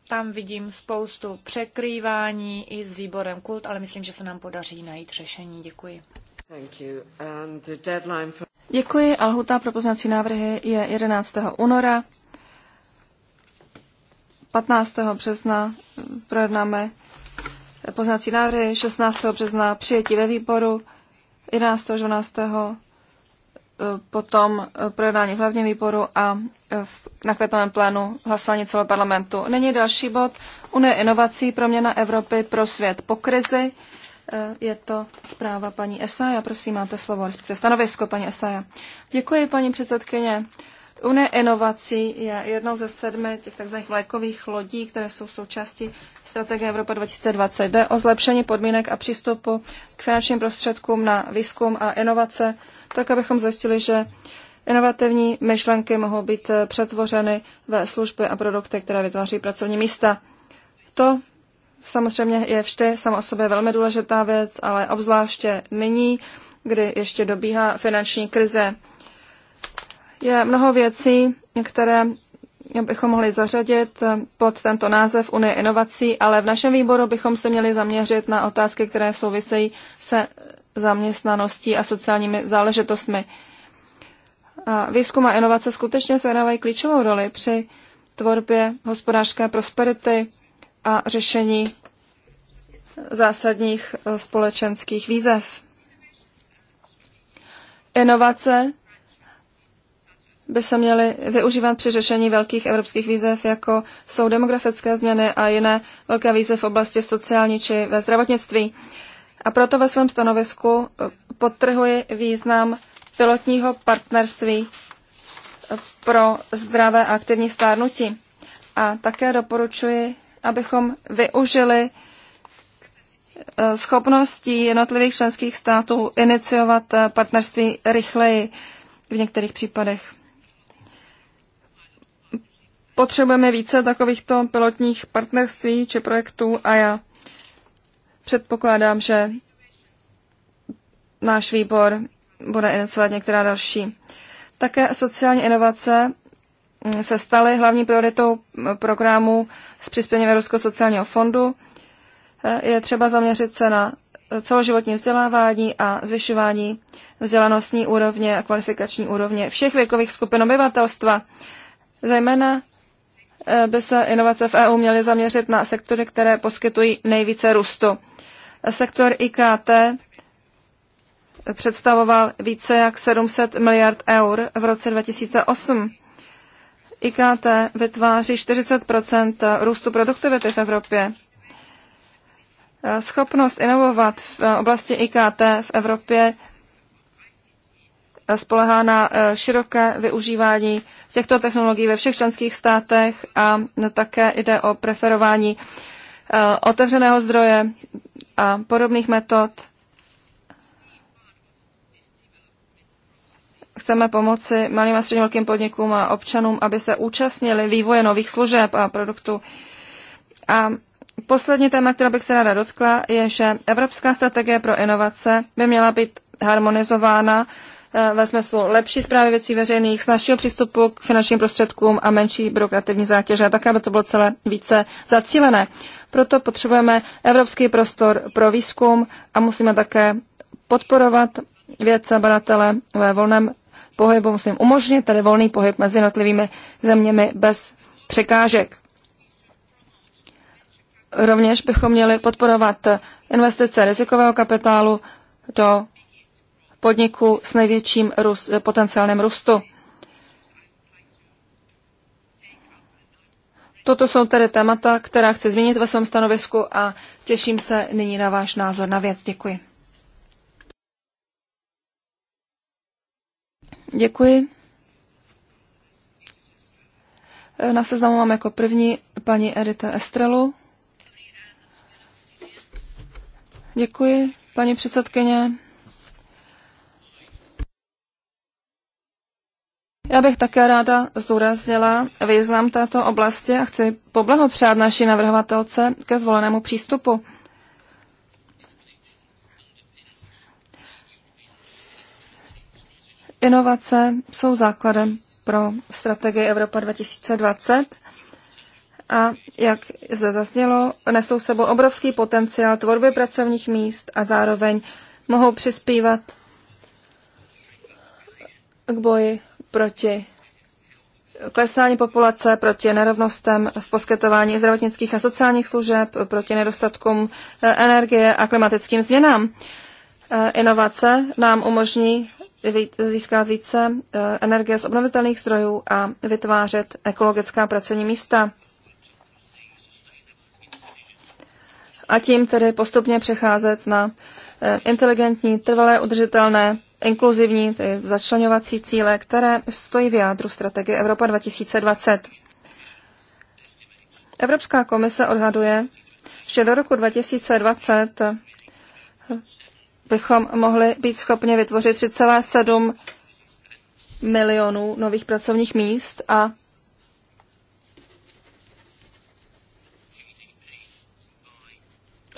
tam vidím spoustu překrývání i s výborem kult, ale myslím, že se nám podaří najít řešení. Děkuji. For... Děkuji a lhuta pro poznací návrhy je 11. února. 15. března projednáme poznací návrhy, 16. března přijetí ve výboru, 11. 12. E, potom e, projednání v hlavním výboru a e, na květnovém plénu hlasování celého parlamentu. Není další bod. Unie inovací, proměna Evropy pro svět po krizi. E, je to zpráva paní Esaja. Prosím, máte slovo, respektive stanovisko paní Esaja. Děkuji, paní předsedkyně. Unie inovací je jednou ze sedmi těch tzv. vlajkových lodí, které jsou součástí strategie Evropa 2020. Jde o zlepšení podmínek a přístupu k finančním prostředkům na výzkum a inovace, tak abychom zjistili, že inovativní myšlenky mohou být přetvořeny ve služby a produkty, které vytváří pracovní místa. To samozřejmě je vždy sama o sobě velmi důležitá věc, ale obzvláště nyní, kdy ještě dobíhá finanční krize. Je mnoho věcí, které bychom mohli zařadit pod tento název Unie inovací, ale v našem výboru bychom se měli zaměřit na otázky, které souvisejí se zaměstnaností a sociálními záležitostmi. A výzkum a inovace skutečně sehrávají klíčovou roli při tvorbě hospodářské prosperity a řešení zásadních eh, společenských výzev. Inovace by se měly využívat při řešení velkých evropských výzev, jako jsou demografické změny a jiné velké výzvy v oblasti sociální či ve zdravotnictví. A proto ve svém stanovisku eh, podtrhuji význam pilotního partnerství eh, pro zdravé a aktivní stárnutí. A také doporučuji abychom využili eh, schopností jednotlivých členských států iniciovat eh, partnerství rychleji v některých případech. Potřebujeme více takovýchto pilotních partnerství či projektů a já předpokládám, že náš výbor bude iniciovat některá další. Také sociální inovace Mm, se staly hlavní prioritou programu s přispěním Evropského sociálního fondu. Eh, je třeba zaměřit se na celoživotní vzdělávání a zvyšování vzdělanostní úrovně a kvalifikační úrovně všech věkových skupin obyvatelstva. Zejména eh, by se inovace v EU měly zaměřit na sektory, které poskytují nejvíce růstu. Eh, sektor IKT představoval více jak 700 miliard eur v roce 2008. IKT vytváří 40 růstu produktivity v Evropě. Schopnost inovovat v oblasti IKT v Evropě spolehá na eh, široké využívání těchto technologií ve všech členských státech a také jde o preferování eh, otevřeného zdroje a podobných metod chceme pomoci malým a středním velkým podnikům a občanům, aby se účastnili vývoje nových služeb a produktů. A poslední téma, která bych se ráda dotkla, je, že Evropská strategie pro inovace by měla být harmonizována eh, ve smyslu lepší zprávy věcí veřejných, snažšího přístupu k finančním prostředkům a menší byrokrativní zátěže, tak aby to bylo celé více zacílené. Proto potřebujeme evropský prostor pro výzkum a musíme také podporovat vědce, badatele ve volném pohybu, musím umožnit tedy volný pohyb mezi jednotlivými zeměmi bez překážek. Rovněž bychom měli podporovat investice rizikového kapitálu do podniků s největším růst, potenciálním růstu. Toto jsou tedy témata, která chci zmínit ve svém stanovisku a těším se nyní na váš názor na věc. Děkuji. Děkuji. Na seznamu mám jako první paní Edita Estrelu. Děkuji, paní předsedkyně. Já bych také ráda zdůraznila význam této oblasti a chci poblahopřát naší navrhovatelce ke zvolenému přístupu. Inovace jsou základem pro strategii Evropa 2020 a, jak zde zaznělo, nesou sebou obrovský potenciál tvorby pracovních míst a zároveň mohou přispívat k boji proti klesání populace, proti nerovnostem v poskytování zdravotnických a sociálních služeb, proti nedostatkům eh, energie a klimatickým změnám. Eh, inovace nám umožní získat více eh, energie z obnovitelných zdrojů a vytvářet ekologická pracovní místa. A tím tedy postupně přecházet na eh, inteligentní, trvalé, udržitelné, inkluzivní, začlenovací cíle, které stojí v jádru strategie Evropa 2020. Evropská komise odhaduje, že do roku 2020 bychom mohli být schopni vytvořit 3,7 milionů nových pracovních míst a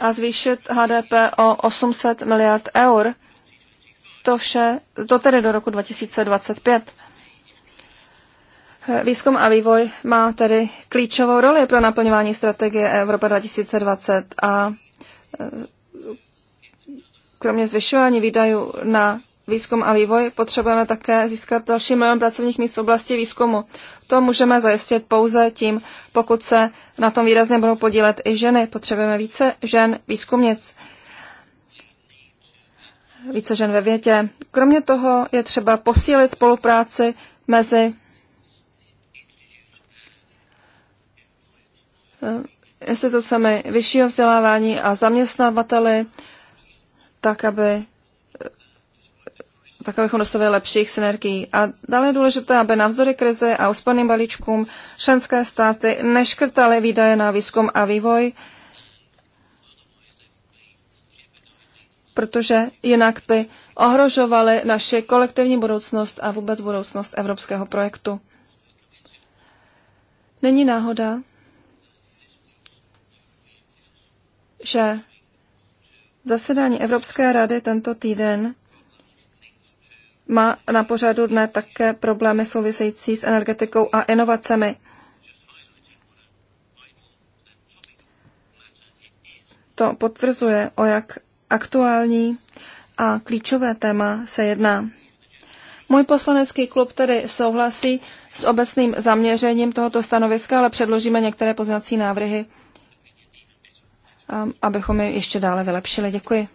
a zvýšit HDP o 800 miliard eur. To vše, to tedy do roku 2025. Výzkum a vývoj má tedy klíčovou roli pro naplňování strategie Evropa 2020 a kromě zvyšování výdajů na výzkum a vývoj potřebujeme také získat další milion pracovních míst v oblasti výzkumu. To můžeme zajistit pouze tím, pokud se na tom výrazně budou podílet i ženy. Potřebujeme více žen výzkumnic, více žen ve větě. Kromě toho je třeba posílit spolupráci mezi eh, institucemi vyššího vzdělávání a zaměstnavateli, tak, aby tak abychom dostali lepších synergií. A dále je důležité, aby navzdory krize a úsporným balíčkům členské státy neškrtaly výdaje na výzkum a vývoj, protože jinak by ohrožovaly naši kolektivní budoucnost a vůbec budoucnost evropského projektu. Není náhoda, že Zasedání Evropské rady tento týden má na pořadu dne také problémy související s energetikou a inovacemi. To potvrzuje, o jak aktuální a klíčové téma se jedná. Můj poslanecký klub tedy souhlasí s obecným zaměřením tohoto stanoviska, ale předložíme některé poznací návrhy Um, abychom je ještě dále vylepšili. Děkuji.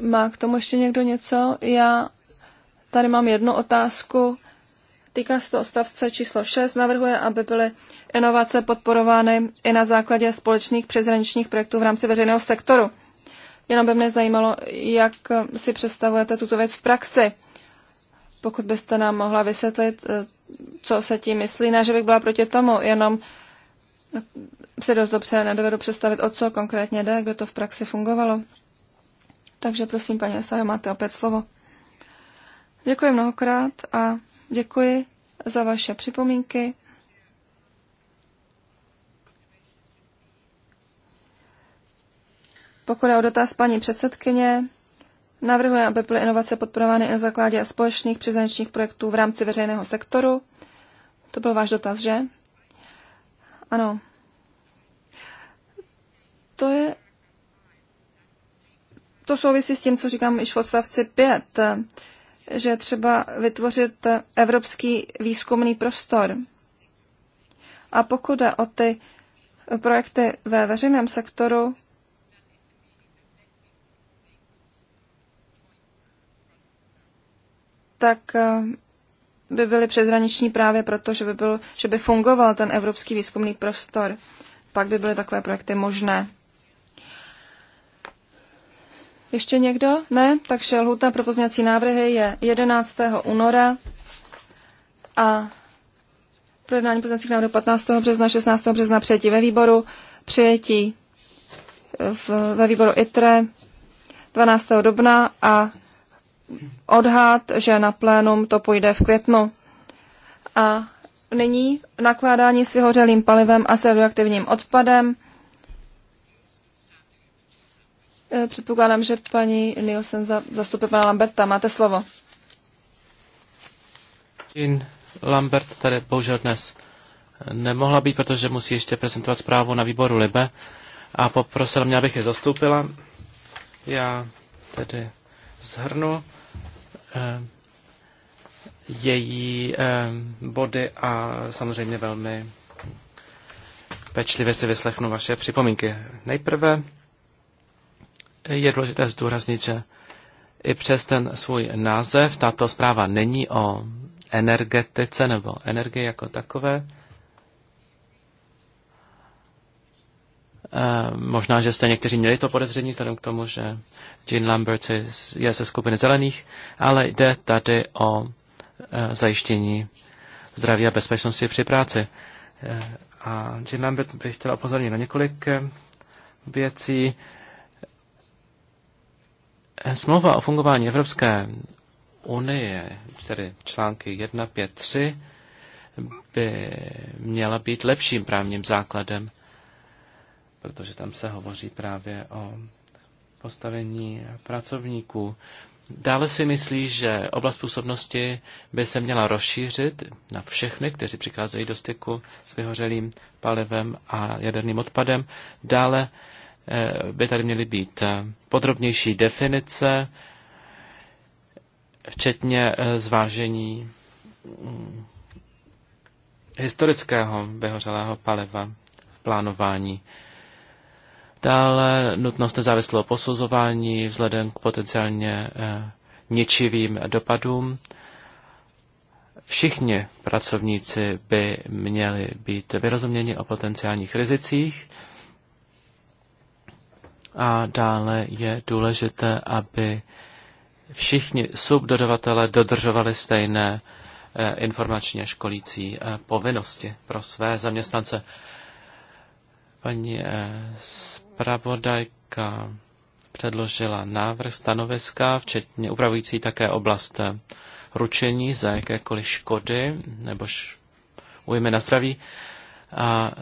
Má k tomu ještě někdo něco? Já tady mám jednu otázku. Týká se to ostavce číslo 6. Navrhuje, aby byly inovace podporovány i na základě společných přezraničních projektů v rámci veřejného sektoru. Jenom by mě zajímalo, jak eh, si představujete tuto věc v praxi. Pokud byste nám mohla vysvětlit, eh, co se tím myslí, ne, že bych byla proti tomu, jenom si dost dobře nedovedu představit, o co konkrétně jde, kde to v praxi fungovalo. Takže prosím, paní Esajo, máte opět slovo. Děkuji mnohokrát a děkuji za vaše připomínky. Pokud je o dotaz paní předsedkyně, navrhuje, aby byly inovace podporovány i na základě společných přizaničních projektů v rámci veřejného sektoru. To byl váš dotaz, že? Ano. To je to souvisí s tím, co říkám již v odstavci 5, že třeba vytvořit evropský výzkumný prostor. A pokud jde o ty projekty ve veřejném sektoru, tak by byly přeshraniční právě proto, že by, byl, že by fungoval ten evropský výzkumný prostor. Pak by byly takové projekty možné. Ještě někdo? Ne? Takže lhůta pro pozněcí návrhy je 11. února a projednání pozněcích návrhů 15. března, 16. března přijetí ve výboru, přijetí v, ve výboru ITRE 12. dubna a odhad, že na plénum to půjde v květnu. A nyní nakládání s vyhořelým palivem a s radioaktivním odpadem. E, předpokládám, že paní Nielsen zastupuje pana Lamberta. Máte slovo. Jean Lambert tady bohužel dnes nemohla být, protože musí ještě prezentovat zprávu na výboru Libe a poprosila mě, abych je zastoupila. Já tedy zhrnu eh, její eh, body a samozřejmě velmi pečlivě si vyslechnu vaše připomínky. Nejprve je důležité zdůraznit, že i přes ten svůj název tato zpráva není o energetice nebo energii jako takové. Eh, možná, že jste někteří měli to podezření vzhledem k tomu, že Jean Lambert je ze skupiny zelených, ale jde tady o e, zajištění zdraví a bezpečnosti při práci. E, a Jean Lambert bych chtěl upozornit na několik e, věcí. Smlouva o fungování Evropské unie, tedy články 1, 5, 3, by měla být lepším právním základem, protože tam se hovoří právě o postavení pracovníků. Dále si myslí, že oblast působnosti by se měla rozšířit na všechny, kteří přicházejí do styku s vyhořelým palivem a jaderným odpadem. Dále eh, by tady měly být eh, podrobnější definice, včetně eh, zvážení mm, historického vyhořelého paliva v plánování Dále nutnost nezávislého posuzování vzhledem k potenciálně eh, ničivým dopadům. Všichni pracovníci by měli být vyrozuměni o potenciálních rizicích. A dále je důležité, aby všichni subdodavatele dodržovali stejné eh, informační a školící eh, povinnosti pro své zaměstnance. Paní zpravodajka předložila návrh stanoviska, včetně upravující také oblast ručení za jakékoliv škody nebo ujmy na zdraví. A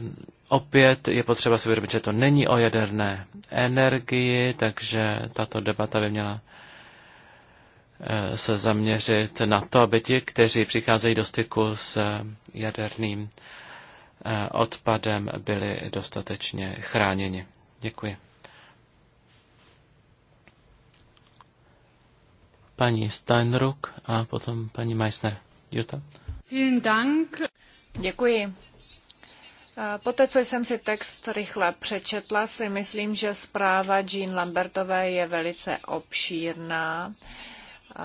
opět je potřeba si uvědomit, že to není o jaderné energii, takže tato debata by měla eh, se zaměřit na to, aby ti, kteří přicházejí do styku s eh, jaderným eh, odpadem, byli dostatečně chráněni. Děkuji. Paní Steinruck a potom paní Meissner. Jutta. Vielen Dank. Děkuji. Poté, co jsem si text rychle přečetla, si myslím, že zpráva Jean Lambertové je velice obšírná.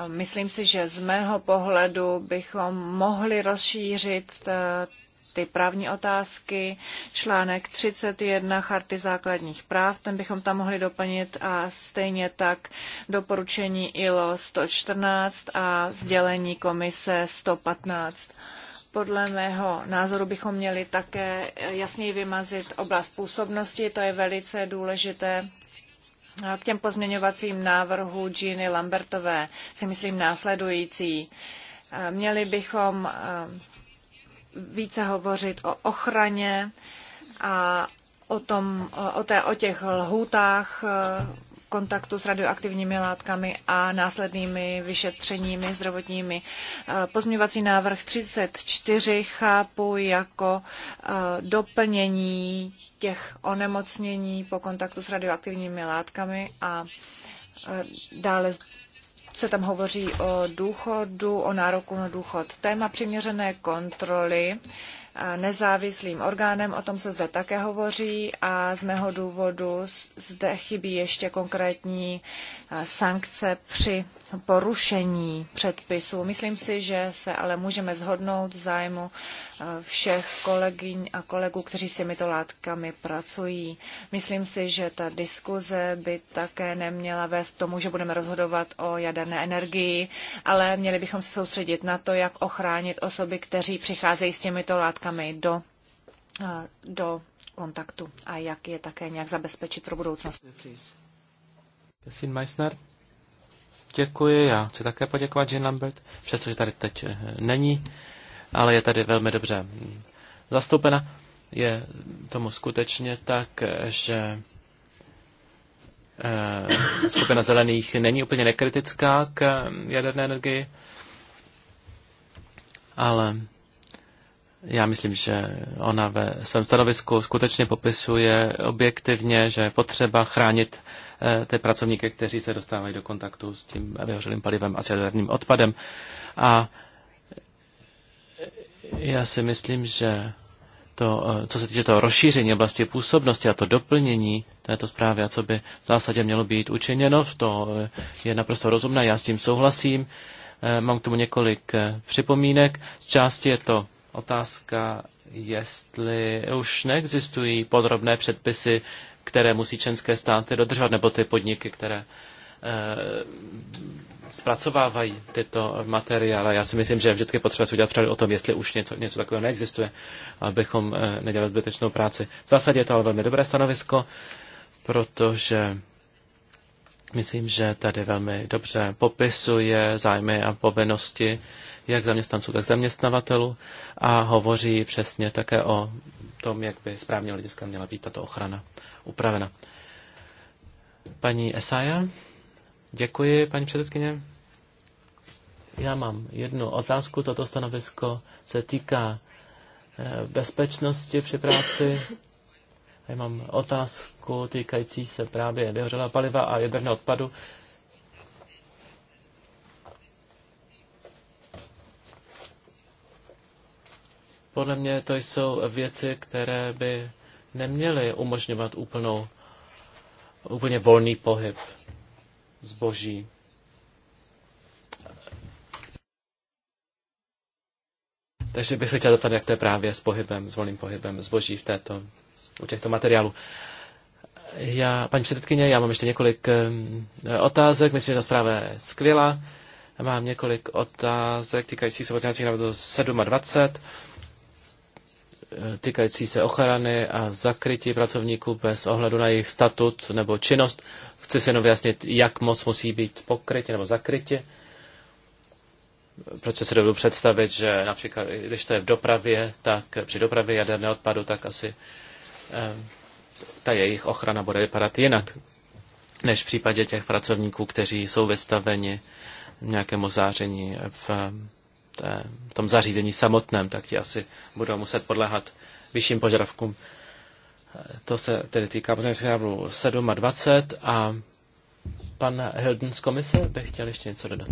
Myslím si, že z mého pohledu bychom mohli rozšířit eh, ty právní otázky, článek 31 Charty základních práv, ten bychom tam mohli doplnit a stejně tak doporučení ILO 114 a sdělení komise 115 podle mého názoru bychom měli také jasněji vymazit oblast působnosti, to je velice důležité. K těm pozměňovacím návrhu Jeany Lambertové si myslím následující. Měli bychom více hovořit o ochraně a o, tom, o, té, o těch lhůtách eh, kontaktu s radioaktivními látkami a následnými vyšetřeními zdravotními. Eh, Pozměvací návrh 34 chápu jako eh, doplnění těch onemocnění po kontaktu s radioaktivními látkami a dále se tam hovoří o důchodu, o nároku na důchod. Téma přiměřené kontroly nezávislým orgánem, o tom se zde také hovoří a z mého důvodu zde chybí ještě konkrétní sankce při porušení předpisů. Myslím si, že se ale můžeme zhodnout v zájmu všech kolegyň a kolegů, kteří s těmito látkami pracují. Myslím si, že ta diskuze by také neměla vést k tomu, že budeme rozhodovat o jaderné energii, ale měli bychom se soustředit na to, jak ochránit osoby, kteří přicházejí s těmito látkami do, do kontaktu a jak je také nějak zabezpečit pro budoucnost. Kasin Meissner. Děkuji, já chci také poděkovat Jean Lambert, přestože tady teď eh, není ale je tady velmi dobře zastoupena. Je tomu skutečně tak, že eh, skupina zelených není úplně nekritická k jaderné energii, ale já myslím, že ona ve svém stanovisku skutečně popisuje objektivně, že je potřeba chránit eh, ty pracovníky, kteří se dostávají do kontaktu s tím vyhořelým palivem a s jaderným odpadem. A já si myslím, že to, eh, co se týče toho rozšíření oblasti působnosti a to doplnění této zprávy a co by v zásadě mělo být učiněno, to eh, je naprosto rozumné, já s tím souhlasím. Eh, mám k tomu několik připomínek. Z části je to otázka, jestli už neexistují podrobné předpisy, které musí členské státy dodržovat, nebo ty podniky, které zpracovávají tyto materiály. Já si myslím, že vždycky potřeba si udělat přehled o tom, jestli už něco, něco takového neexistuje, abychom eh, nedělali zbytečnou práci. V zásadě je to ale velmi dobré stanovisko, protože myslím, že tady velmi dobře popisuje zájmy a povinnosti jak zaměstnanců, tak zaměstnavatelů a hovoří přesně také o tom, jak by správně hlediska měla být tato ochrana upravena. Paní Esaja? Děkuji, paní předsedkyně. Já mám jednu otázku. Toto stanovisko se týká eh, bezpečnosti při práci. Já mám otázku týkající se právě vyhořelého paliva a jaderného odpadu. Podle mě to jsou věci, které by neměly umožňovat úplnou, úplně volný pohyb zboží. Takže bych se chtěl zeptat, jak to je právě s pohybem, s volným pohybem zboží v této, u těchto materiálů. Já, paní předsedkyně, já mám ještě několik otázek, myslím, že ta zpráva je skvělá. Mám několik otázek týkajících se pozměňovacích návrhů 27 týkající se ochrany a zakrytí pracovníků bez ohledu na jejich statut nebo činnost. Chci si jenom vyjasnit, jak moc musí být pokrytě nebo zakrytě. Proč si dovedu představit, že například, když to je v dopravě, tak při dopravě jaderného odpadu, tak asi eh, ta jejich ochrana bude vypadat jinak, než v případě těch pracovníků, kteří jsou vystaveni nějakému záření v té, v tom zařízení samotném, tak ti asi budou muset podléhat vyšším požadavkům. Eh, to se tedy týká pozměňovacích návrhů 7 a 20 a pan Hilden z komise by chtěl ještě něco dodat.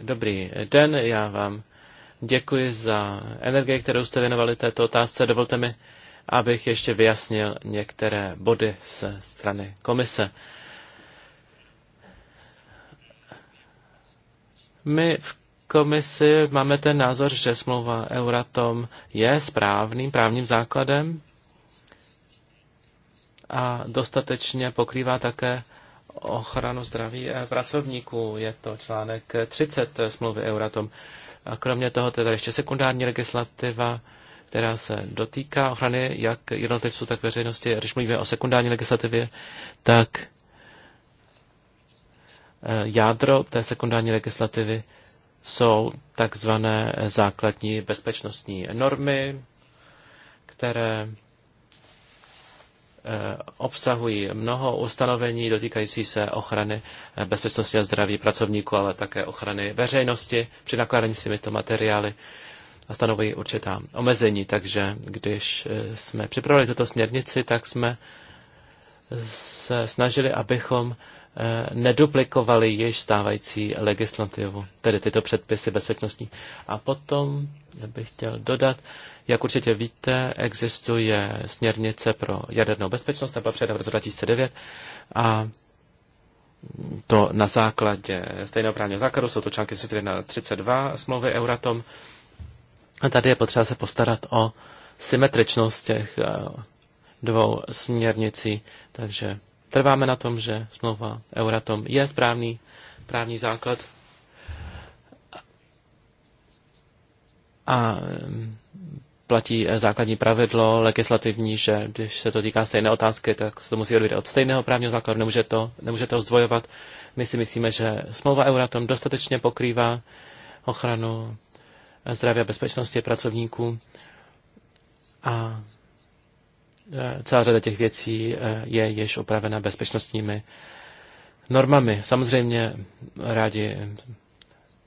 Dobrý den, já vám děkuji za energii, kterou jste věnovali této otázce. Dovolte mi, abych ještě vyjasnil některé body ze strany komise. My v komisi máme ten názor, že smlouva Euratom je správným právním základem a dostatečně pokrývá také ochranu zdraví pracovníků. Je to článek 30 smlouvy Euratom. A kromě toho teda ještě sekundární legislativa, která se dotýká ochrany jak jednotlivců, tak veřejnosti. Když mluvíme o sekundární legislativě, tak Eh, jádro té sekundární legislativy jsou takzvané základní bezpečnostní normy, které eh, obsahují mnoho ustanovení dotýkající se ochrany eh, bezpečnosti a zdraví pracovníků, ale také ochrany veřejnosti při nakládání s těmito materiály a stanovují určitá omezení. Takže když jsme připravili tuto směrnici, tak jsme se snažili, abychom Eh, neduplikovali již stávající legislativu, tedy tyto předpisy bezpečnostní. A potom bych chtěl dodat, jak určitě víte, existuje směrnice pro jadernou bezpečnost, ta byla přijata v roce 2009 a to na základě stejného právního základu, jsou to články 31 na 32 smlouvy Euratom. A tady je potřeba se postarat o symetričnost těch eh, dvou směrnicí, takže Trváme na tom, že smlouva Euratom je správný právní základ. A mm, platí základní pravidlo legislativní, že když se to týká stejné otázky, tak se to musí odvíjet od stejného právního základu, nemůže to, nemůže to zdvojovat. My si myslíme, že smlouva Euratom dostatečně pokrývá ochranu zdraví a bezpečnosti pracovníků a Eh, celá řada těch věcí eh, je již opravena bezpečnostními normami. Samozřejmě rádi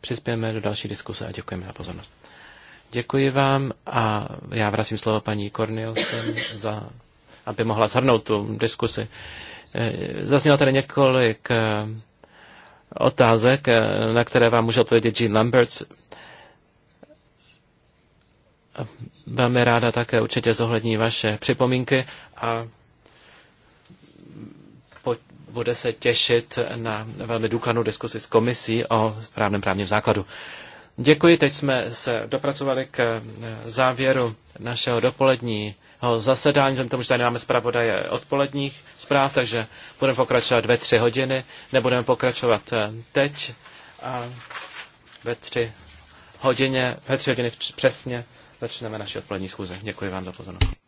přispějeme do další diskuse a děkujeme za pozornost. Děkuji vám a já vracím slovo paní Cornelsen, za, aby mohla zhrnout tu diskusi. Eh, zaznělo tady několik otázek, na které vám může odpovědět Jean Lambert velmi ráda také určitě zohlední vaše připomínky a bude se těšit na velmi důkladnou diskusi s komisí o správném právním základu. Děkuji, teď jsme se dopracovali k závěru našeho dopoledního zasedání, vzhledem tomu, že tady máme zpravodaje odpoledních zpráv, takže budeme pokračovat ve tři hodiny, nebudeme pokračovat eh, teď a ve tři hodině, ve tři hodiny přesně začneme naše odpolední schůze. Děkuji vám za pozornost.